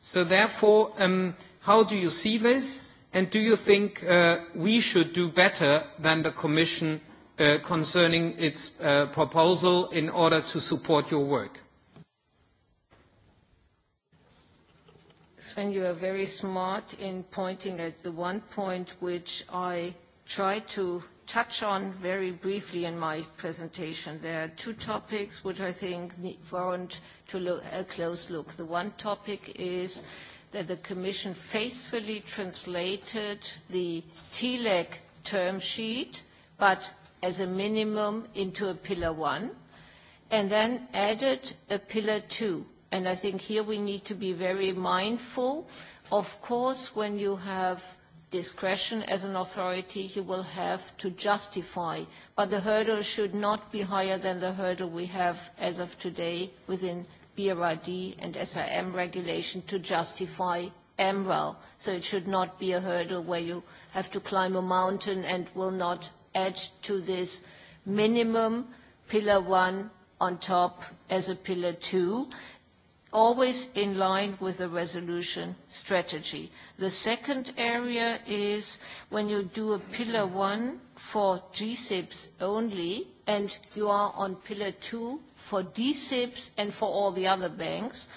So therefore, um, how do you see this? And do you think uh, we should do better than the Commission uh, concerning its proposal in order to support your work? Sven, you are very smart in pointing at the one point which I tried to touch on very briefly in my presentation. There are two topics which I think warrant to look, a close look. The one topic is that the Commission faithfully translated the TLEC term sheet, but as a minimum into a pillar one, and then added a pillar two. And I think here we need to be very mindful. Of course, when you have discretion as an authority you will have to justify. But the hurdle should not be higher than the hurdle we have as of today within BRRD and SIM regulation to justify MREL. So it should not be a hurdle where you have to climb a mountain and will not add to this minimum pillar one on top as a pillar two, always in line with the resolution strategy. The second area is when you do a pillar one for GSIPs only, and you are on pillar two for DSIPs and for all the other banks,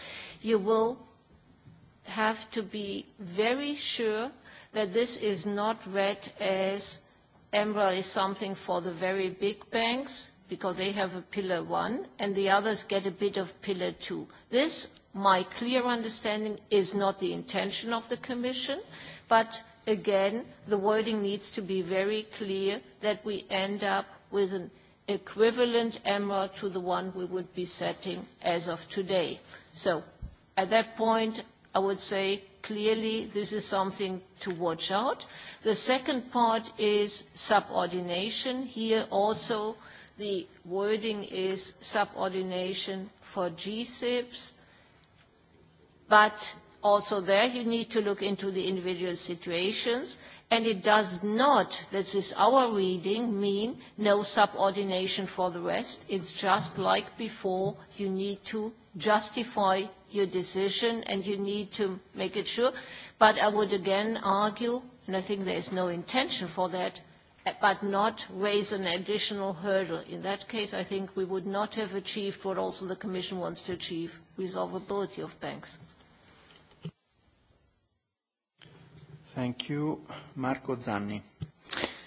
you will have to be very sure that this is not read as EMRA is something for the very big banks because they have a pillar one and the others get a bit of pillar two. This my clear understanding is not the intention of the Commission, but again, the wording needs to be very clear that we end up with an equivalent MREL to the one we would be setting as of today. So at that point, I would say clearly this is something to watch out. The second part is subordination. Here also the wording is subordination for GSIPs But also there you need to look into the individual situations and it does not, this is our reading, mean no subordination for the rest. It's just like before, you need to justify your decision and you need to make it sure. But I would again argue, and I think there is no intention for that, but not raise an additional hurdle. In that case, I think we would not have achieved what also the Commission wants to achieve, resolvability of banks. Thank you. Marco Zanni.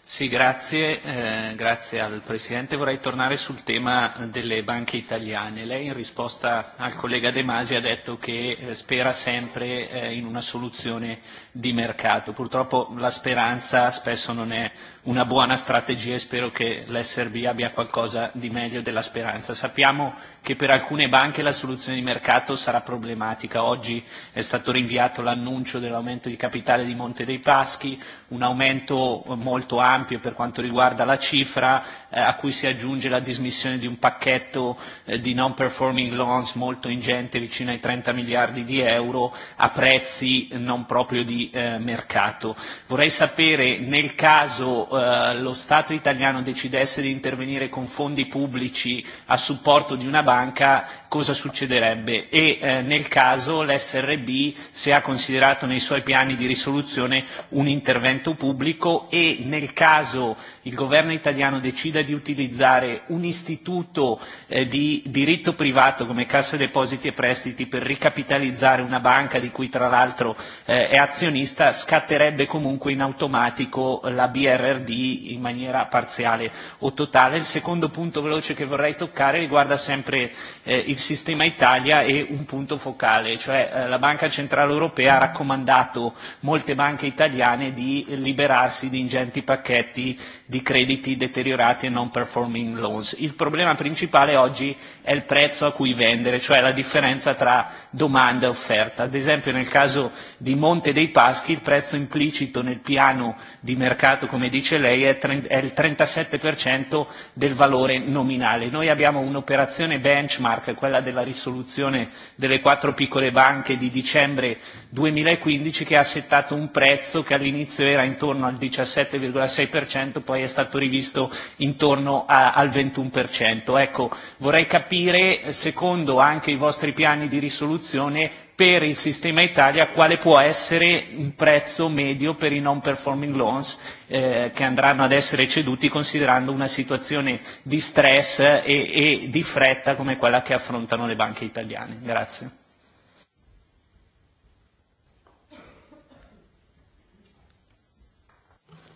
Sì, grazie, eh, grazie al Presidente. Vorrei tornare sul tema delle banche italiane. Lei in risposta al collega De Masi ha detto che eh, spera sempre eh, in una soluzione di mercato. Purtroppo la speranza spesso non è una buona strategia e spero che l'SRB abbia qualcosa di meglio della speranza. Sappiamo che per alcune banche la soluzione di mercato sarà problematica. Oggi è stato rinviato l'annuncio dell'aumento di capitale di Monte dei Paschi, un aumento molto ampio per quanto riguarda la cifra, eh, a cui si aggiunge la dismissione di un pacchetto eh, di non performing loans molto ingente, vicino ai 30 miliardi di euro, a prezzi non proprio di eh, mercato. Vorrei sapere, nel caso eh, lo Stato italiano decidesse di intervenire con fondi pubblici a supporto di una banca, banca cosa succederebbe e eh, nel caso l'SRB se ha considerato nei suoi piani di risoluzione un intervento pubblico e nel caso il governo italiano decida di utilizzare un istituto eh, di diritto privato come Cassa Depositi e Prestiti per ricapitalizzare una banca di cui tra l'altro eh, è azionista, scatterebbe comunque in automatico la BRRD in maniera parziale o totale. Il secondo punto veloce che vorrei toccare riguarda sempre eh, il sistema Italia è e un punto focale, cioè eh, la Banca Centrale Europea ha raccomandato molte banche italiane di liberarsi di ingenti pacchetti di crediti deteriorati e non performing loans. Il problema principale oggi è il prezzo a cui vendere, cioè la differenza tra domanda e offerta. Ad esempio nel caso di Monte dei Paschi il prezzo implicito nel piano di mercato, come dice lei, è il 37% del valore nominale. Noi abbiamo un'operazione benchmark, quella della risoluzione delle quattro piccole banche di dicembre 2015, che ha settato un prezzo che all'inizio era intorno al 17,6%, poi è stato rivisto intorno a, al 21%. Ecco, vorrei capire capire, secondo anche i vostri piani di risoluzione, per il sistema Italia quale può essere un prezzo medio per i non performing loans eh, che andranno ad essere ceduti considerando una situazione di stress eh, e, e di fretta come quella che affrontano le banche italiane. Grazie.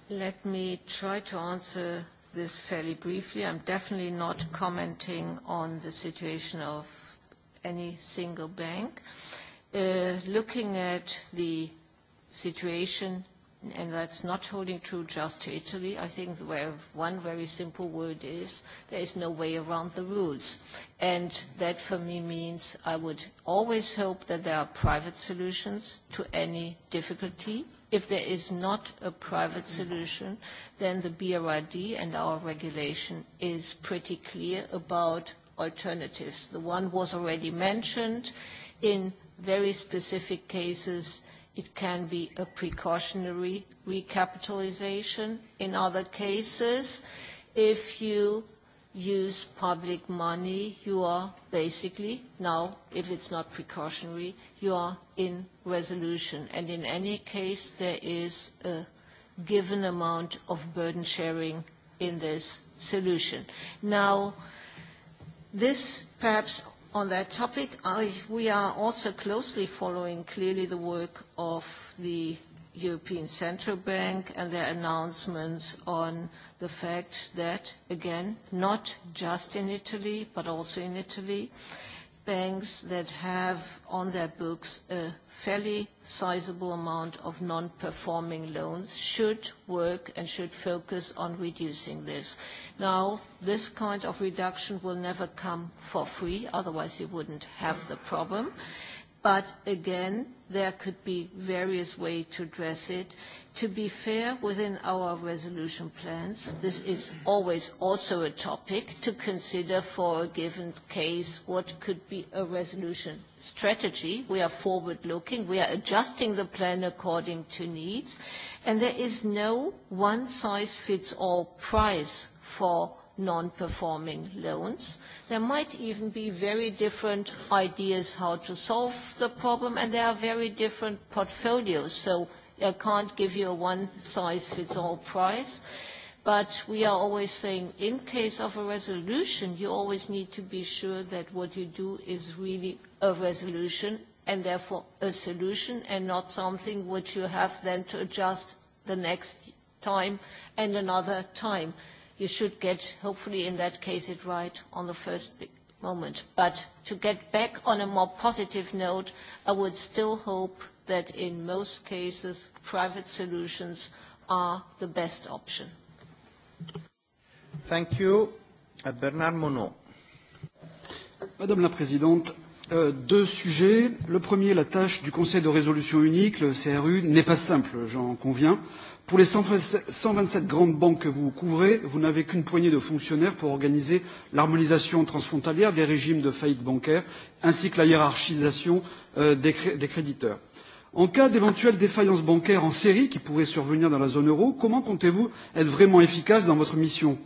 Let me try to answer this fairly briefly. I'm definitely not commenting on the situation of any single bank. Uh, looking at the situation, and that's not holding true just to Italy, I think the way of one very simple word is there is no way around the rules. And that for me means I would always hope that there are private solutions to any difficulty If there is not a private solution, then the BRRD and our regulation is pretty clear about alternatives. The one was already mentioned. In very specific cases, it can be a precautionary recapitalization. In other cases, if you use public money, you are basically now, if it's not precautionary, you are in resolution. And in any case, there is a given amount of burden sharing in this solution. Now, this perhaps on that topic, I, we are also closely following clearly the work of the European Central Bank and their announcements on the fact that, again, not just in Italy, but also in Italy, banks that have on their books a fairly sizable amount of non-performing loans should work and should focus on reducing this. Now, this kind of reduction will never come for free, otherwise you wouldn't have the problem. But again, there could be various ways to address it. To be fair, within our resolution plans, this is always also a topic to consider for a given case what could be a resolution strategy. We are forward-looking. We are adjusting the plan according to needs. And there is no one-size-fits-all price for non-performing loans. There might even be very different ideas how to solve the problem, and there are very different portfolios, so I can't give you a one-size-fits-all price. But we are always saying, in case of a resolution, you always need to be sure that what you do is really a resolution and therefore a solution and not something which you have then to adjust the next time and another time you should get, hopefully in that case, it right on the first moment. But to get back on a more positive note, I would still hope that in most cases, private solutions are the best option. Thank you. Uh, Bernard Monod. Madame la Présidente, euh, deux sujets. Le premier, la tâche du Conseil de résolution unique, le CRU, n'est pas simple, j'en conviens. Euh, Pour les 127 grandes banques que vous couvrez, vous n'avez qu'une poignée de fonctionnaires pour organiser l'harmonisation transfrontalière des régimes de faillite bancaire ainsi que la hiérarchisation euh, des, cré des créditeurs. En cas d'éventuelle défaillance bancaire en série qui pourrait survenir dans la zone euro, comment comptez-vous être vraiment efficace dans votre mission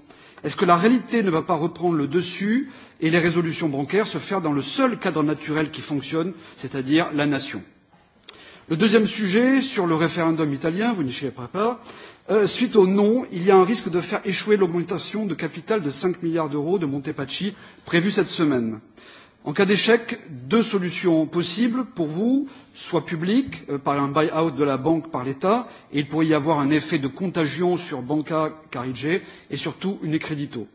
Est-ce que la réalité ne va pas reprendre le dessus et les résolutions bancaires se faire dans le seul cadre naturel qui fonctionne, c'est-à-dire la nation le deuxième sujet, sur le référendum italien, vous n'y échapperez pas, euh, suite au non, il y a un risque de faire échouer l'augmentation de capital de 5 milliards d'euros de Montepacci prévue cette semaine. En cas d'échec, deux solutions possibles pour vous, soit publique, euh, par un buy-out de la banque par l'État, et il pourrait y avoir un effet de contagion sur Banca Carige, et surtout une écrédito,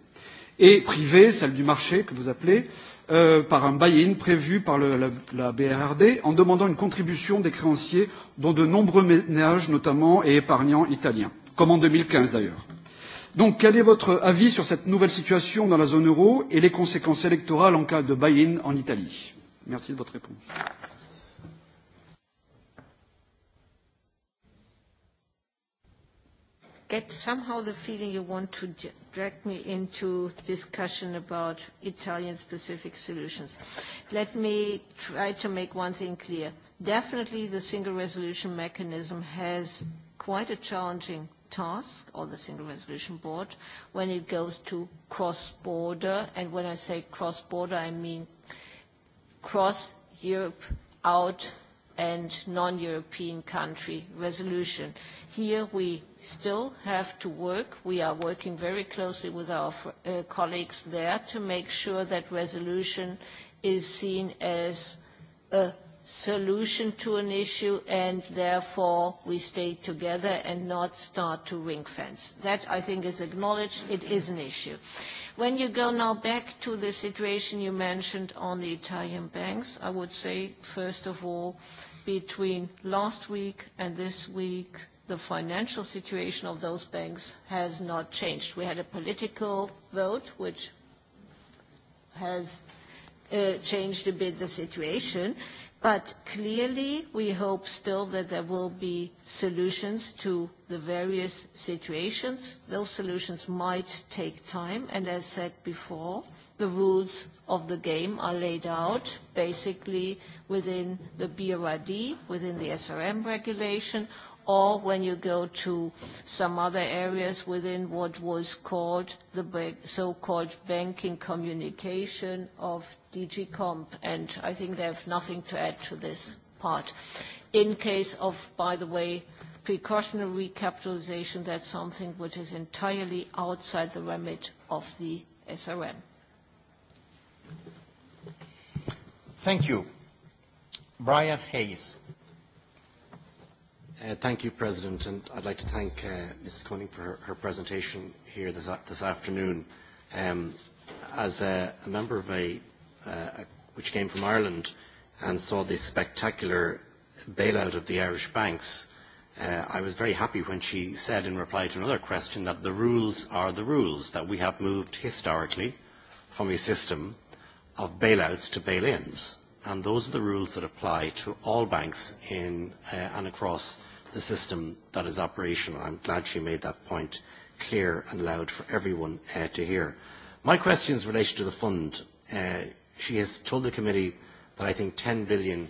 et privée, celle du marché que vous appelez, Euh, par un buy-in prévu par le, la, la BRRD en demandant une contribution des créanciers, dont de nombreux ménages notamment et épargnants italiens, comme en 2015 d'ailleurs. Donc, quel est votre avis sur cette nouvelle situation dans la zone euro et les conséquences électorales en cas de buy-in en Italie Merci de votre réponse. get somehow the feeling you want to drag me into discussion about Italian-specific solutions. Let me try to make one thing clear. Definitely the single resolution mechanism has quite a challenging task, or the single resolution board, when it goes to cross-border. And when I say cross-border, I mean cross-Europe out and non-European country resolution. Here we still have to work. We are working very closely with our uh, colleagues there to make sure that resolution is seen as a solution to an issue and therefore we stay together and not start to ring fence. That I think is acknowledged. It is an issue. When you go now back to the situation you mentioned on the Italian banks, I would say first of all between last week and this week the financial situation of those banks has not changed. We had a political vote which has uh, changed a bit the situation, but clearly we hope still that there will be solutions to the various situations. Those solutions might take time, and as said before, the rules of the game are laid out basically within the BRRD, within the SRM regulation, or when you go to some other areas within what was called the so-called banking communication of DG Comp, and I think they have nothing to add to this part. In case of, by the way, precautionary recapitalization, that's something which is entirely outside the remit of the SRM. Thank you. Brian Hayes. Uh, thank you, President, and I'd like to thank uh, Mrs. Cunning for her, her presentation here this, this afternoon. Um, as a, a member of a, uh, a, which came from Ireland and saw the spectacular bailout of the Irish banks, uh, I was very happy when she said in reply to another question that the rules are the rules, that we have moved historically from a system of bailouts to bail-ins. And those are the rules that apply to all banks in uh, and across uh, the system that is operational. I'm glad she made that point clear and loud for everyone uh, to hear. My question is related to the fund. Uh, she has told the committee that I think 10 billion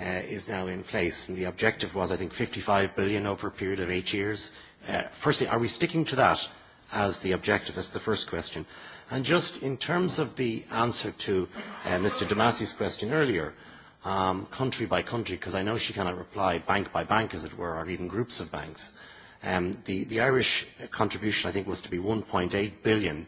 uh, is now in place, and the objective was, I think, 55 billion over a period of eight years. Uh, firstly, are we sticking to that as the objective? That's the first question. And just in terms of the answer to uh, Mr. Damasi's question earlier, um, country by country, because I know she cannot reply bank by bank, as it were, or even groups of banks. Um, the, the Irish contribution, I think, was to be 1.8 billion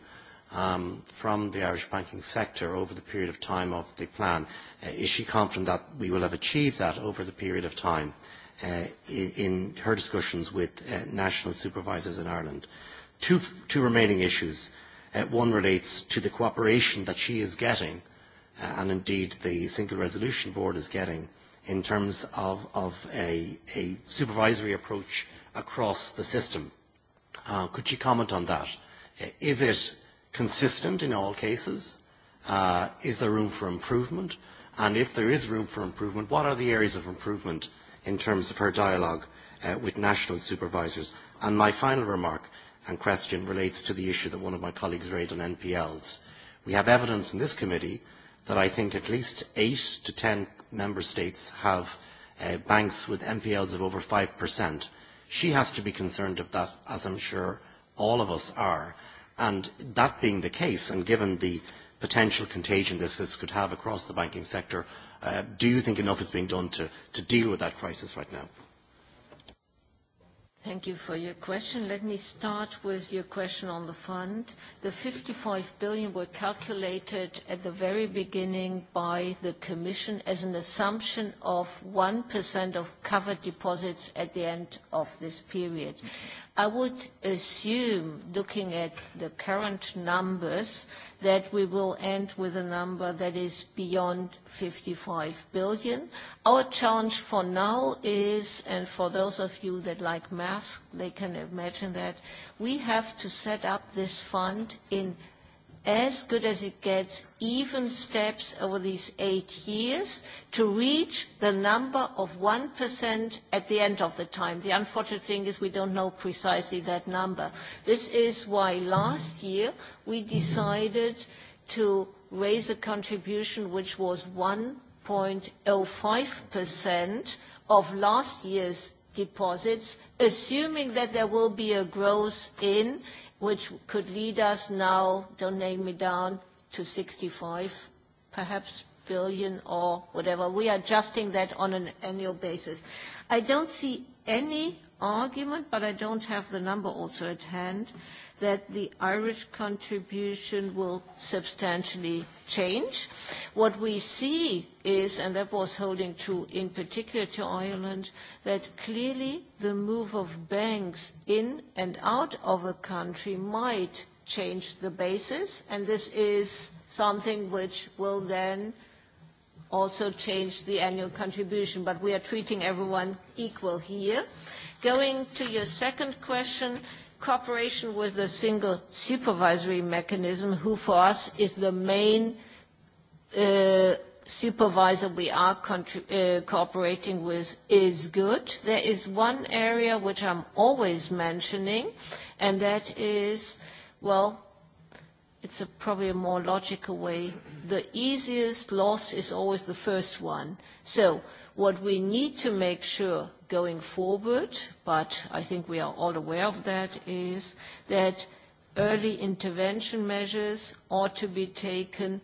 um, from the Irish banking sector over the period of time of the plan. Uh, is she confident that we will have achieved that over the period of time uh, in, in her discussions with uh, national supervisors in Ireland? Two, two remaining issues. Uh, one relates to the cooperation that she is getting uh, uh, and indeed the Single Resolution Board is getting in terms of, of a, a supervisory approach across the system. Uh, could you comment on that? Uh, is it consistent in all cases? Uh, is there room for improvement? And if there is room for improvement, what are the areas of improvement in terms of her dialogue uh, with national supervisors? And my final remark and question relates to the issue that one of my colleagues raised on NPLs. We have evidence in this committee that I think at least eight to ten member states have uh, banks with MPLs of over 5%. She has to be concerned of that, as I'm sure all of us are. And that being the case, and given the potential contagion this, could have across the banking sector, uh, do you think enough is being done to, to deal with that crisis right now? Thank you for your question. Let me start with your question on the fund. The 55 billion were calculated at the very beginning by the Commission as an assumption of 1% of covered deposits at the end of this period. I would assume, looking at the current numbers, that we will end with a number that is beyond 55 billion. Our challenge for now is, and for those of you that like math, they can imagine that, we have to set up this fund in as good as it gets, even steps over these eight years to reach the number of 1% at the end of the time. The unfortunate thing is we don't know precisely that number. This is why last year we decided to raise a contribution which was 1.05% of last year's deposits, assuming that there will be a growth in which could lead us now, don't nail me down, to 65, perhaps billion or whatever. We are adjusting that on an annual basis. I don't see any argument, but I don't have the number also at hand, that the Irish contribution will substantially change. What we see is, and that was holding true in particular to Ireland, that clearly the move of banks in and out of a country might change the basis, and this is something which will then also change the annual contribution, but we are treating everyone equal here. Going to your second question, cooperation with the single supervisory mechanism, who for us is the main uh, supervisor we are uh, cooperating with, is good. There is one area which I'm always mentioning, and that is, well, it's a, probably a more logical way. The easiest loss is always the first one. So What we need to make sure going forward, but I think we are all aware of that, is that early intervention measures ought to be taken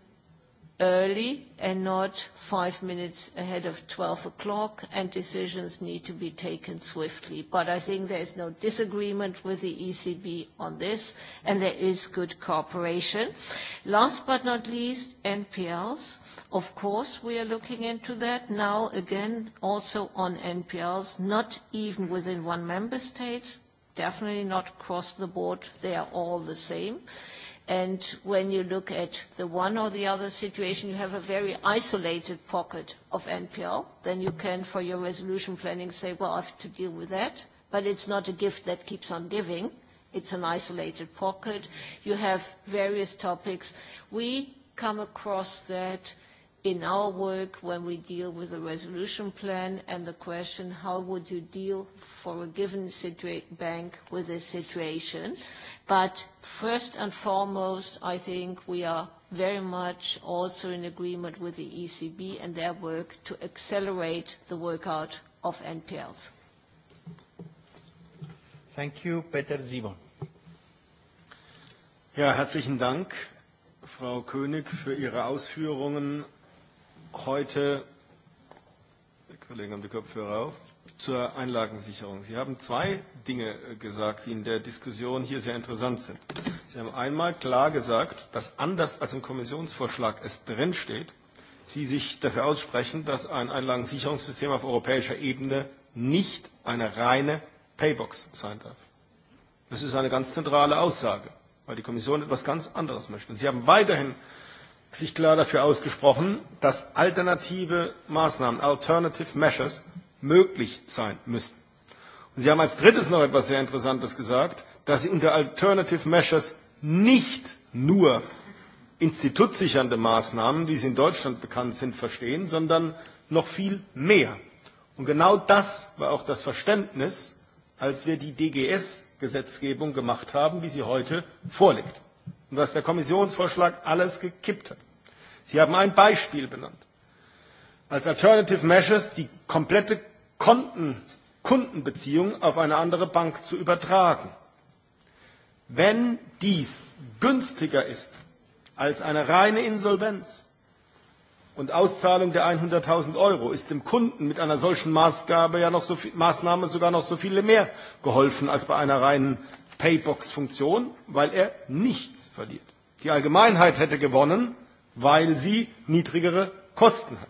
early and not five minutes ahead of 12 o'clock, and decisions need to be taken swiftly. But I think there is no disagreement with the ECB on this, and there is good cooperation. Last but not least, NPLs. Of course, we are looking into that now again, also on NPLs, not even within one member state, definitely not across the board. They are all the same. And when you look at the one or the other situation, you have a very isolated pocket of NPL. Then you can, for your resolution planning, say, well, I have to deal with that. But it's not a gift that keeps on giving. It's an isolated pocket. You have various topics. We come across that in our work when we deal with the resolution plan and the question, how would you deal for a given bank with this situation? But first and foremost, I think we are very much also in agreement with the ECB and their work to accelerate the workout of NPLs. Thank you. Peter Simon. Ja, herzlichen Dank, Frau König, für Ihre Ausführungen heute, der Kollege haben die Kopfhörer auf, zur Einlagensicherung. Sie haben zwei Dinge äh, gesagt, die in der Diskussion hier sehr interessant sind. Sie haben einmal klar gesagt, dass anders als im Kommissionsvorschlag es drinsteht, Sie sich dafür aussprechen, dass ein Einlagensicherungssystem auf europäischer Ebene nicht eine reine Paybox sein darf. Das ist eine ganz zentrale Aussage, weil die Kommission etwas ganz anderes möchte. Sie haben weiterhin sich klar dafür ausgesprochen, dass alternative Maßnahmen, alternative measures, möglich sein müssen. Und Sie haben als drittes noch etwas sehr Interessantes gesagt, dass Sie unter alternative measures nicht nur institutsichernde Maßnahmen, wie sie in Deutschland bekannt sind, verstehen, sondern noch viel mehr. Und genau das war auch das Verständnis, als wir die DGS-Gesetzgebung gemacht haben, wie sie heute vorliegt. Und was der Kommissionsvorschlag alles gekippt hat. Sie haben ein Beispiel benannt. Als Alternative Measures die komplette Konten, Kundenbeziehung auf eine andere Bank zu übertragen. Wenn dies günstiger ist als eine reine Insolvenz und Auszahlung der 100.000 Euro, ist dem Kunden mit einer solchen Maßgabe ja noch so viel, Maßnahme sogar noch so viel mehr geholfen als bei einer reinen Paybox-Funktion, weil er nichts verliert. Die Allgemeinheit hätte gewonnen, weil sie niedrigere Kosten hat.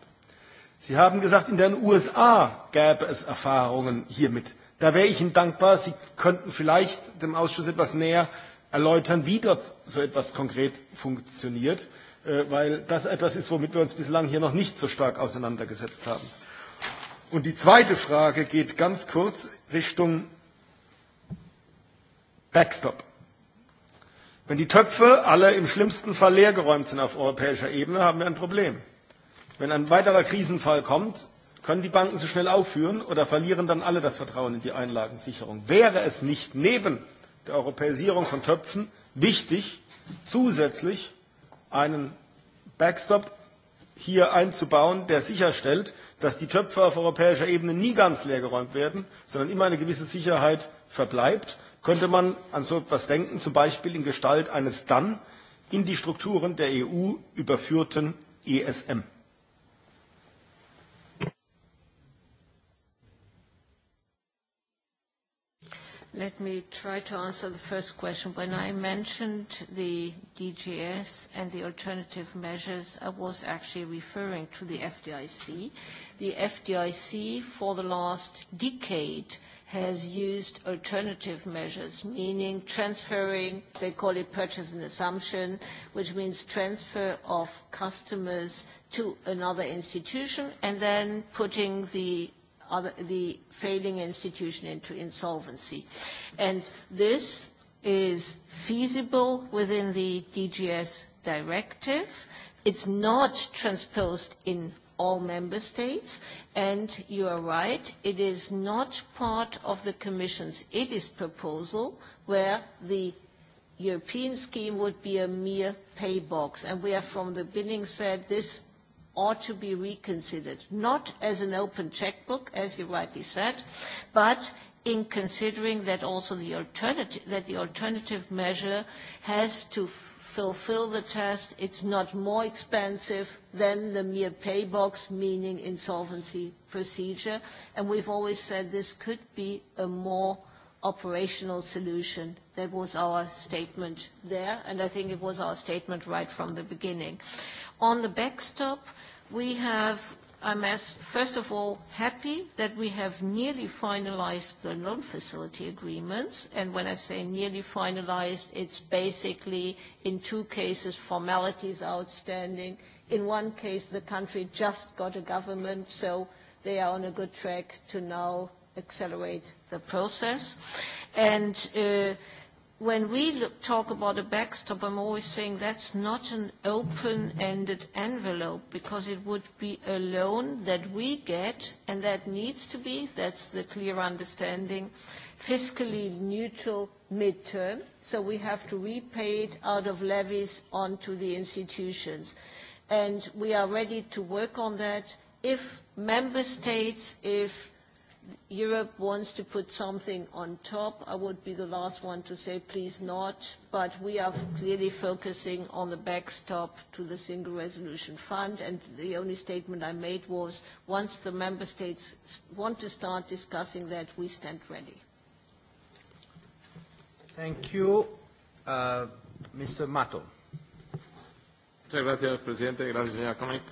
Sie haben gesagt, in den USA gäbe es Erfahrungen hiermit. Da wäre ich Ihnen dankbar, Sie könnten vielleicht dem Ausschuss etwas näher erläutern, wie dort so etwas konkret funktioniert, äh, weil das etwas ist, womit wir uns bislang hier noch nicht so stark auseinandergesetzt haben. Und die zweite Frage geht ganz kurz Richtung Backstop. Wenn die Töpfe alle im schlimmsten Fall leergeräumt sind auf europäischer Ebene, haben wir ein Problem. Wenn ein weiterer Krisenfall kommt, können die Banken so schnell aufführen oder verlieren dann alle das Vertrauen in die Einlagensicherung. Wäre es nicht neben der Europäisierung von Töpfen wichtig, zusätzlich einen Backstop hier einzubauen, der sicherstellt, dass die Töpfe auf europäischer Ebene nie ganz leergeräumt werden, sondern immer eine gewisse Sicherheit verbleibt könnte man an so etwas denken, zum Beispiel in Gestalt eines dann in die Strukturen der EU überführten ESM. Let me try to answer the first question. When I mentioned the DGS and the alternative measures, I was actually referring to the FDIC. The FDIC, for the last decade, has used alternative measures, meaning transferring, they call it purchase and assumption, which means transfer of customers to another institution and then putting the other, the failing institution into insolvency. And this is feasible within the DGS directive. It's not transposed in all member states. And you are right, it is not part of the Commission's EDIS proposal where the European scheme would be a mere pay box. And we have from the beginning said this ought to be reconsidered, not as an open checkbook, as you rightly said, but in considering that also the alternative, that the alternative measure has to fulfill the test. It's not more expensive than the mere pay box, meaning insolvency procedure. And we've always said this could be a more operational solution. That was our statement there, and I think it was our statement right from the beginning. On the backstop, we have I'm as, first of all happy that we have nearly finalized the loan facility agreements. And when I say nearly finalized, it's basically in two cases formalities outstanding. In one case, the country just got a government, so they are on a good track to now accelerate the process. And uh, when we look, talk about a backstop, I'm always saying that's not an open-ended envelope because it would be a loan that we get and that needs to be, that's the clear understanding, fiscally neutral midterm. So we have to repay it out of levies onto the institutions. And we are ready to work on that if member states, if Europe wants to put something on top, I would be the last one to say please not, but we are clearly focusing on the backstop to the Single Resolution Fund, and the only statement I made was once the member states want to start discussing that, we stand ready. Thank you. Uh, Mr. Mato. Muchas gracias, presidente. Gracias, señora Connick.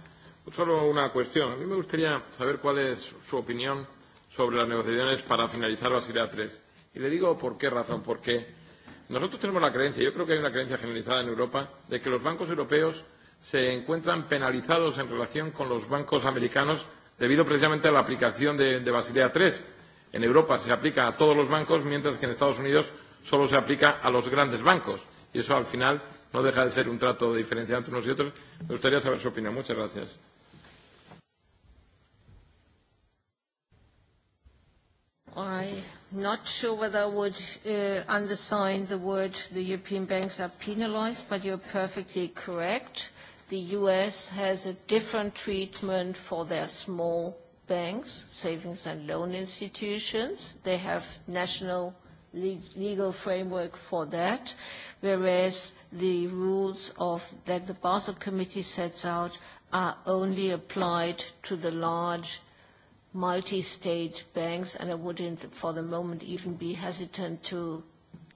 Solo una cuestión. A mí me gustaría saber cuál es su opinión sobre las negociaciones para finalizar Basilea III. Y le digo por qué razón, porque nosotros tenemos la creencia, yo creo que hay una creencia generalizada en Europa, de que los bancos europeos se encuentran penalizados en relación con los bancos americanos debido precisamente a la aplicación de, de Basilea III. En Europa se aplica a todos los bancos, mientras que en Estados Unidos solo se aplica a los grandes bancos. Y eso al final no deja de ser un trato diferenciado entre unos y otros. Me gustaría saber su opinión. Muchas gracias. I'm not sure whether I would uh, undersign the word the European banks are penalized, but you're perfectly correct. The US has a different treatment for their small banks, savings and loan institutions. They have national le legal framework for that, whereas the rules of, that the Basel Committee sets out are only applied to the large multi-state banks, and I wouldn't for the moment even be hesitant to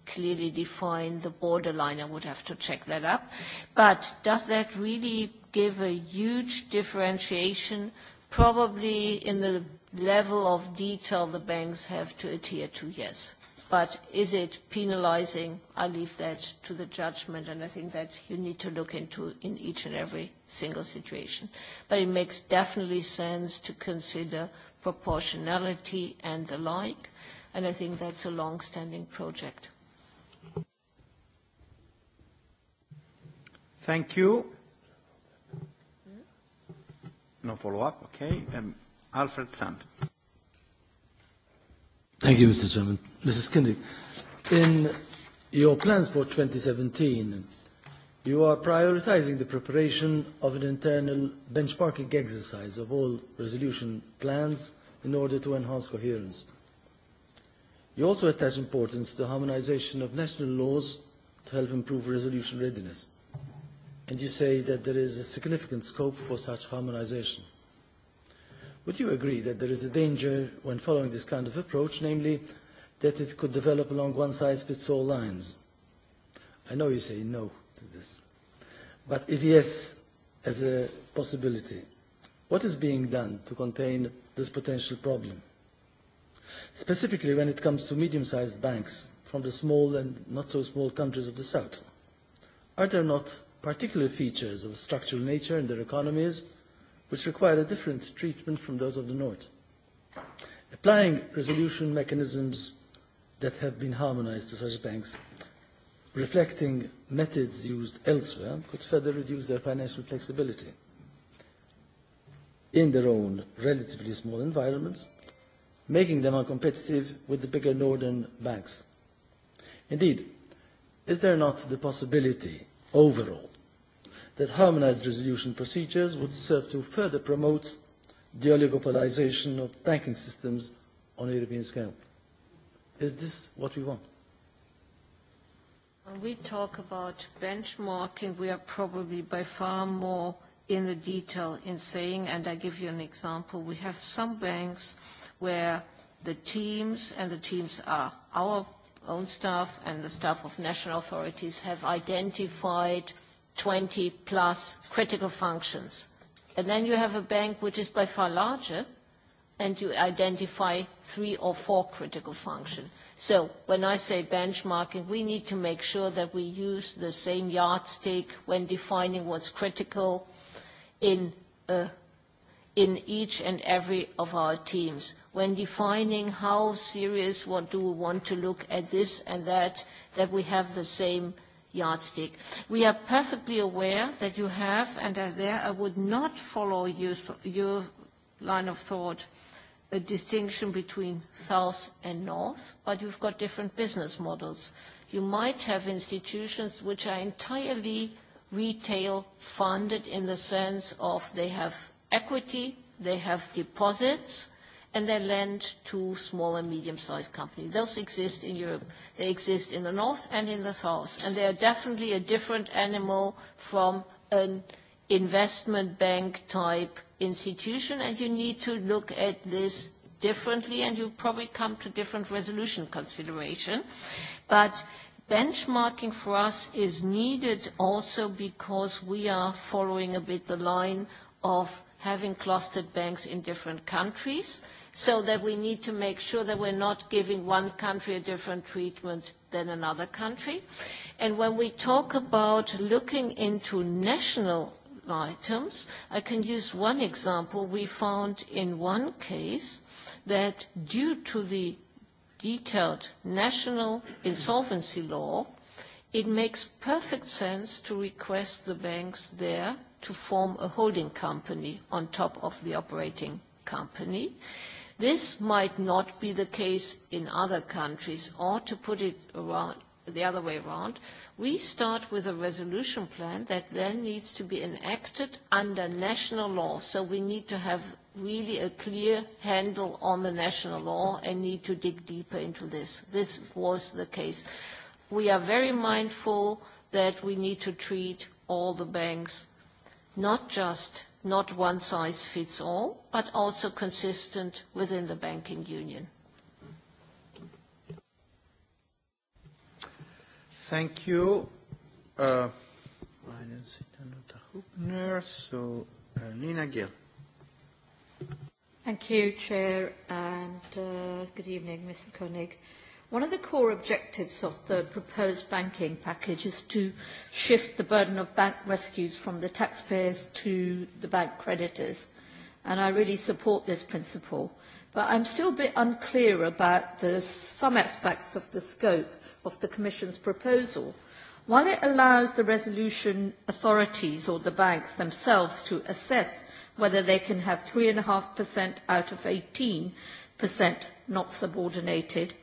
clearly define the borderline. I would have to check that up. But does that really give a huge differentiation, probably in the level of detail the banks have to adhere to? Yes. But is it penalizing? I leave that to the judgment, and I think that you need to look into in each and every single situation. But it makes definitely sense to consider proportionality and the like, and I think that's a long-standing project. Thank you. No follow-up, okay. Um, Alfred Sand. Thank you, Mr. Chairman. Mrs. Kinnick, in your plans for 2017, you are prioritizing the preparation of an internal benchmarking exercise of all resolution plans in order to enhance coherence. You also attach importance to the harmonization of national laws to help improve resolution readiness. And you say that there is a significant scope for such harmonization. Would you agree that there is a danger when following this kind of approach, namely that it could develop along one-size-fits-all lines? I know you say no to this, but if yes, as a possibility, what is being done to contain this potential problem? Specifically when it comes to medium-sized banks from the small and not so small countries of the South. Are there not particular features of structural nature in their economies which require a different treatment from those of the North. Applying resolution mechanisms that have been harmonized to such banks, reflecting methods used elsewhere, could further reduce their financial flexibility in their own relatively small environments, making them uncompetitive with the bigger northern banks. Indeed, is there not the possibility overall that harmonized resolution procedures would serve to further promote the oligopolization of banking systems on a European scale. Is this what we want? When we talk about benchmarking, we are probably by far more in the detail in saying, and I give you an example, we have some banks where the teams and the teams are our own staff and the staff of national authorities have identified – 20 plus critical functions. And then you have a bank which is by far larger, and you identify three or four critical functions. So when I say benchmarking, we need to make sure that we use the same yardstick when defining what's critical in, uh, in each and every of our teams. When defining how serious what do we want to look at this and that, that we have the same – yardstick. We are perfectly aware that you have, and are there I would not follow your, your line of thought, a distinction between south and north, but you've got different business models. You might have institutions which are entirely retail funded in the sense of they have equity, they have deposits, and they lend to small and medium-sized companies. Those exist in Europe. They exist in the north and in the south. And they are definitely a different animal from an investment bank type institution. And you need to look at this differently and you probably come to different resolution consideration. But benchmarking for us is needed also because we are following a bit the line of having clustered banks in different countries so that we need to make sure that we're not giving one country a different treatment than another country. And when we talk about looking into national items, I can use one example. We found in one case that due to the detailed national insolvency law, it makes perfect sense to request the banks there to form a holding company on top of the operating company. Uh, This might not be the case in other countries, or to put it around, the other way around, we start with a resolution plan that then needs to be enacted under national law. So we need to have really a clear handle on the national law and need to dig deeper into this. This was the case. We are very mindful that we need to treat all the banks, not just not one size fits all, but also consistent within the banking union. Thank you. Uh, I don't see Danuta Hubner, so uh, Nina Gill. Thank you, Chair, and uh, good evening, Mrs. Koenig. Uh, One of the core objectives of the proposed banking package is to shift the burden of bank rescues from the taxpayers to the bank creditors. And I really support this principle. But I'm still a bit unclear about the, some aspects of the scope of the Commission's proposal. While it allows the resolution authorities or the banks themselves to assess whether they can have 3.5% out of 18% not subordinated,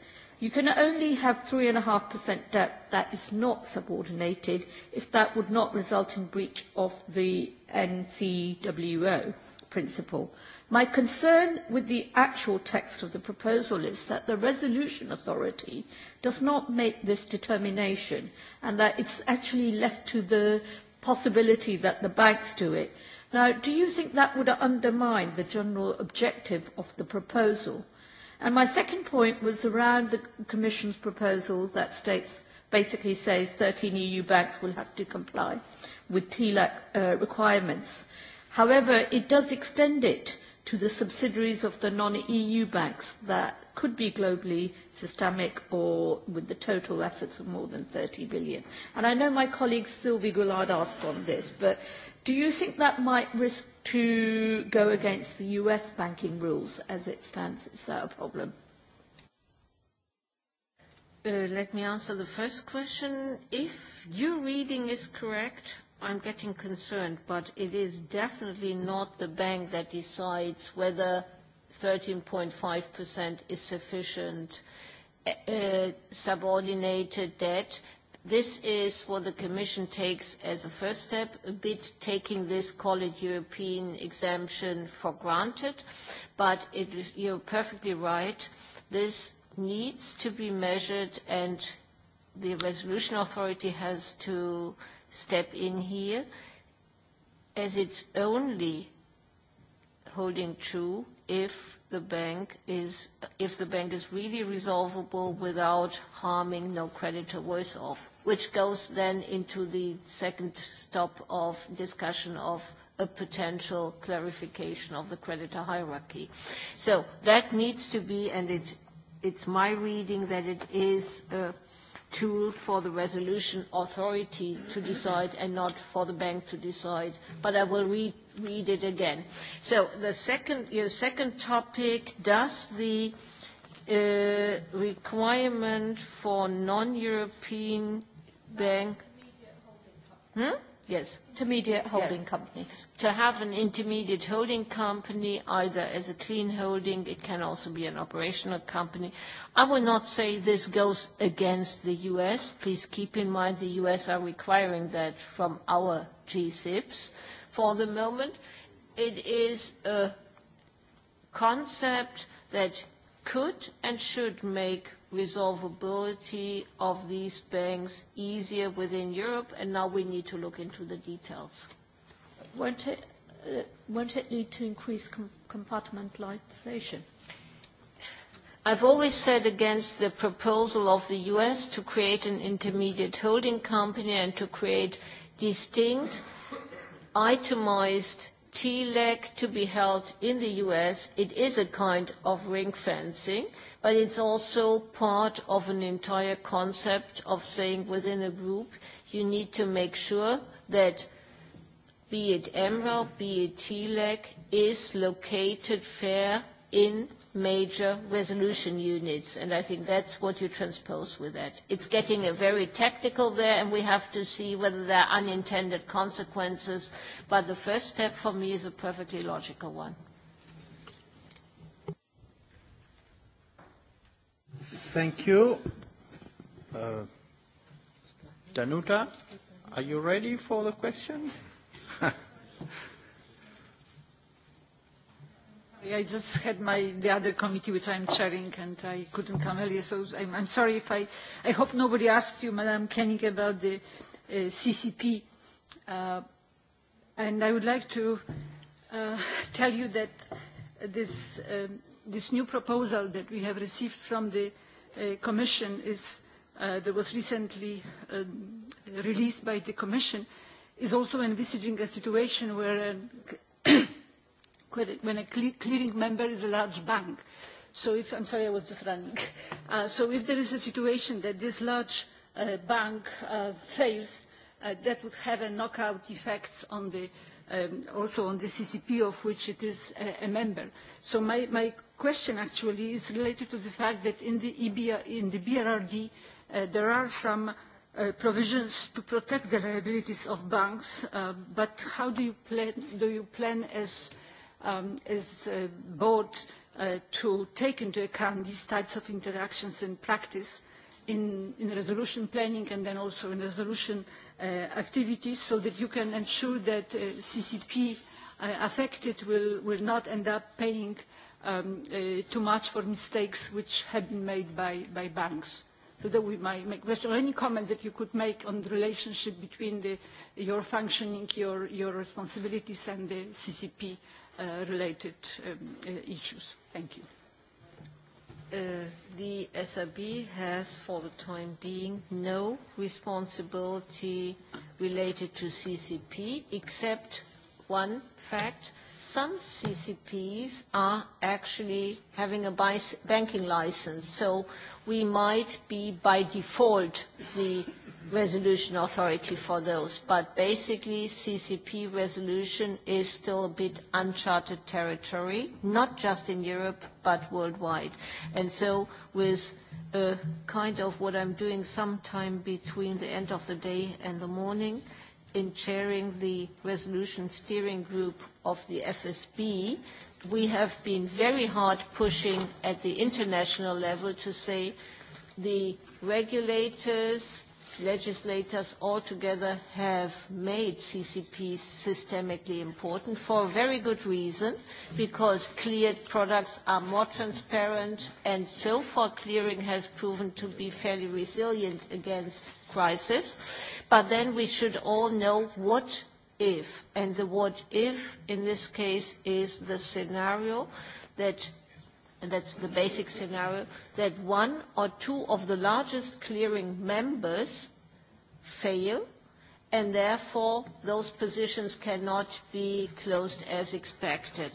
You can only have 3.5% debt that is not subordinated if that would not result in breach of the NCWO principle. My concern with the actual text of the proposal is that the resolution authority does not make this determination and that it's actually left to the possibility that the banks do it. Now, do you think that would undermine the general objective of the proposal? And my second point was around the Commission's proposal that states basically says 13 EU banks will have to comply with TLAC uh, requirements. However, it does extend it to the subsidiaries of the non-EU banks that could be globally systemic or with the total assets of more than 30 billion. And I know my colleague Sylvie Goulard asked on this, but do you think that might risk to go against the US banking rules as it stands? Is that a problem? Uh, let me answer the first question. If your reading is correct, I'm getting concerned, but it is definitely not the bank that decides whether 13.5% is sufficient uh, subordinated debt This is what the Commission takes as a first step, a bit taking this, call it European exemption for granted, but it is, you're perfectly right. This needs to be measured and the resolution authority has to step in here as it's only holding true if the bank is if the bank is really resolvable without harming no creditor worse off which goes then into the second stop of discussion of a potential clarification of the creditor hierarchy. So that needs to be, and it's, it's my reading that it is a tool for the resolution authority to decide and not for the bank to decide, but I will read, read it again. So the second, your second topic, does the uh, requirement for non-European bank. hmm? yes intermediate holding yeah. company to have an intermediate holding company either as a clean holding it can also be an operational company i will not say this goes against the us please keep in mind the us are requiring that from our gsips for the moment it is a concept that could and should make resolvability of these banks easier within Europe, and now we need to look into the details. Won't it, uh, won't it need to increased com compartmentalization? I've always said against the proposal of the US to create an intermediate holding company and to create distinct, itemized TLAC e to be held in the US. It is a kind of ring fencing but it's also part of an entire concept of saying within a group, you need to make sure that be it MREL, be it TLEC, is located fair in major resolution units. And I think that's what you transpose with that. It's getting a very technical there, and we have to see whether there are unintended consequences. But the first step for me is a perfectly logical one. Thank you. Uh, Danuta, are you ready for the question? I just had my, the other committee which I'm chairing and I couldn't come earlier, so I'm, I'm sorry if I, I hope nobody asked you, Madam Koenig, about the uh, CCP. Uh, and I would like to uh, tell you that this, um, this new proposal that we have received from the Commission is, uh, that was recently um, released by the Commission is also envisaging a situation where an when a clearing member is a large bank. So if, I'm sorry, I was just running. Uh, so if there is a situation that this large uh, bank uh, fails, uh, that would have a knockout effects on the, um, also on the CCP of which it is a, a member. So my, my question actually is related to the fact that in the, EBR, in the BRRD uh, there are some uh, provisions to protect the liabilities of banks, uh, but how do you plan, do you plan as, um, as a board uh, to take into account these types of interactions in practice in, in resolution planning and then also in resolution uh, activities so that you can ensure that uh, CCP uh, affected will, will not end up paying um, uh, too much for mistakes which have been made by, by banks. So that would be my, my question. Or any comments that you could make on the relationship between the, your functioning, your, your responsibilities and the CCP uh, related um, uh, issues. Thank you. Uh, the SRB has, for the time being, no responsibility related to CCP, except one fact, some CCPs are actually having a banking license, so we might be by default the resolution authority for those. But basically, CCP resolution is still a bit uncharted territory, not just in Europe, but worldwide. And so with a kind of what I'm doing sometime between the end of the day and the morning, in chairing the resolution steering group of the FSB, we have been very hard pushing at the international level to say the regulators, legislators altogether have made CCPs systemically important for a very good reason, because cleared products are more transparent, and so far clearing has proven to be fairly resilient against crisis, but then we should all know what if, and the what if in this case is the scenario that and that's the basic scenario, that one or two of the largest clearing members fail, and therefore those positions cannot be closed as expected.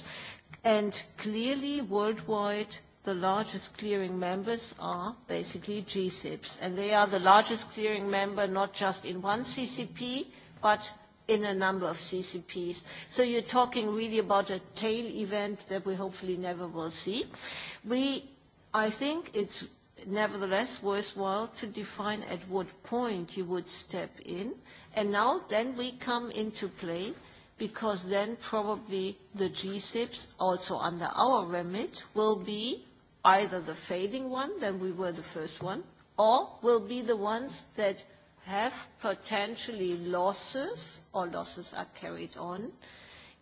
And clearly, worldwide, the largest clearing members are basically GSIPs, and they are the largest clearing member not just in one CCP, but in a number of CCPs. So you're talking really about a tail event that we hopefully never will see. We, I think it's nevertheless worthwhile to define at what point you would step in. And now then we come into play because then probably the GSIPs also under our remit will be either the fading one, then we were the first one, or will be the ones that have potentially losses or losses are carried on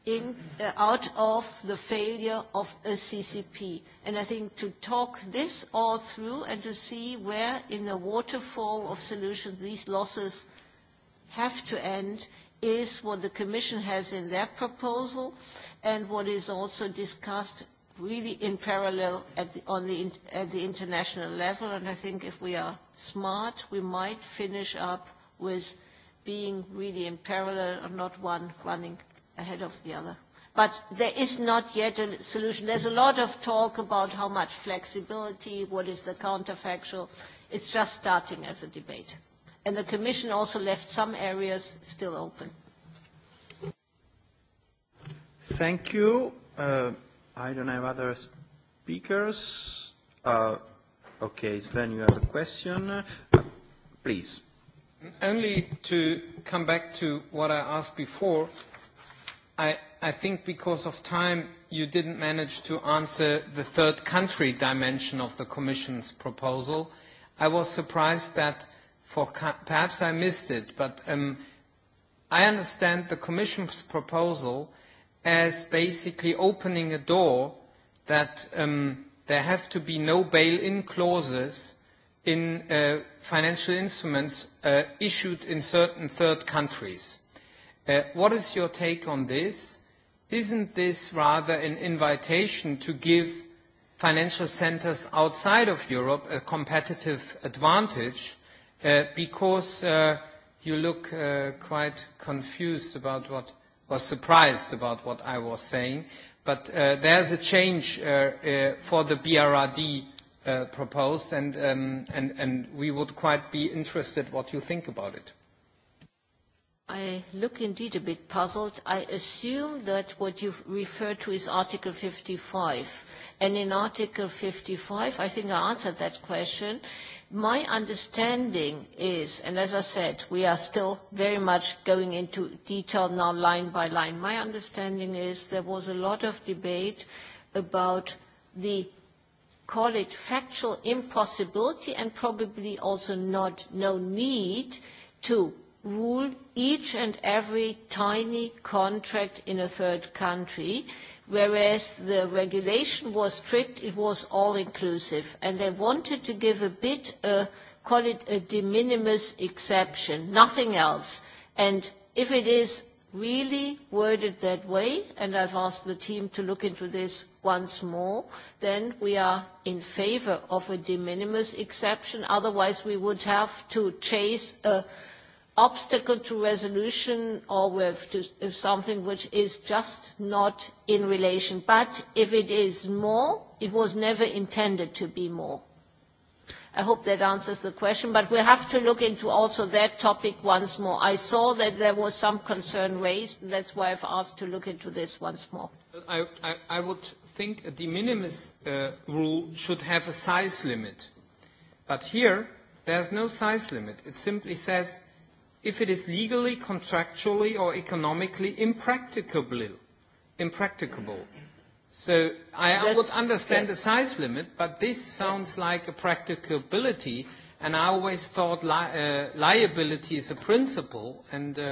in, uh, out of the failure of a CCP. And I think to talk this all through and to see where in a waterfall of solutions these losses have to end is what the Commission has in their proposal and what is also discussed really in parallel at the, on the, at the international level. And I think if we are smart, we might finish up with being really in parallel and not one running ahead of the other. But there is not yet a solution. There's a lot of talk about how much flexibility, what is the counterfactual. It's just starting as a debate. And the Commission also left some areas still open. Thank you. Uh, I don't have other speakers. Uh, okay, Sven, you have a question. Uh, please. Only to come back to what I asked before, I, I think because of time you didn't manage to answer the third country dimension of the Commission's proposal. I was surprised that for perhaps I missed it, but um, I understand the Commission's proposal – as basically opening a door that um, there have to be no bail-in clauses in uh, financial instruments uh, issued in certain third countries. Uh, what is your take on this? Isn't this rather an invitation to give financial centers outside of Europe a competitive advantage uh, because uh, you look uh, quite confused about what – was surprised about what I was saying. But uh, there's a change uh, uh, for the BRRD uh, proposed, and, um, and, and we would quite be interested what you think about it. I look indeed a bit puzzled. I assume that what you refer to is Article 55. And in Article 55, I think I answered that question, My understanding is, and as I said, we are still very much going into detail now line by line. My understanding is there was a lot of debate about the call it factual impossibility and probably also not no need to rule each and every tiny contract in a third country whereas the regulation was strict, it was all-inclusive. And they wanted to give a bit, uh, call it a de minimis exception, nothing else. And if it is really worded that way, and I've asked the team to look into this once more, then we are in favor of a de minimis exception. Otherwise, we would have to chase a uh, obstacle to resolution or with, to, if something which is just not in relation. But if it is more, it was never intended to be more. I hope that answers the question, but we have to look into also that topic once more. I saw that there was some concern raised, and that's why I've asked to look into this once more. I, I, I would think a de minimis uh, rule should have a size limit. But here, there's no size limit. It simply says if it is legally, contractually, or economically impracticable. impracticable. So I That's, would understand the size limit, but this sounds like a practicability, and I always thought li uh, liability is a principle, and uh,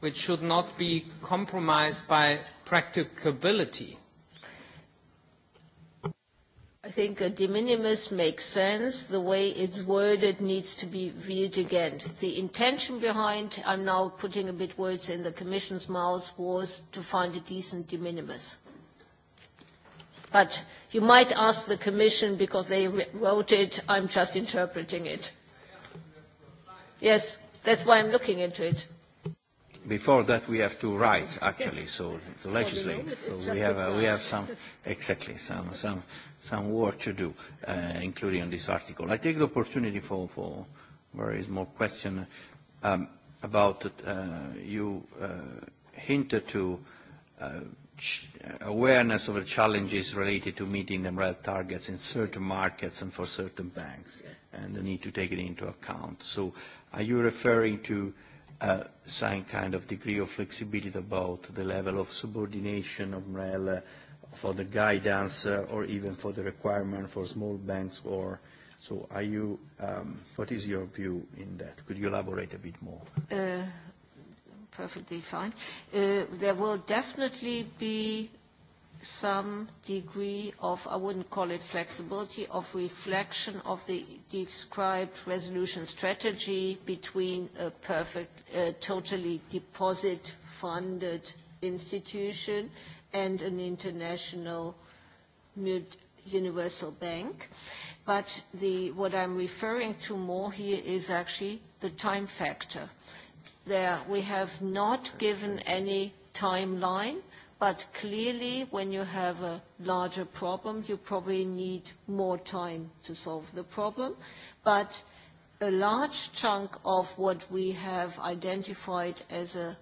which should not be compromised by practicability. I think a de minimis makes sense. The way it's worded needs to be viewed again. The intention behind, I'm now putting a bit words in the Commission's mouth, was to find a decent de minimis. But you might ask the Commission, because they wrote it, I'm just interpreting it. Yes, that's why I'm looking into it. Before that, we have to write, actually, so to legislate. So we have, uh, we have some, exactly, some, some some work to do, uh, including on this article. I take the opportunity for, for very small question um, about uh, you uh, hinted to uh, awareness of the challenges related to meeting the MREL targets in certain markets and for certain banks, and the need to take it into account. So are you referring to uh, some kind of degree of flexibility about the level of subordination of MREL uh, for the guidance uh, or even for the requirement for small banks or so are you um, what is your view in that could you elaborate a bit more uh, perfectly fine uh, there will definitely be some degree of, I wouldn't call it flexibility, of reflection of the described resolution strategy between a perfect, uh, totally deposit-funded institution and an international universal bank. But the, what I'm referring to more here is actually the time factor. There we have not given any timeline, but clearly when you have a larger problem, you probably need more time to solve the problem. But a large chunk of what we have identified as a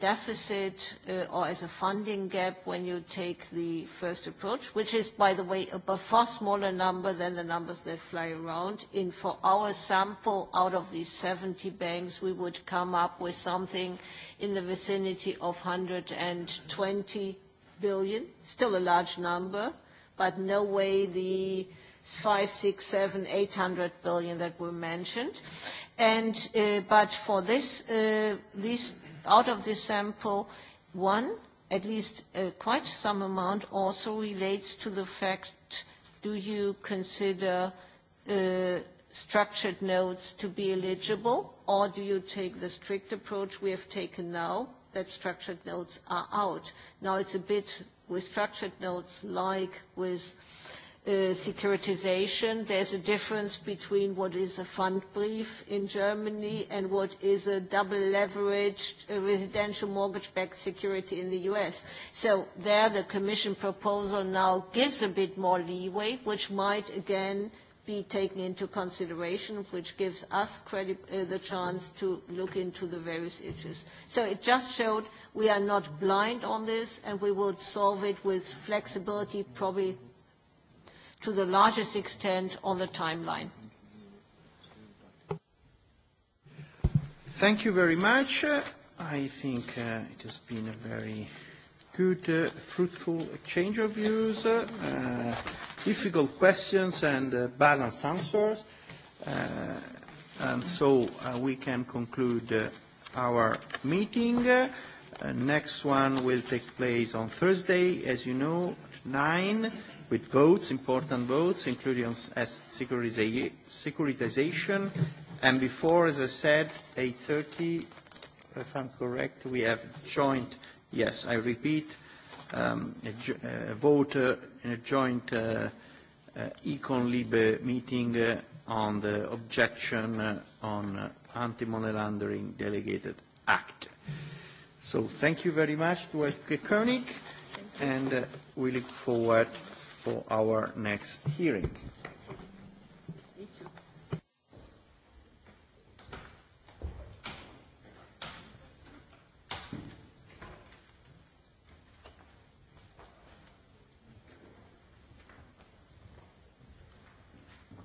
deficit uh, or as a funding gap when you take the first approach, which is, by the way, a far smaller number than the numbers that fly around. In for our sample, out of these 70 banks, we would come up with something in the vicinity of 120 billion, still a large number, but no way the 5, 6, 7, 800 billion that were mentioned. And, uh, but for this, uh, these out of this sample, one, at least uh, quite some amount, also relates to the fact, do you consider uh, structured notes to be eligible, or do you take the strict approach we have taken now, that structured notes are out? Now, it's a bit with structured notes like with Uh, securitization. There's a difference between what is a fund brief in Germany and what is a double leveraged uh, residential mortgage-backed security in the US. So there the Commission proposal now gives a bit more leeway, which might again be taken into consideration, which gives us credit, uh, the chance to look into the various issues. So it just showed we are not blind on this and we will solve it with flexibility, probably to the largest extent on the timeline. Thank you very much. I think uh, it has been a very good, uh, fruitful exchange of views, uh, difficult questions and uh, balanced answers. Uh, and so uh, we can conclude uh, our meeting. Uh, next one will take place on Thursday, as you know, at 9 with votes, important votes, including on securitization. And before, as I said, 8.30, if I'm correct, we have joint, yes, I repeat, um, a, a vote uh, in a joint uh, uh, econ Libre meeting uh, on the objection uh, on uh, anti-money laundering delegated act. So thank you very much to Koenig, and uh, we look forward for our next hearing.